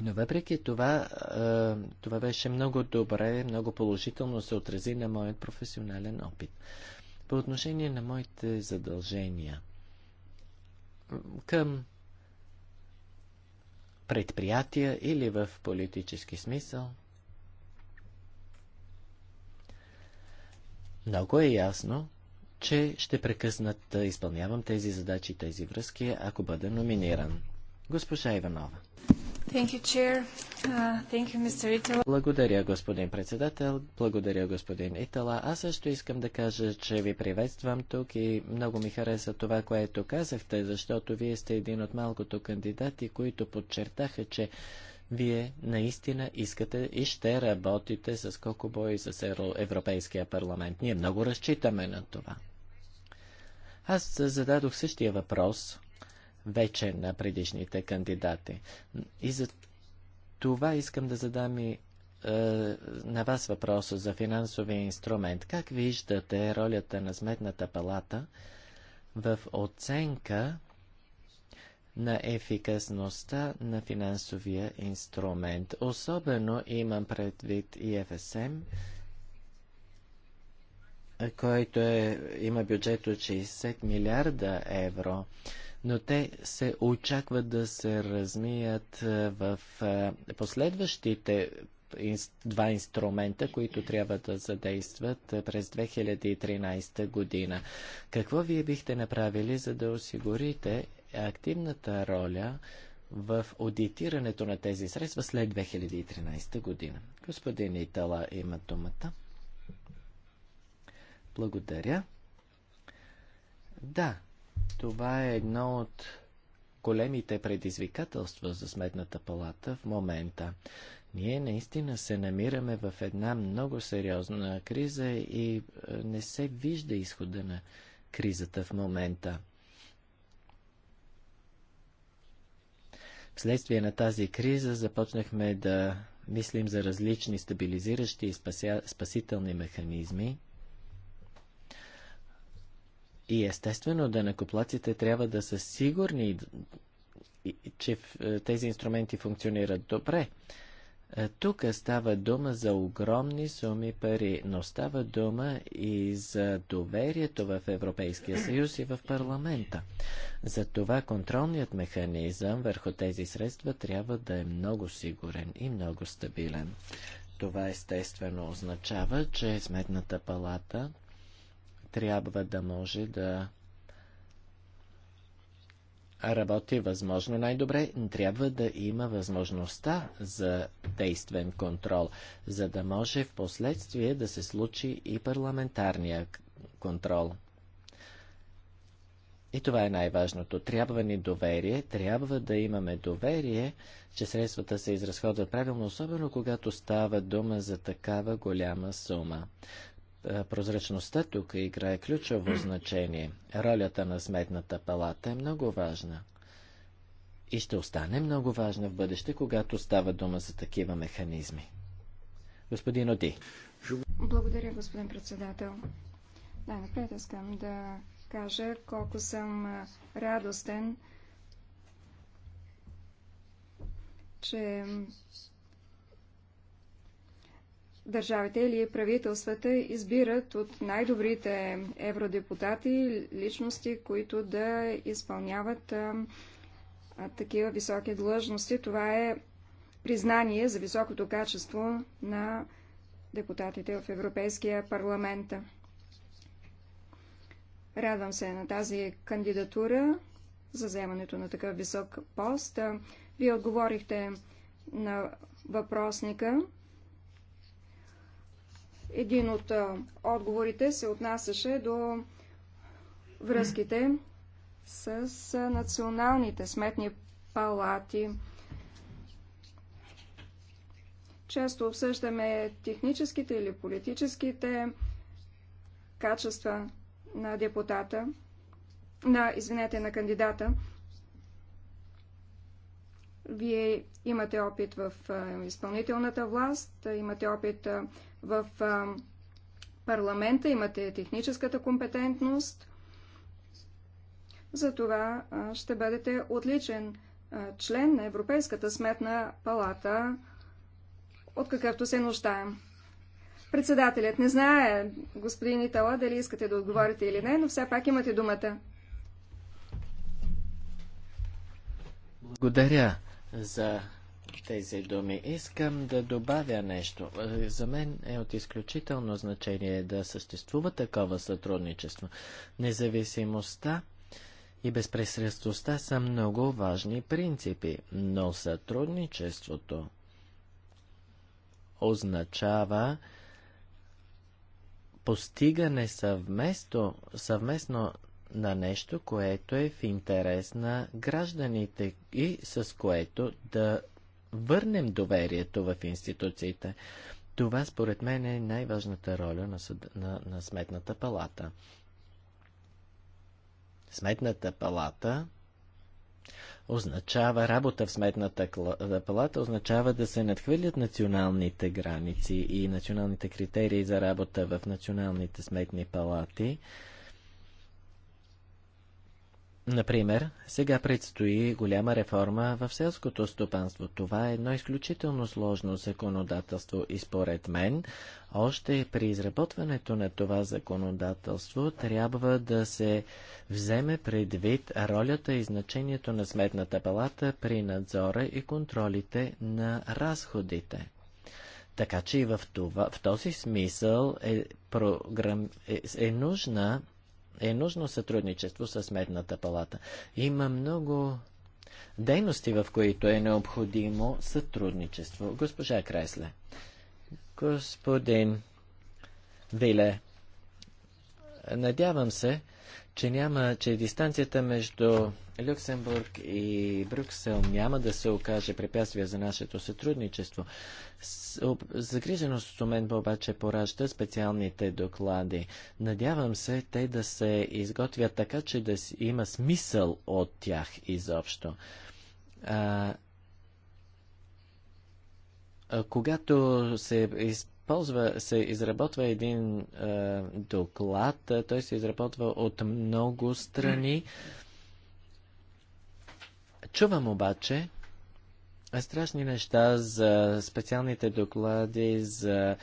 Но въпреки това, това беше много добре, много положително се отрази на моят професионален опит. По отношение на моите задължения към предприятия или в политически смисъл. Много е ясно, че ще прекъснат да изпълнявам тези задачи, тези връзки, ако бъда номиниран. Госпожа Иванова. You, uh, you, благодаря, господин председател. Благодаря, господин Итала. Аз също искам да кажа, че ви приветствам тук и много ми хареса това, което казахте, защото вие сте един от малкото кандидати, които подчертаха, че вие наистина искате и ще работите с Кокобо и с Европейския парламент. Ние много разчитаме на това. Аз зададох същия въпрос вече на предишните кандидати. И за това искам да задам и е, на вас въпроса за финансовия инструмент. Как виждате ролята на Сметната палата в оценка на ефикасността на финансовия инструмент? Особено имам предвид и ФСМ, който е, има бюджет от 60 милиарда евро но те се очакват да се размият в последващите два инструмента, които трябва да задействат през 2013 година. Какво вие бихте направили, за да осигурите активната роля в аудитирането на тези средства след 2013 година? Господин Итала има думата. Благодаря. Да, това е едно от големите предизвикателства за Сметната палата в момента. Ние наистина се намираме в една много сериозна криза и е, не се вижда изхода на кризата в момента. Вследствие на тази криза започнахме да мислим за различни стабилизиращи и спася... спасителни механизми. И естествено, да накоплаците трябва да са сигурни, че е, тези инструменти функционират добре. Е, тук става дума за огромни суми пари, но става дума и за доверието в Европейския съюз и в парламента. Затова контролният механизъм върху тези средства трябва да е много сигурен и много стабилен. Това естествено означава, че Сметната палата трябва да може да работи възможно най-добре, трябва да има възможността за действен контрол, за да може в последствие да се случи и парламентарния контрол. И това е най-важното. Трябва ни доверие, трябва да имаме доверие, че средствата се изразходват правилно, особено когато става дума за такава голяма сума. Е, прозрачността тук играе ключово значение. Ролята на Сметната палата е много важна. И ще остане много важна в бъдеще, когато става дума за такива механизми. Господин Оди. Благодаря, господин председател. Най-напред искам да кажа колко съм е, радостен, че държавите или правителствата избират от най-добрите евродепутати личности, които да изпълняват а, а, такива високи длъжности. Това е признание за високото качество на депутатите в Европейския парламент. Радвам се на тази кандидатура за вземането на такъв висок пост. Вие отговорихте на въпросника. Един от отговорите се отнасяше до връзките с националните сметни палати. Често обсъждаме техническите или политическите качества на депутата, на, извинете, на кандидата. Вие имате опит в изпълнителната власт, имате опит в парламента, имате техническата компетентност. Затова ще бъдете отличен член на Европейската сметна палата, от какъвто се нуждаем. Председателят не знае, господин Итала, дали искате да отговорите или не, но все пак имате думата. Благодаря за тези думи. Искам да добавя нещо. Е, за мен е от изключително значение да съществува такова сътрудничество. Независимостта и безпресредността са много важни принципи, но сътрудничеството означава постигане съвместно, съвместно на нещо, което е в интерес на гражданите и с което да върнем доверието в институциите. Това, според мен, е най-важната роля на, съд... на, на Сметната палата. Сметната палата означава работа в сметната палата, означава да се надхвърлят националните граници и националните критерии за работа в националните сметни палати. Например, сега предстои голяма реформа в селското стопанство. Това е едно изключително сложно законодателство и според мен, още при изработването на това законодателство трябва да се вземе предвид ролята и значението на Сметната палата при надзора и контролите на разходите. Така че и в, това, в този смисъл е, програм, е, е нужна е нужно сътрудничество с Медната палата. Има много дейности, в които е необходимо сътрудничество. Госпожа Кресле, господин Виле, надявам се, че няма, че дистанцията между Люксембург и Брюксел няма да се окаже препятствие за нашето сътрудничество. Загриженост у мен обаче поражда специалните доклади. Надявам се те да се изготвят така, че да има смисъл от тях изобщо. А, когато се из ползва, се изработва един е, доклад, е, той се изработва от много страни. Чувам обаче страшни неща за специалните доклади, за е,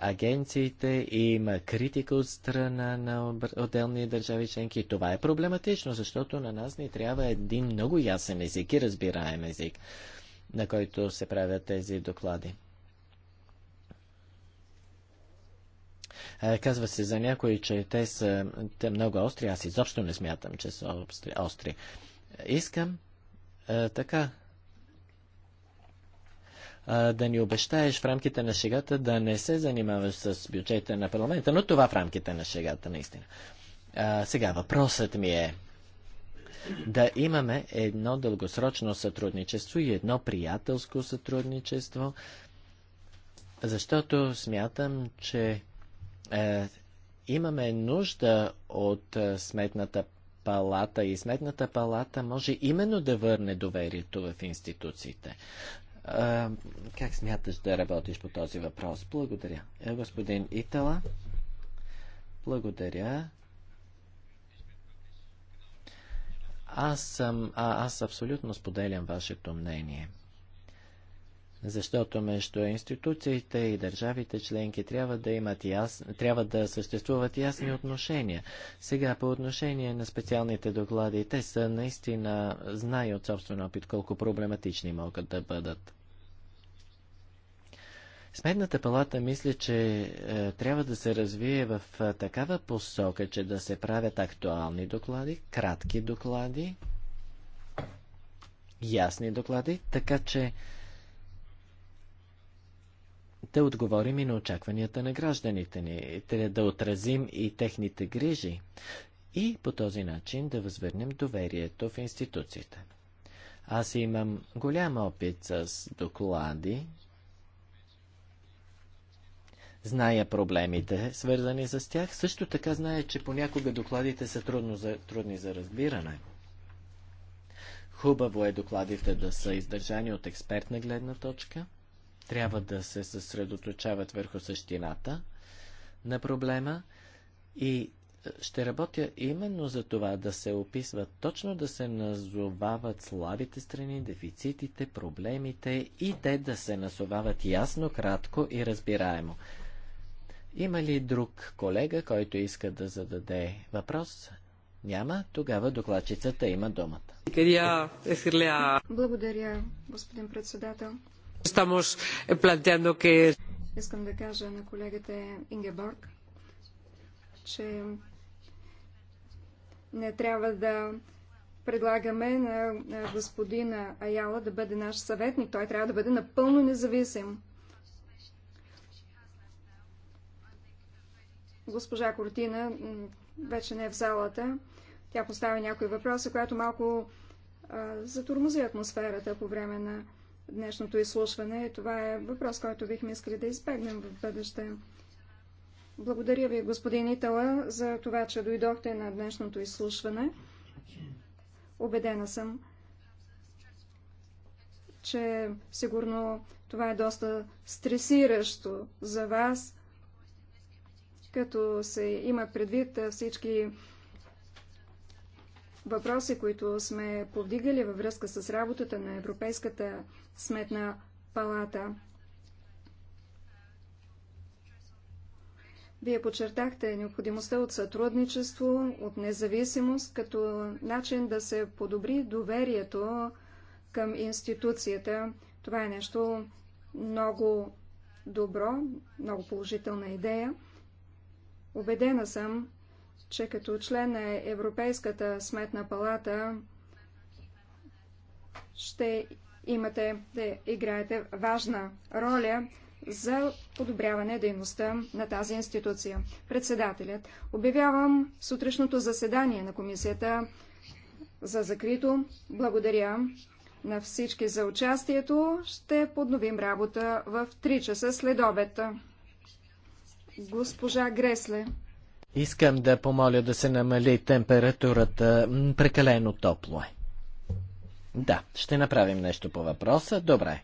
агенциите. Има критика от страна на отделни държави членки. това е проблематично, защото на нас ни трябва един много ясен език и разбираем език, на който се правят тези доклади. Е, казва се за някои, че те са те много остри. Аз изобщо не смятам, че са остри. Искам а, е, така е, да ни обещаеш в рамките на шегата да не се занимаваш с бюджета на парламента, но това в рамките на шегата, наистина. А, сега въпросът ми е да имаме едно дългосрочно сътрудничество и едно приятелско сътрудничество, защото смятам, че е, имаме нужда от е, сметната палата и сметната палата може именно да върне доверието в институциите. Е, как смяташ да работиш по този въпрос? Благодаря. Е, господин Итала, благодаря. Аз, съм, а, аз абсолютно споделям вашето мнение. Защото между институциите и държавите членки трябва да, имат яс... трябва да съществуват ясни отношения. Сега по отношение на специалните доклади, те са наистина, знае от собствен опит колко проблематични могат да бъдат. Сметната палата мисля, че е, трябва да се развие в е, такава посока, че да се правят актуални доклади, кратки доклади, ясни доклади, така че да отговорим и на очакванията на гражданите ни, да отразим и техните грижи и по този начин да възвърнем доверието в институциите. Аз имам голям опит с доклади, зная проблемите, свързани с тях. Също така зная, че понякога докладите са трудно за, трудни за разбиране. Хубаво е докладите да са издържани от експертна гледна точка, трябва да се съсредоточават върху същината на проблема и е, ще работя именно за това да се описват, точно да се назовават слабите страни, дефицитите, проблемите и те да се назовават ясно, кратко и разбираемо. Има ли друг колега, който иска да зададе въпрос? Няма, тогава докладчицата има думата. Благодаря, господин председател estamos planteando que... Искам да кажа на колегата Ингеборг, че не трябва да предлагаме на господина Аяла да бъде наш съветник. Той трябва да бъде напълно независим. Госпожа Кортина вече не е в залата. Тя постави някои въпроси, която малко а, атмосферата по време на днешното изслушване. Това е въпрос, който бихме искали да избегнем в бъдеще. Благодаря ви, господин Итала, за това, че дойдохте на днешното изслушване. Обедена съм, че сигурно това е доста стресиращо за вас, като се има предвид всички въпроси, които сме повдигали във връзка с работата на Европейската сметна палата. Вие подчертахте необходимостта от сътрудничество, от независимост, като начин да се подобри доверието към институцията. Това е нещо много добро, много положителна идея. Обедена съм, че като член на Европейската сметна палата ще имате да играете важна роля за подобряване дейността на тази институция. Председателят, обявявам сутрешното заседание на комисията за закрито. Благодаря на всички за участието. Ще подновим работа в 3 часа след обед. Госпожа Гресле. Искам да помоля да се намали температурата. Прекалено топло е. Да, ще направим нещо по въпроса. Добре.